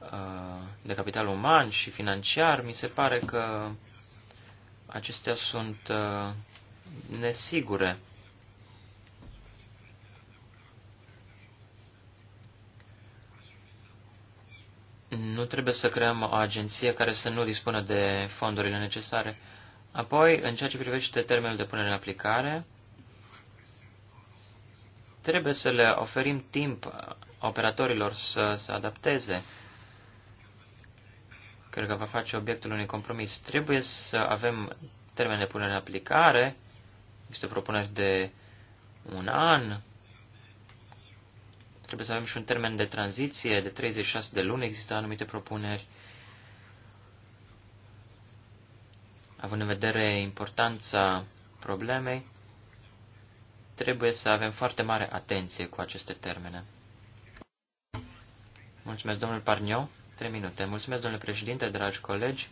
uh, de capital uman și financiar, mi se pare că acestea sunt uh, nesigure. Nu trebuie să creăm o agenție care să nu dispună de fondurile necesare. Apoi, în ceea ce privește termenul de punere în aplicare, trebuie să le oferim timp operatorilor să se adapteze. Cred că va face obiectul unui compromis. Trebuie să avem termen de punere în aplicare, este propunere de un an, Trebuie să avem și un termen de tranziție de 36 de luni. Există anumite propuneri. Având în vedere importanța problemei, trebuie să avem foarte mare atenție cu aceste termene. Mulțumesc, domnul Parnio, Trei minute. Mulțumesc, domnule președinte, dragi colegi.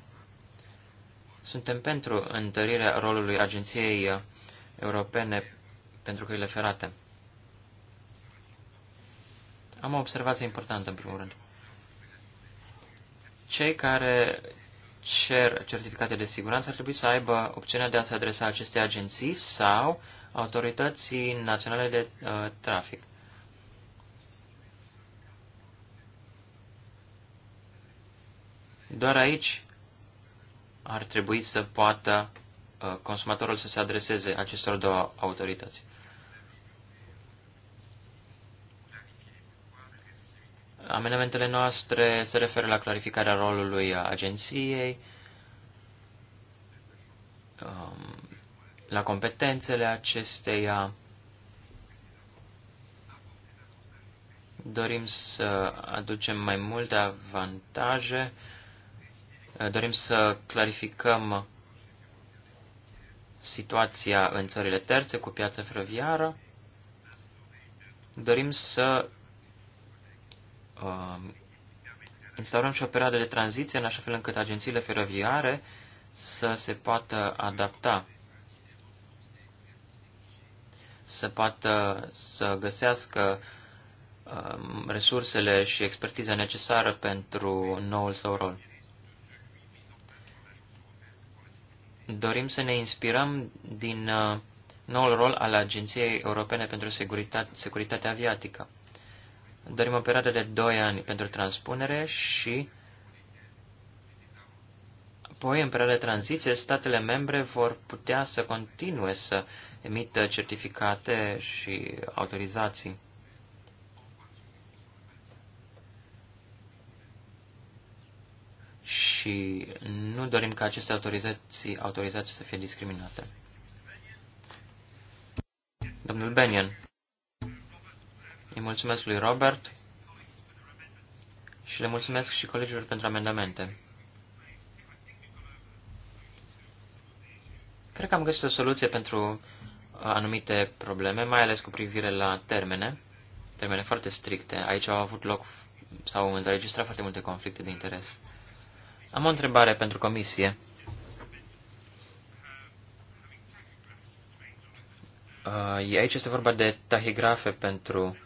Suntem pentru întărirea rolului Agenției Europene pentru Căile Ferate. Am o observație importantă, în primul rând. Cei care cer certificate de siguranță ar trebui să aibă opțiunea de a se adresa acestei agenții sau autorității naționale de uh, trafic. Doar aici ar trebui să poată uh, consumatorul să se adreseze acestor două autorități. Amendamentele noastre se referă la clarificarea rolului agenției, um, la competențele acesteia. Dorim să aducem mai multe avantaje, dorim să clarificăm situația în țările terțe cu piața feroviară, dorim să Um, instaurăm și o perioadă de tranziție în așa fel încât agențiile feroviare să se poată adapta, să poată să găsească um, resursele și expertiza necesară pentru noul său rol. Dorim să ne inspirăm din uh, noul rol al Agenției Europene pentru Securitate, Securitatea Aviatică. Dorim o perioadă de 2 ani pentru transpunere și apoi, în perioada de tranziție, statele membre vor putea să continue să emită certificate și autorizații. și nu dorim ca aceste autorizații, autorizații să fie discriminate. Domnul Benion. Îi mulțumesc lui Robert și le mulțumesc și colegilor pentru amendamente. Cred că am găsit o soluție pentru uh, anumite probleme, mai ales cu privire la termene, termene foarte stricte. Aici au avut loc sau au înregistrat foarte multe conflicte de interes. Am o întrebare pentru comisie. Uh, aici este vorba de tahigrafe pentru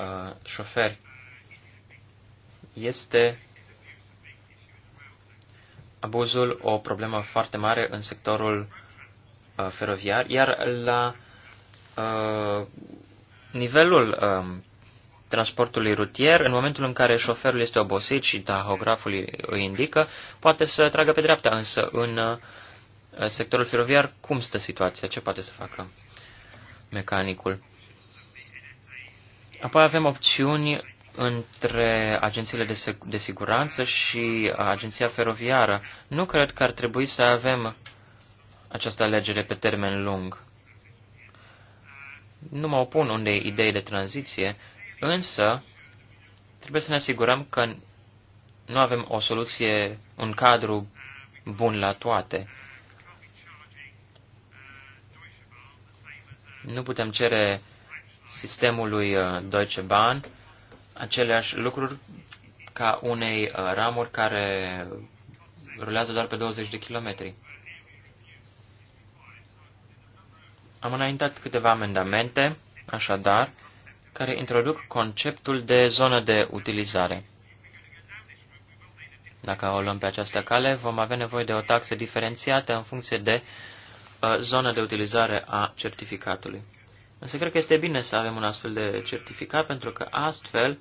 uh, șoferi. Este abuzul o problemă foarte mare în sectorul uh, feroviar, iar la uh, nivelul uh, transportului rutier, în momentul în care șoferul este obosit și tahograful îi indică, poate să tragă pe dreapta, însă în uh, sectorul feroviar, cum stă situația? Ce poate să facă mecanicul? Apoi avem opțiuni între agențiile de, de siguranță și agenția feroviară. Nu cred că ar trebui să avem această alegere pe termen lung. Nu mă opun unei idei de tranziție, însă trebuie să ne asigurăm că nu avem o soluție, un cadru bun la toate. Nu putem cere sistemului uh, Deutsche Bahn aceleași lucruri ca unei uh, ramuri care rulează doar pe 20 de kilometri. Am înaintat câteva amendamente, așadar, care introduc conceptul de zonă de utilizare. Dacă o luăm pe această cale, vom avea nevoie de o taxă diferențiată în funcție de uh, zona de utilizare a certificatului. Însă cred că este bine să avem un astfel de certificat, pentru că astfel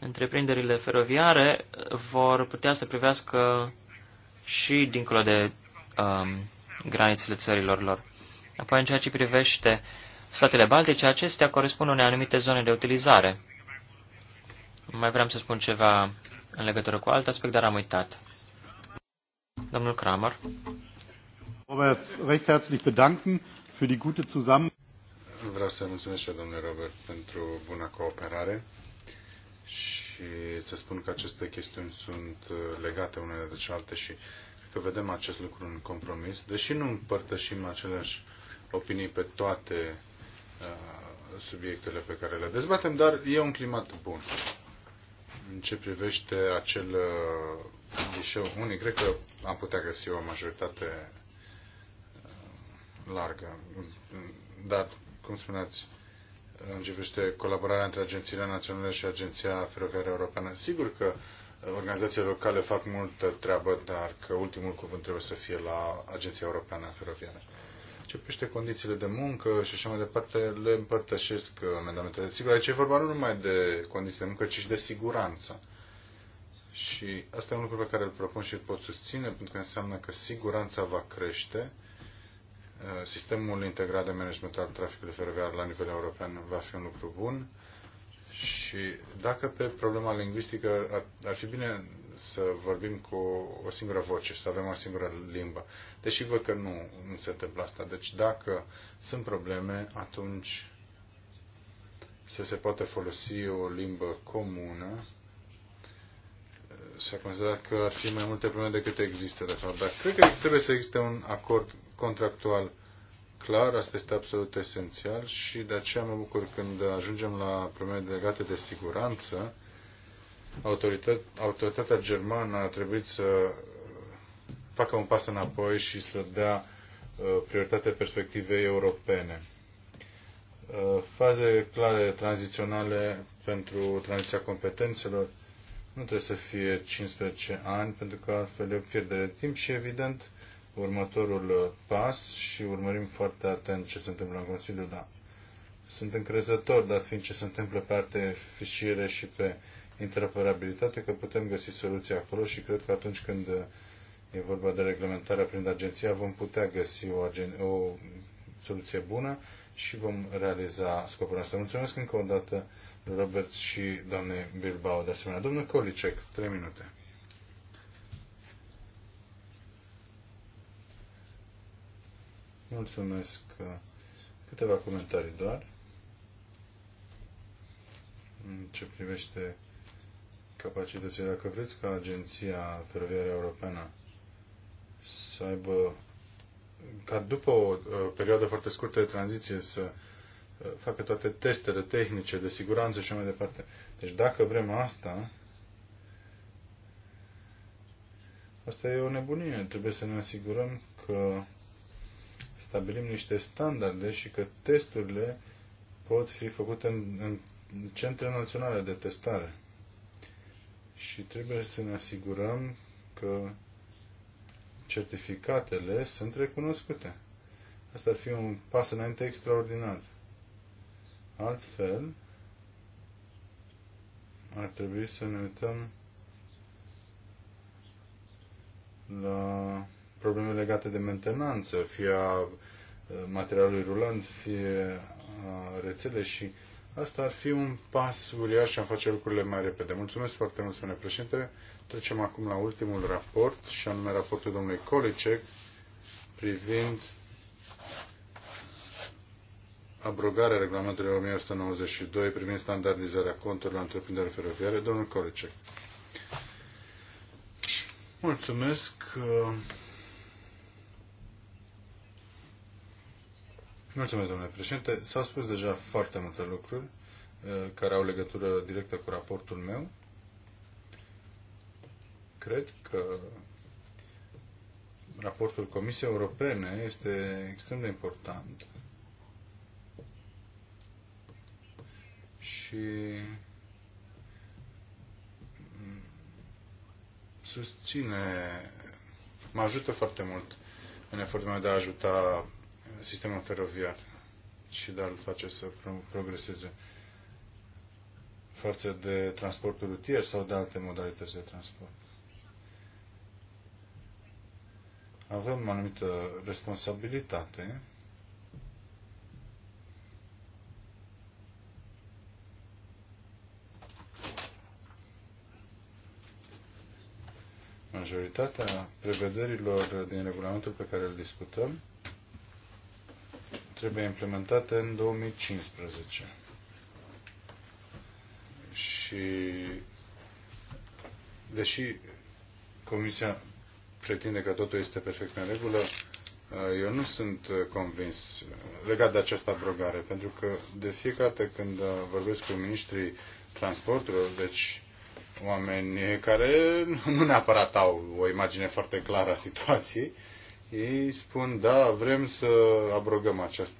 întreprinderile feroviare vor putea să privească și dincolo de um, granițele țărilor lor. Apoi, în ceea ce privește statele baltice, acestea corespund unei anumite zone de utilizare. Mai vreau să spun ceva în legătură cu alt aspect, dar am uitat. Domnul Kramer. Robert, recht herzlich bedanken für die gute zusammen Vreau să mulțumesc și domnule Robert pentru buna cooperare și să spun că aceste chestiuni sunt uh, legate unele de cealaltă și cred că vedem acest lucru în compromis, deși nu împărtășim aceleași opinii pe toate uh, subiectele pe care le dezbatem, dar e un climat bun. În ce privește acel uh, ghișeu unic, cred că am putea găsi o majoritate uh, largă. Dar cum spuneați, privește colaborarea între Agențiile Naționale și Agenția Feroviară Europeană. Sigur că uh, organizațiile locale fac multă treabă, dar că ultimul cuvânt trebuie să fie la Agenția Europeană Feroviară. Ce privește condițiile de muncă și așa mai departe, le împărtășesc uh, amendamentele. Sigur, aici e vorba nu numai de condiții de muncă, ci și de siguranță. Și asta e un lucru pe care îl propun și îl pot susține, pentru că înseamnă că siguranța va crește, Eh, sistemul integrat de management al traficului feroviar la nivel european va fi un lucru bun și dacă pe problema lingvistică ar, ar fi bine să vorbim cu o singură voce, să avem o singură limbă. Deși văd că nu, nu se întâmplă asta. Deci dacă sunt probleme, atunci să se poate folosi o limbă comună. S-a considerat că ar fi mai multe probleme decât există, de fapt. Dar cred că trebuie să existe un acord contractual clar, asta este absolut esențial și de aceea mă bucur când ajungem la probleme legate de siguranță. autoritatea germană a trebuit să uh, facă un pas înapoi și să dea uh, prioritate perspectivei europene. Uh, faze clare tranziționale pentru tranziția competențelor nu trebuie să fie 15 ani, pentru că altfel e o pierdere de timp și, evident, următorul uh, pas și urmărim foarte atent ce se întâmplă în Consiliu, Da, sunt încrezător, dat fiind ce se întâmplă pe arte fișiere și pe interoperabilitate, că putem găsi soluții acolo și cred că atunci când uh, e vorba de reglementarea prin agenția, vom putea găsi o, agen... o soluție bună și vom realiza scopul ăsta. Mulțumesc încă o dată, Robert și doamne Bilbao, de asemenea. Domnul Colicek, Trei minute. Mulțumesc. Câteva comentarii doar. În ce privește capacitățile, dacă vreți ca Agenția Feroviară Europeană să aibă, ca după o perioadă foarte scurtă de tranziție să uh, facă toate testele tehnice de siguranță și mai departe. Deci dacă vrem asta, asta e o nebunie. Trebuie să ne asigurăm că stabilim niște standarde și că testurile pot fi făcute în, în centre naționale de testare. Și trebuie să ne asigurăm că certificatele sunt recunoscute. Asta ar fi un pas înainte extraordinar. Altfel, ar trebui să ne uităm la probleme legate de mentenanță, fie a materialului rulant, fie a rețele și asta ar fi un pas uriaș și am face lucrurile mai repede. Mulțumesc foarte mult, spune președintele. Trecem acum la ultimul raport și anume raportul domnului Kolicek privind abrogarea regulamentului 1992 privind standardizarea conturilor întreprinderilor feroviare. Domnul Kolicek. Mulțumesc. Uh, Mulțumesc, domnule președinte. S-au spus deja foarte multe lucruri uh, care au legătură directă cu raportul meu. Cred că raportul Comisiei Europene este extrem de important și susține, mă ajută foarte mult în efortul meu de a ajuta sistemul feroviar și de a-l face să progreseze față de transportul rutier sau de alte modalități de transport. Avem anumită responsabilitate majoritatea prevederilor din regulamentul pe care îl discutăm trebuie implementată în 2015. Și deși Comisia pretinde că totul este perfect în regulă, eu nu sunt convins legat de această abrogare, pentru că de fiecare dată când vorbesc cu ministrii transporturilor, deci oameni care nu neapărat au o imagine foarte clară a situației, uh, ei spun, da, vrem să abrogăm acest,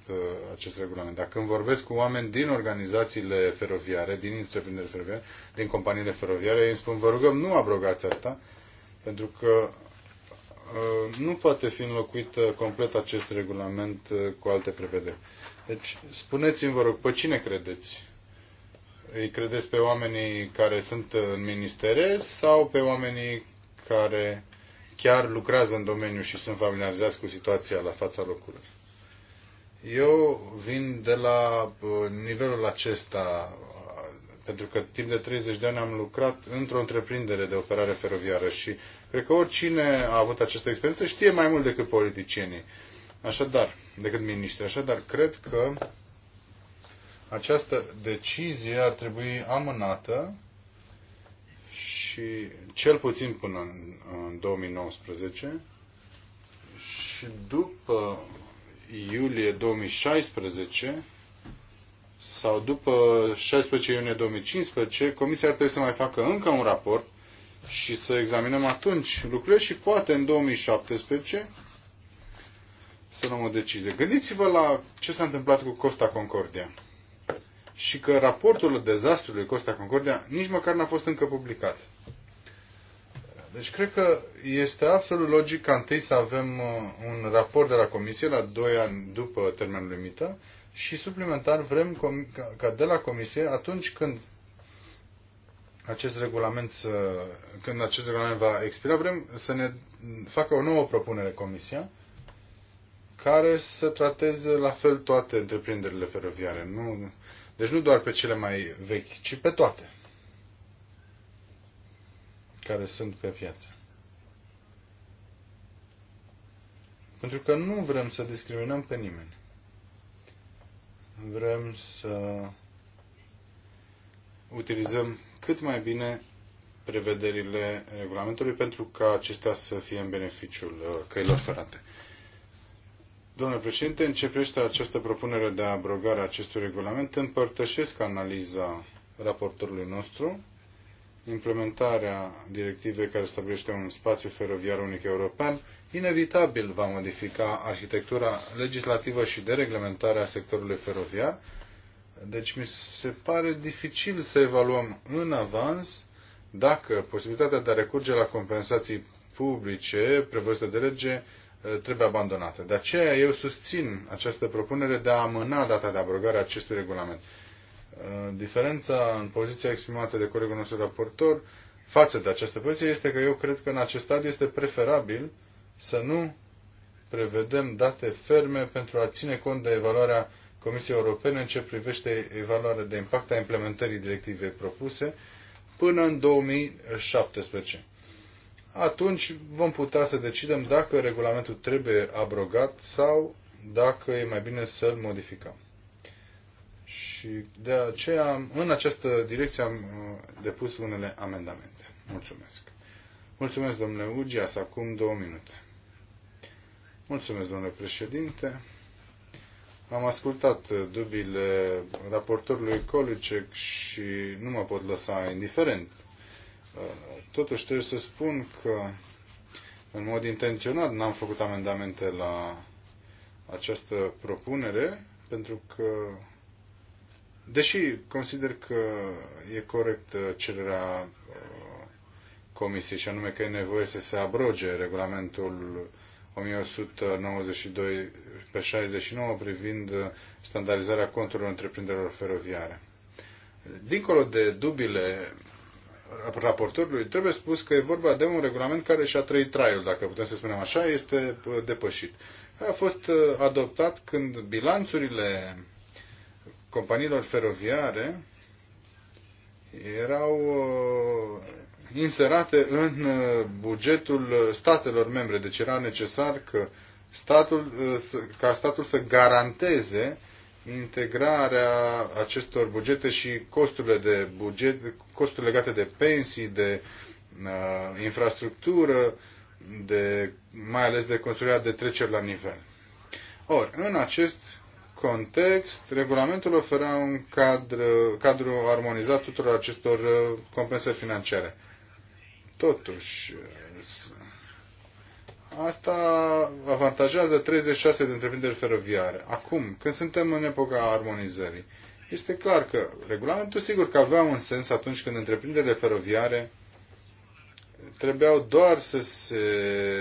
acest regulament. Dacă când vorbesc cu oameni din organizațiile feroviare, din întreprinderi feroviare, din companiile feroviare, ei îmi spun, vă rugăm, nu abrogați asta, pentru că uh, nu poate fi înlocuit uh, complet acest regulament uh, cu alte prevederi. Deci, spuneți-mi, vă rog, pe cine credeți? Îi credeți pe oamenii care sunt în ministere sau pe oamenii care uh, chiar lucrează în domeniu și sunt familiarizați cu situația la fața locului. Eu vin de la uh, nivelul acesta, uh, pentru că timp de 30 de ani am lucrat într-o întreprindere de operare feroviară și cred că oricine a avut această experiență știe mai mult decât politicienii, așadar, decât miniștri. Așadar, cred că această decizie ar trebui amânată și cel puțin până în, în 2019 și după iulie 2016 sau după 16 iunie 2015, Comisia ar trebui să mai facă încă un raport și să examinăm atunci lucrurile și poate în 2017 să luăm o decizie. Gândiți-vă la ce s-a întâmplat cu Costa Concordia și că raportul dezastrului Costa Concordia nici măcar n-a fost încă publicat. Deci cred că este absolut logic ca întâi să avem uh, un raport de la Comisie la 2 ani după termenul limită și suplimentar vrem ca de la Comisie atunci când acest regulament să, când acest regulament va expira, vrem să ne facă o nouă propunere Comisia care să trateze la fel toate întreprinderile feroviare. Nu, deci nu doar pe cele mai vechi, ci pe toate care sunt pe piață. Pentru că nu vrem să discriminăm pe nimeni. Vrem să utilizăm cât mai bine prevederile regulamentului pentru ca acestea să fie în beneficiul uh, căilor ferate. Domnule președinte, în ce privește această propunere de abrogare a acestui regulament, împărtășesc analiza raportorului nostru implementarea directivei care stabilește un spațiu feroviar unic european, inevitabil va modifica arhitectura legislativă și de reglementare a sectorului feroviar. Deci mi se pare dificil să evaluăm în avans dacă posibilitatea de a recurge la compensații publice prevăzute de lege eh, trebuie abandonată. De aceea eu susțin această propunere de a amâna data de abrogare a acestui regulament. Diferența în poziția exprimată de colegul nostru raportor față de această poziție este că eu cred că în acest stadiu este preferabil să nu prevedem date ferme pentru a ține cont de evaluarea Comisiei Europene în ce privește evaluarea de impact a implementării directivei propuse până în 2017. Atunci vom putea să decidem dacă regulamentul trebuie abrogat sau dacă e mai bine să-l modificăm. Și de aceea, în această direcție am uh, depus unele amendamente. Mulțumesc. Mulțumesc, domnule Ugias, acum două minute. Mulțumesc, domnule președinte. Am ascultat dubile raportorului Kolicek și nu mă pot lăsa indiferent. Uh, totuși trebuie să spun că în mod intenționat n-am făcut amendamente la această propunere pentru că deși consider că e corect uh, cererea uh, Comisiei, și anume că e nevoie să se abroge regulamentul 1192 pe 69 privind uh, standardizarea conturilor întreprinderilor feroviare. Dincolo de dubile raportorului, trebuie spus că e vorba de un regulament care și-a trăit traiul, dacă putem să spunem așa, este depășit. A fost adoptat când bilanțurile companiilor feroviare erau uh, inserate în uh, bugetul statelor membre. Deci era necesar că statul, uh, ca statul să garanteze integrarea acestor bugete și costurile de buget, costuri legate de pensii, de uh, infrastructură, de, mai ales de construirea de treceri la nivel. Or în acest context, regulamentul oferea un cadru, cadru armonizat tuturor acestor uh, compensări financiare. Totuși, uh, asta avantajează 36 de întreprinderi feroviare. Acum, când suntem în epoca armonizării, este clar că regulamentul sigur că avea un sens atunci când întreprinderile feroviare trebuiau doar să se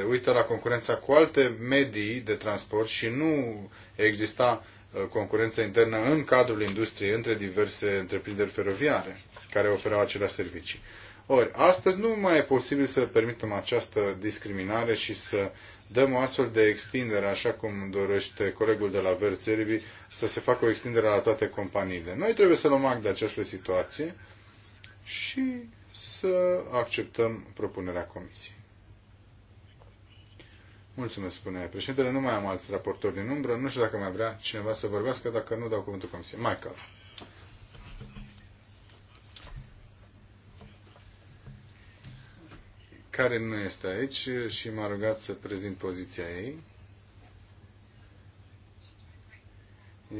uită la concurența cu alte medii de transport și nu exista Uh, concurența internă în cadrul industriei între diverse întreprinderi feroviare care oferau acelea servicii. Ori, astăzi nu mai e posibil să permitem această discriminare și să dăm o astfel de extindere, așa cum dorește colegul de la Verzerbi, să se facă o extindere la toate companiile. Noi trebuie să luăm act de această situație și să acceptăm propunerea Comisiei. Mulțumesc, spune președintele. Nu mai am alți raportori din umbră. Nu știu dacă mai vrea cineva să vorbească. Dacă nu, dau cuvântul comisiei. Michael. care nu este aici și m-a rugat să prezint poziția ei.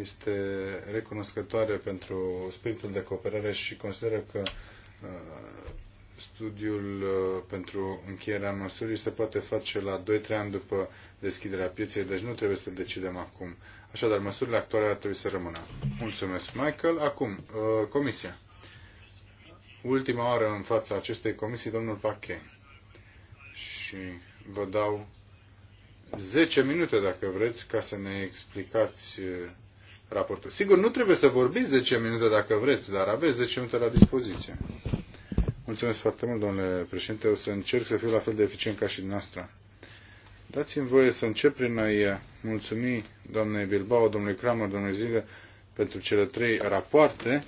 Este recunoscătoare pentru spiritul de cooperare și consideră că uh, studiul uh, pentru încheierea măsurii se poate face la 2-3 ani după deschiderea pieței, deci nu trebuie să decidem acum. Așadar, măsurile actuale ar trebui să rămână. Mulțumesc, Michael. Acum, uh, Comisia. Ultima oară în fața acestei comisii, domnul Pache. Și vă dau 10 minute, dacă vreți, ca să ne explicați uh, raportul. Sigur, nu trebuie să vorbiți 10 minute dacă vreți, dar aveți 10 minute la dispoziție. Mulțumesc foarte mult, domnule președinte. O să încerc să fiu la fel de eficient ca și dumneavoastră. Dați-mi voie să încep prin a-i mulțumi doamnei Bilbao, domnului Kramer, domnului Zile, pentru cele trei rapoarte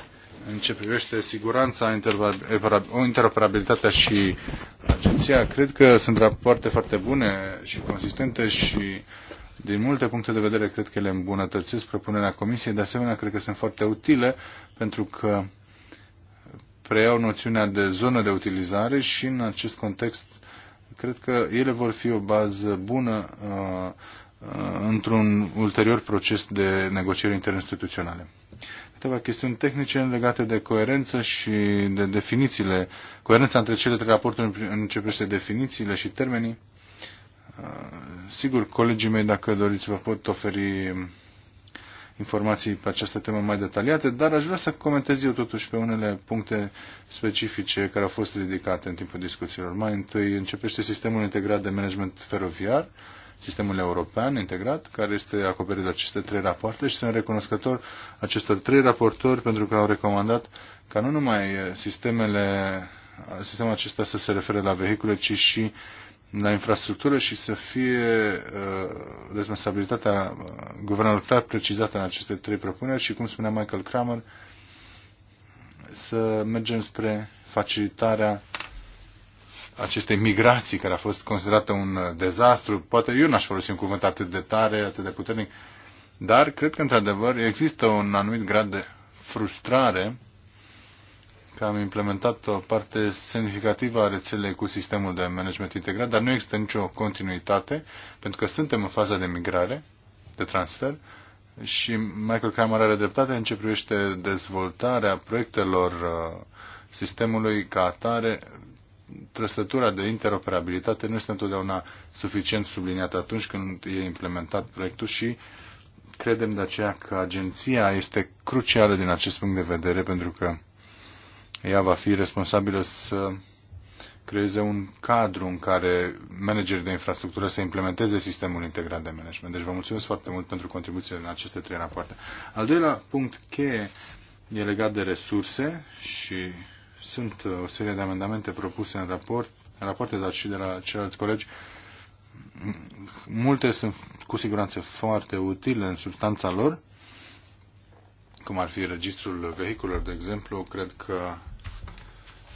în ce privește siguranța, interoperabilitatea și agenția. Cred că sunt rapoarte foarte bune și consistente și din multe puncte de vedere cred că le îmbunătățesc propunerea Comisiei. De asemenea, cred că sunt foarte utile pentru că preiau noțiunea de zonă de utilizare și în acest context cred că ele vor fi o bază bună uh, uh, într-un ulterior proces de negocieri interinstituționale. Câteva chestiuni tehnice legate de coerență și de definițiile. Coerența între cele trei raporturi începește definițiile și termenii. Uh, sigur, colegii mei, dacă doriți, vă pot oferi informații pe această temă mai detaliate, dar aș vrea să comentez eu totuși pe unele puncte specifice care au fost ridicate în timpul discuțiilor. Mai întâi începește sistemul integrat de management feroviar, sistemul european integrat, care este acoperit de aceste trei rapoarte și sunt recunoscător acestor trei raportori pentru că au recomandat ca nu numai sistemele, sistemul acesta să se refere la vehicule, ci și uh, la infrastructură și să fie uh, responsabilitatea uh, guvernului clar precizată în aceste trei propuneri și, cum spunea Michael Kramer, să mergem spre facilitarea acestei migrații care a fost considerată un dezastru. Poate eu n-aș folosi un cuvânt atât de tare, atât de puternic, dar cred că, într-adevăr, există un anumit grad de frustrare că am implementat o parte semnificativă a rețelei cu sistemul de management integrat, dar nu există nicio continuitate, pentru că suntem în faza de migrare, de transfer, și Michael Kramer are dreptate în ce privește dezvoltarea proiectelor uh, sistemului ca atare. Trăsătura de interoperabilitate nu este întotdeauna suficient subliniată atunci când e implementat proiectul și credem de aceea că agenția este crucială din acest punct de vedere pentru că ea va fi responsabilă să creeze un cadru în care managerii de infrastructură să implementeze sistemul integrat de management. Deci vă mulțumesc foarte mult pentru contribuțiile în aceste trei rapoarte. Al doilea punct cheie e legat de resurse și sunt o serie de amendamente propuse în raport, în rapoarte, dar și de la ceilalți colegi. Multe sunt cu siguranță foarte utile în substanța lor, cum ar fi registrul vehiculelor, de exemplu, cred că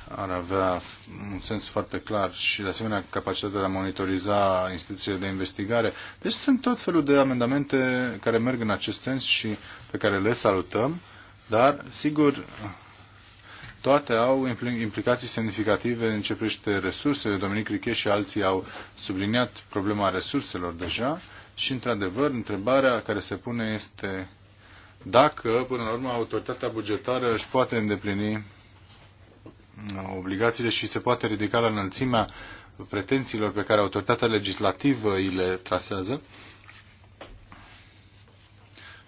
ar avea un sens foarte clar și, de asemenea, capacitatea de a monitoriza instituțiile de investigare. Deci sunt tot felul de amendamente care merg în acest sens și pe care le salutăm, dar, sigur, toate au implicații semnificative în ce privește resursele. Dominic Riche și alții au subliniat problema resurselor deja și, într-adevăr, întrebarea care se pune este dacă, până la urmă, autoritatea bugetară își poate îndeplini uh, obligațiile și se poate ridica la înălțimea pretențiilor pe care autoritatea legislativă îi le trasează.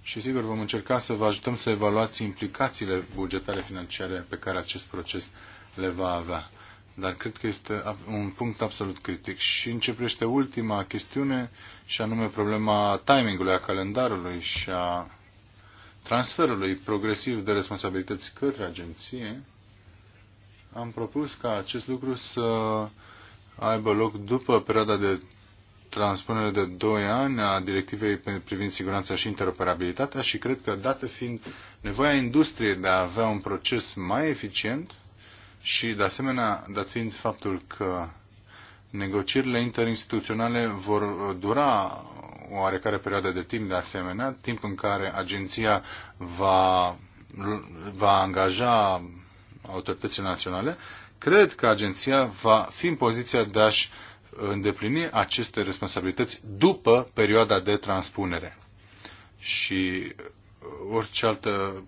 Și sigur vom încerca să vă ajutăm să evaluați implicațiile bugetare financiare pe care acest proces le va avea. Dar cred că este un punct absolut critic. Și începește ultima chestiune, și anume problema timingului, a calendarului și a transferului progresiv de responsabilități către agenție, am propus ca acest lucru să aibă loc după perioada de transpunere de 2 ani a directivei privind siguranța și interoperabilitatea și cred că, dată fiind nevoia industriei de a avea un proces mai eficient și, de asemenea, dat fiind faptul că negocierile interinstituționale vor dura oarecare perioadă de timp de asemenea, timp în care agenția va, va angaja autoritățile naționale, cred că agenția va fi în poziția de a-și îndeplini aceste responsabilități după perioada de transpunere. Și orice altă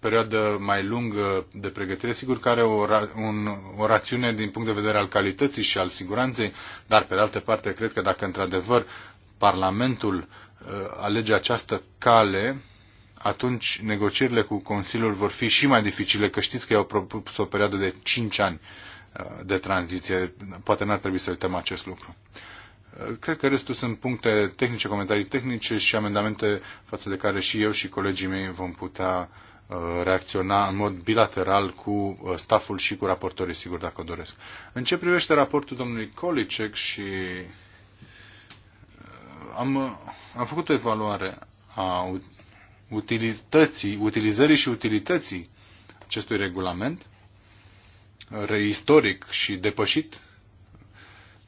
perioadă mai lungă de pregătire, sigur că are o, ra- un, o rațiune din punct de vedere al calității și al siguranței, dar pe de altă parte cred că dacă într-adevăr Parlamentul uh, alege această cale, atunci negocierile cu Consiliul vor fi și mai dificile, că știți că i-au propus o perioadă de 5 ani uh, de tranziție. Poate n-ar trebui să uităm acest lucru. Uh, cred că restul sunt puncte tehnice, comentarii tehnice și amendamente față de care și eu și colegii mei vom putea reacționa în mod bilateral cu staful și cu raportorii, sigur, dacă doresc. În ce privește raportul domnului Kolicek și am, am făcut o evaluare a utilității, utilizării și utilității acestui regulament uh, reistoric și depășit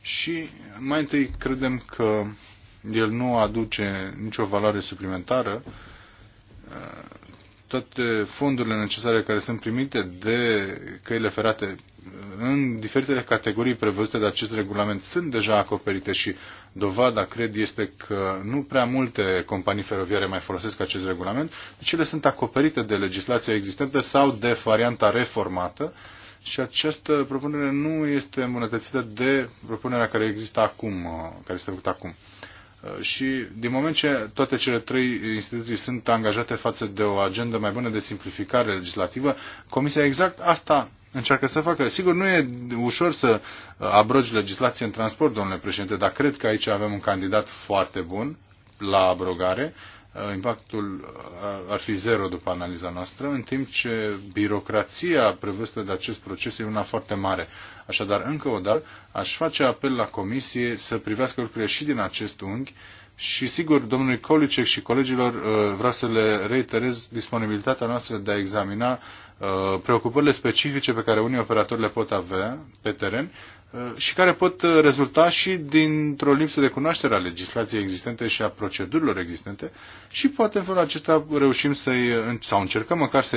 și mai întâi credem că el nu aduce nicio valoare suplimentară uh, toate fondurile necesare care sunt primite de căile ferate în diferitele categorii prevăzute de acest regulament sunt deja acoperite și dovada, cred, este că nu prea multe companii feroviare mai folosesc acest regulament, deci ele sunt acoperite de legislația existentă sau de varianta reformată și această propunere nu este îmbunătățită de propunerea care există acum, uh, care este făcută acum. Uh, și din moment ce toate cele trei instituții sunt angajate față de o agendă mai bună de simplificare legislativă, Comisia exact asta încearcă să facă. Sigur, nu e ușor să uh, abrogi legislație în transport, domnule președinte, dar cred că aici avem un candidat foarte bun la abrogare Uh, impactul uh, ar fi zero după analiza noastră, în timp ce birocrația prevăzută de acest proces e una foarte mare. Așadar, încă o dată, aș face apel la Comisie să privească lucrurile și din acest unghi și sigur, domnului Kolicek și colegilor uh, vreau să le reiterez disponibilitatea noastră de a examina uh, preocupările specifice pe care unii operatori le pot avea pe teren uh, și care pot rezulta și dintr-o lipsă de cunoaștere a legislației existente și a procedurilor existente și poate în felul acesta reușim să sau încercăm măcar să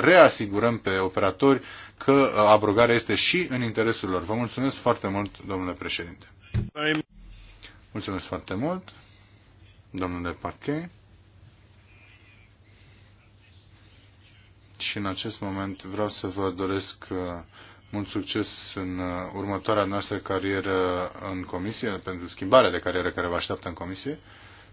reasigurăm pe operatori că abrogarea este și în interesul lor. Vă mulțumesc foarte mult, domnule președinte. Mulțumesc foarte mult domnule parquet Și în acest moment vreau să vă doresc uh, mult succes în uh, următoarea noastră carieră în comisie, pentru schimbarea de carieră care vă așteaptă în comisie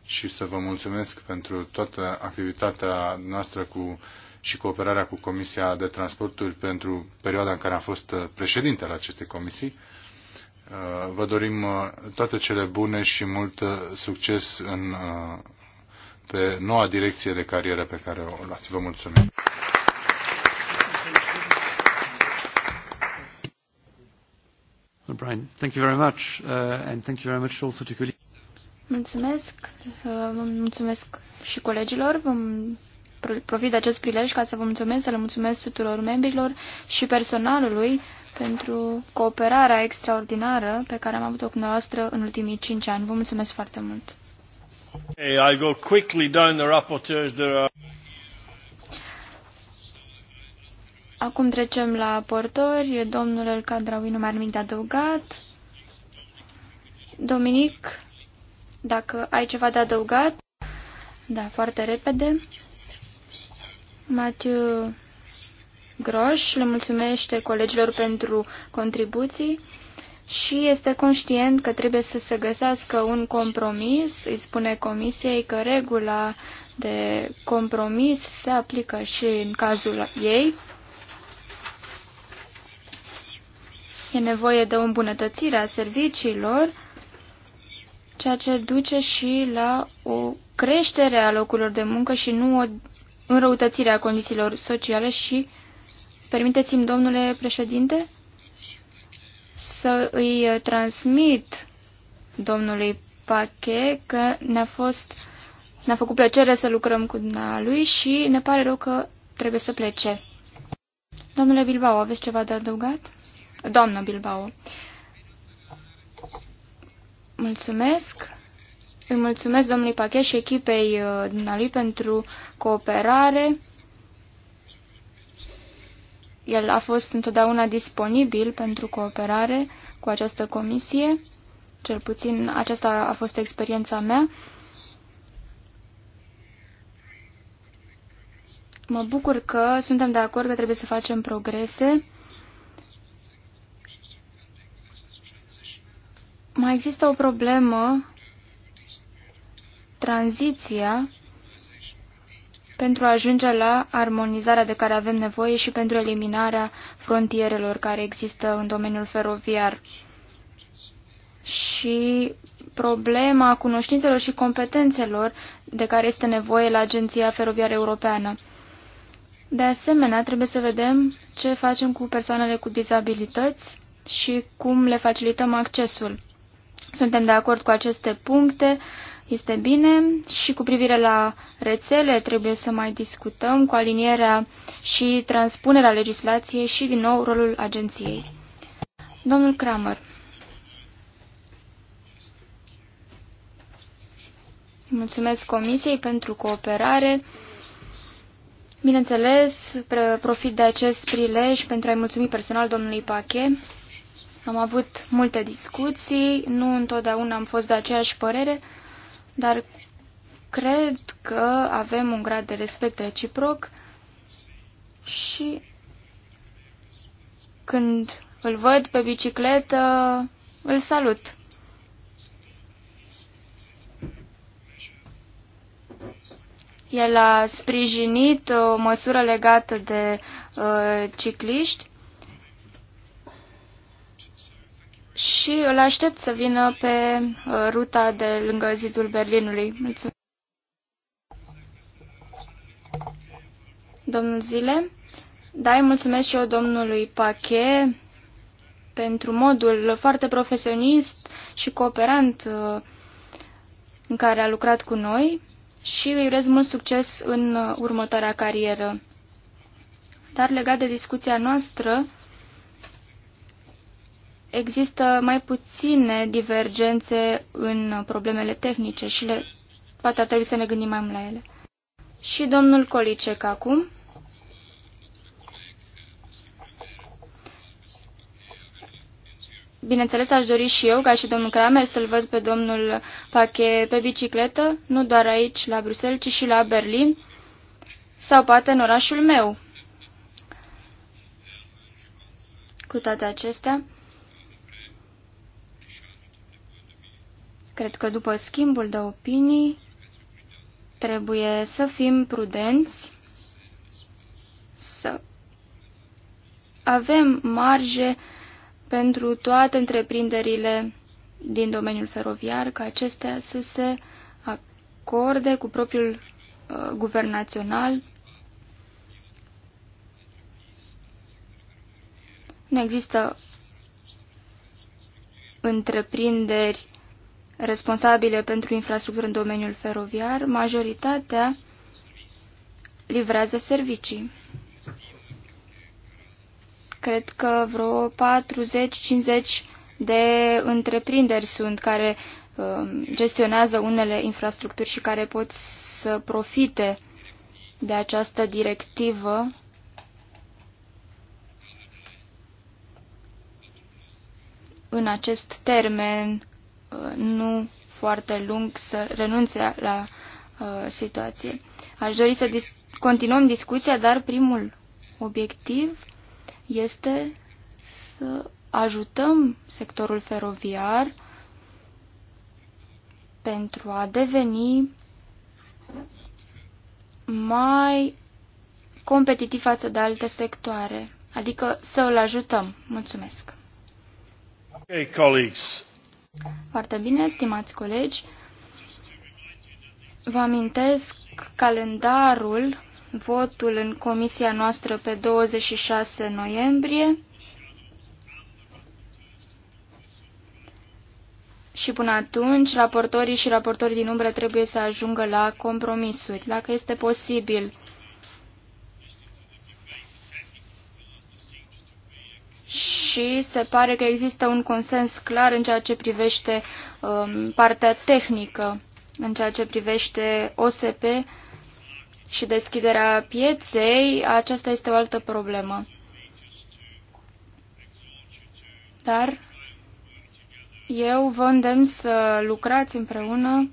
și să vă mulțumesc pentru toată activitatea noastră cu, și cooperarea cu Comisia de Transporturi pentru perioada în care am fost uh, președinte al acestei comisii Uh, vă dorim uh, toate cele bune și mult uh, succes în, pe noua direcție de carieră pe care o luați. Vă mulțumim! Brian, thank you very much uh, and thank you very much also to colleagues. Mulțumesc, vă mulțumesc și colegilor, vă profit de acest prilej ca să vă mulțumesc, să le mulțumesc tuturor membrilor și personalului pentru cooperarea extraordinară pe care am avut-o cu noastră în ultimii cinci ani. Vă mulțumesc foarte mult! Hey, I go quickly down the rapporteurs. There are... Acum trecem la portori. Domnul El Cadraui nu mai are de adăugat. Dominic, dacă ai ceva de adăugat, da, foarte repede. Mathieu Groș, le mulțumește colegilor pentru contribuții și este conștient că trebuie să se găsească un compromis. Îi spune comisiei că regula de compromis se aplică și în cazul ei. E nevoie de o îmbunătățire a serviciilor, ceea ce duce și la o creștere a locurilor de muncă și nu o înrăutățire a condițiilor sociale și Permiteți-mi, domnule președinte, să îi transmit domnului Pache că ne-a fost ne-a făcut plăcere să lucrăm cu lui și ne pare rău că trebuie să plece. Domnule Bilbao, aveți ceva de adăugat? Doamnă Bilbao. Mulțumesc. Îi mulțumesc domnului Pache și echipei uh, lui pentru cooperare. El a fost întotdeauna disponibil pentru cooperare cu această comisie, cel puțin aceasta a fost experiența mea. Mă bucur că suntem de acord că trebuie să facem progrese. Mai există o problemă, tranziția pentru a ajunge la armonizarea de care avem nevoie și pentru eliminarea frontierelor care există în domeniul feroviar. Și problema cunoștințelor și competențelor de care este nevoie la Agenția Feroviară Europeană. De asemenea, trebuie să vedem ce facem cu persoanele cu dizabilități și cum le facilităm accesul. Suntem de acord cu aceste puncte este bine și cu privire la rețele trebuie să mai discutăm cu alinierea și transpunerea legislației și din nou rolul agenției. Domnul Kramer. Mulțumesc Comisiei pentru cooperare. Bineînțeles, profit de acest prilej pentru a-i mulțumi personal domnului Pache. Am avut multe discuții, nu întotdeauna am fost de aceeași părere, dar cred că avem un grad de respect reciproc și când îl văd pe bicicletă, îl salut. El a sprijinit o măsură legată de uh, cicliști și îl aștept să vină pe uh, ruta de lângă zidul Berlinului. Mulțumesc. Domnul Zile, da, mulțumesc și eu domnului Pache pentru modul foarte profesionist și cooperant uh, în care a lucrat cu noi și îi urez mult succes în uh, următoarea carieră. Dar legat de discuția noastră, există mai puține divergențe în problemele tehnice și le, poate ar trebui să ne gândim mai mult la ele. Și domnul Colicec acum. Bineînțeles, aș dori și eu, ca și domnul Kramer, să-l văd pe domnul Pache pe bicicletă, nu doar aici, la Bruxelles, ci și la Berlin sau poate în orașul meu. Cu toate acestea, Cred că după schimbul de opinii trebuie să fim prudenți, să avem marge pentru toate întreprinderile din domeniul feroviar, ca acestea să se acorde cu propriul uh, guvern național. Nu există întreprinderi responsabile pentru infrastructură în domeniul feroviar, majoritatea livrează servicii. Cred că vreo 40-50 de întreprinderi sunt care um, gestionează unele infrastructuri și care pot să profite de această directivă în acest termen Uh, nu foarte lung să renunțe la uh, situație. Aș dori să dis continuăm discuția, dar primul obiectiv este să ajutăm sectorul feroviar pentru a deveni mai competitiv față de alte sectoare, adică să îl ajutăm. Mulțumesc! Okay, colleagues. Foarte bine, stimați colegi. Vă amintesc calendarul, votul în comisia noastră pe 26 noiembrie și până atunci raportorii și raportorii din umbră trebuie să ajungă la compromisuri, dacă este posibil și se pare că există un consens clar în ceea ce privește um, partea tehnică, în ceea ce privește OSP și deschiderea pieței. Aceasta este o altă problemă. Dar eu vă îndemn să lucrați împreună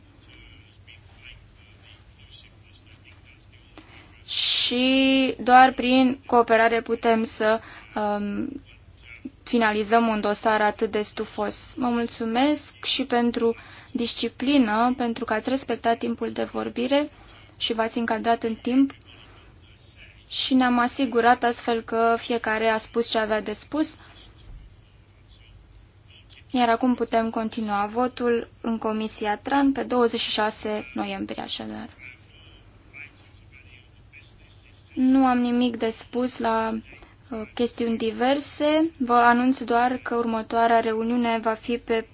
și doar prin cooperare putem să um, finalizăm un dosar atât de stufos. Mă mulțumesc și pentru disciplină, pentru că ați respectat timpul de vorbire și v-ați încadrat în timp și ne-am asigurat astfel că fiecare a spus ce avea de spus. Iar acum putem continua votul în Comisia TRAN pe 26 noiembrie, așadar. Nu am nimic de spus la Uh, chestiuni diverse. Vă anunț doar că următoarea reuniune va fi pe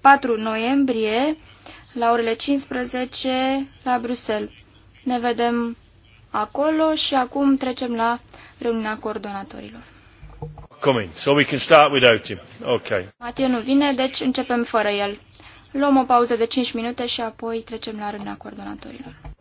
4 noiembrie la orele 15 la Bruxelles. Ne vedem acolo și acum trecem la reuniunea coordonatorilor. Coming, so we can start without him. Okay. Matiu nu vine, deci începem fără el. Luăm o pauză de 5 minute și apoi trecem la reuniunea coordonatorilor.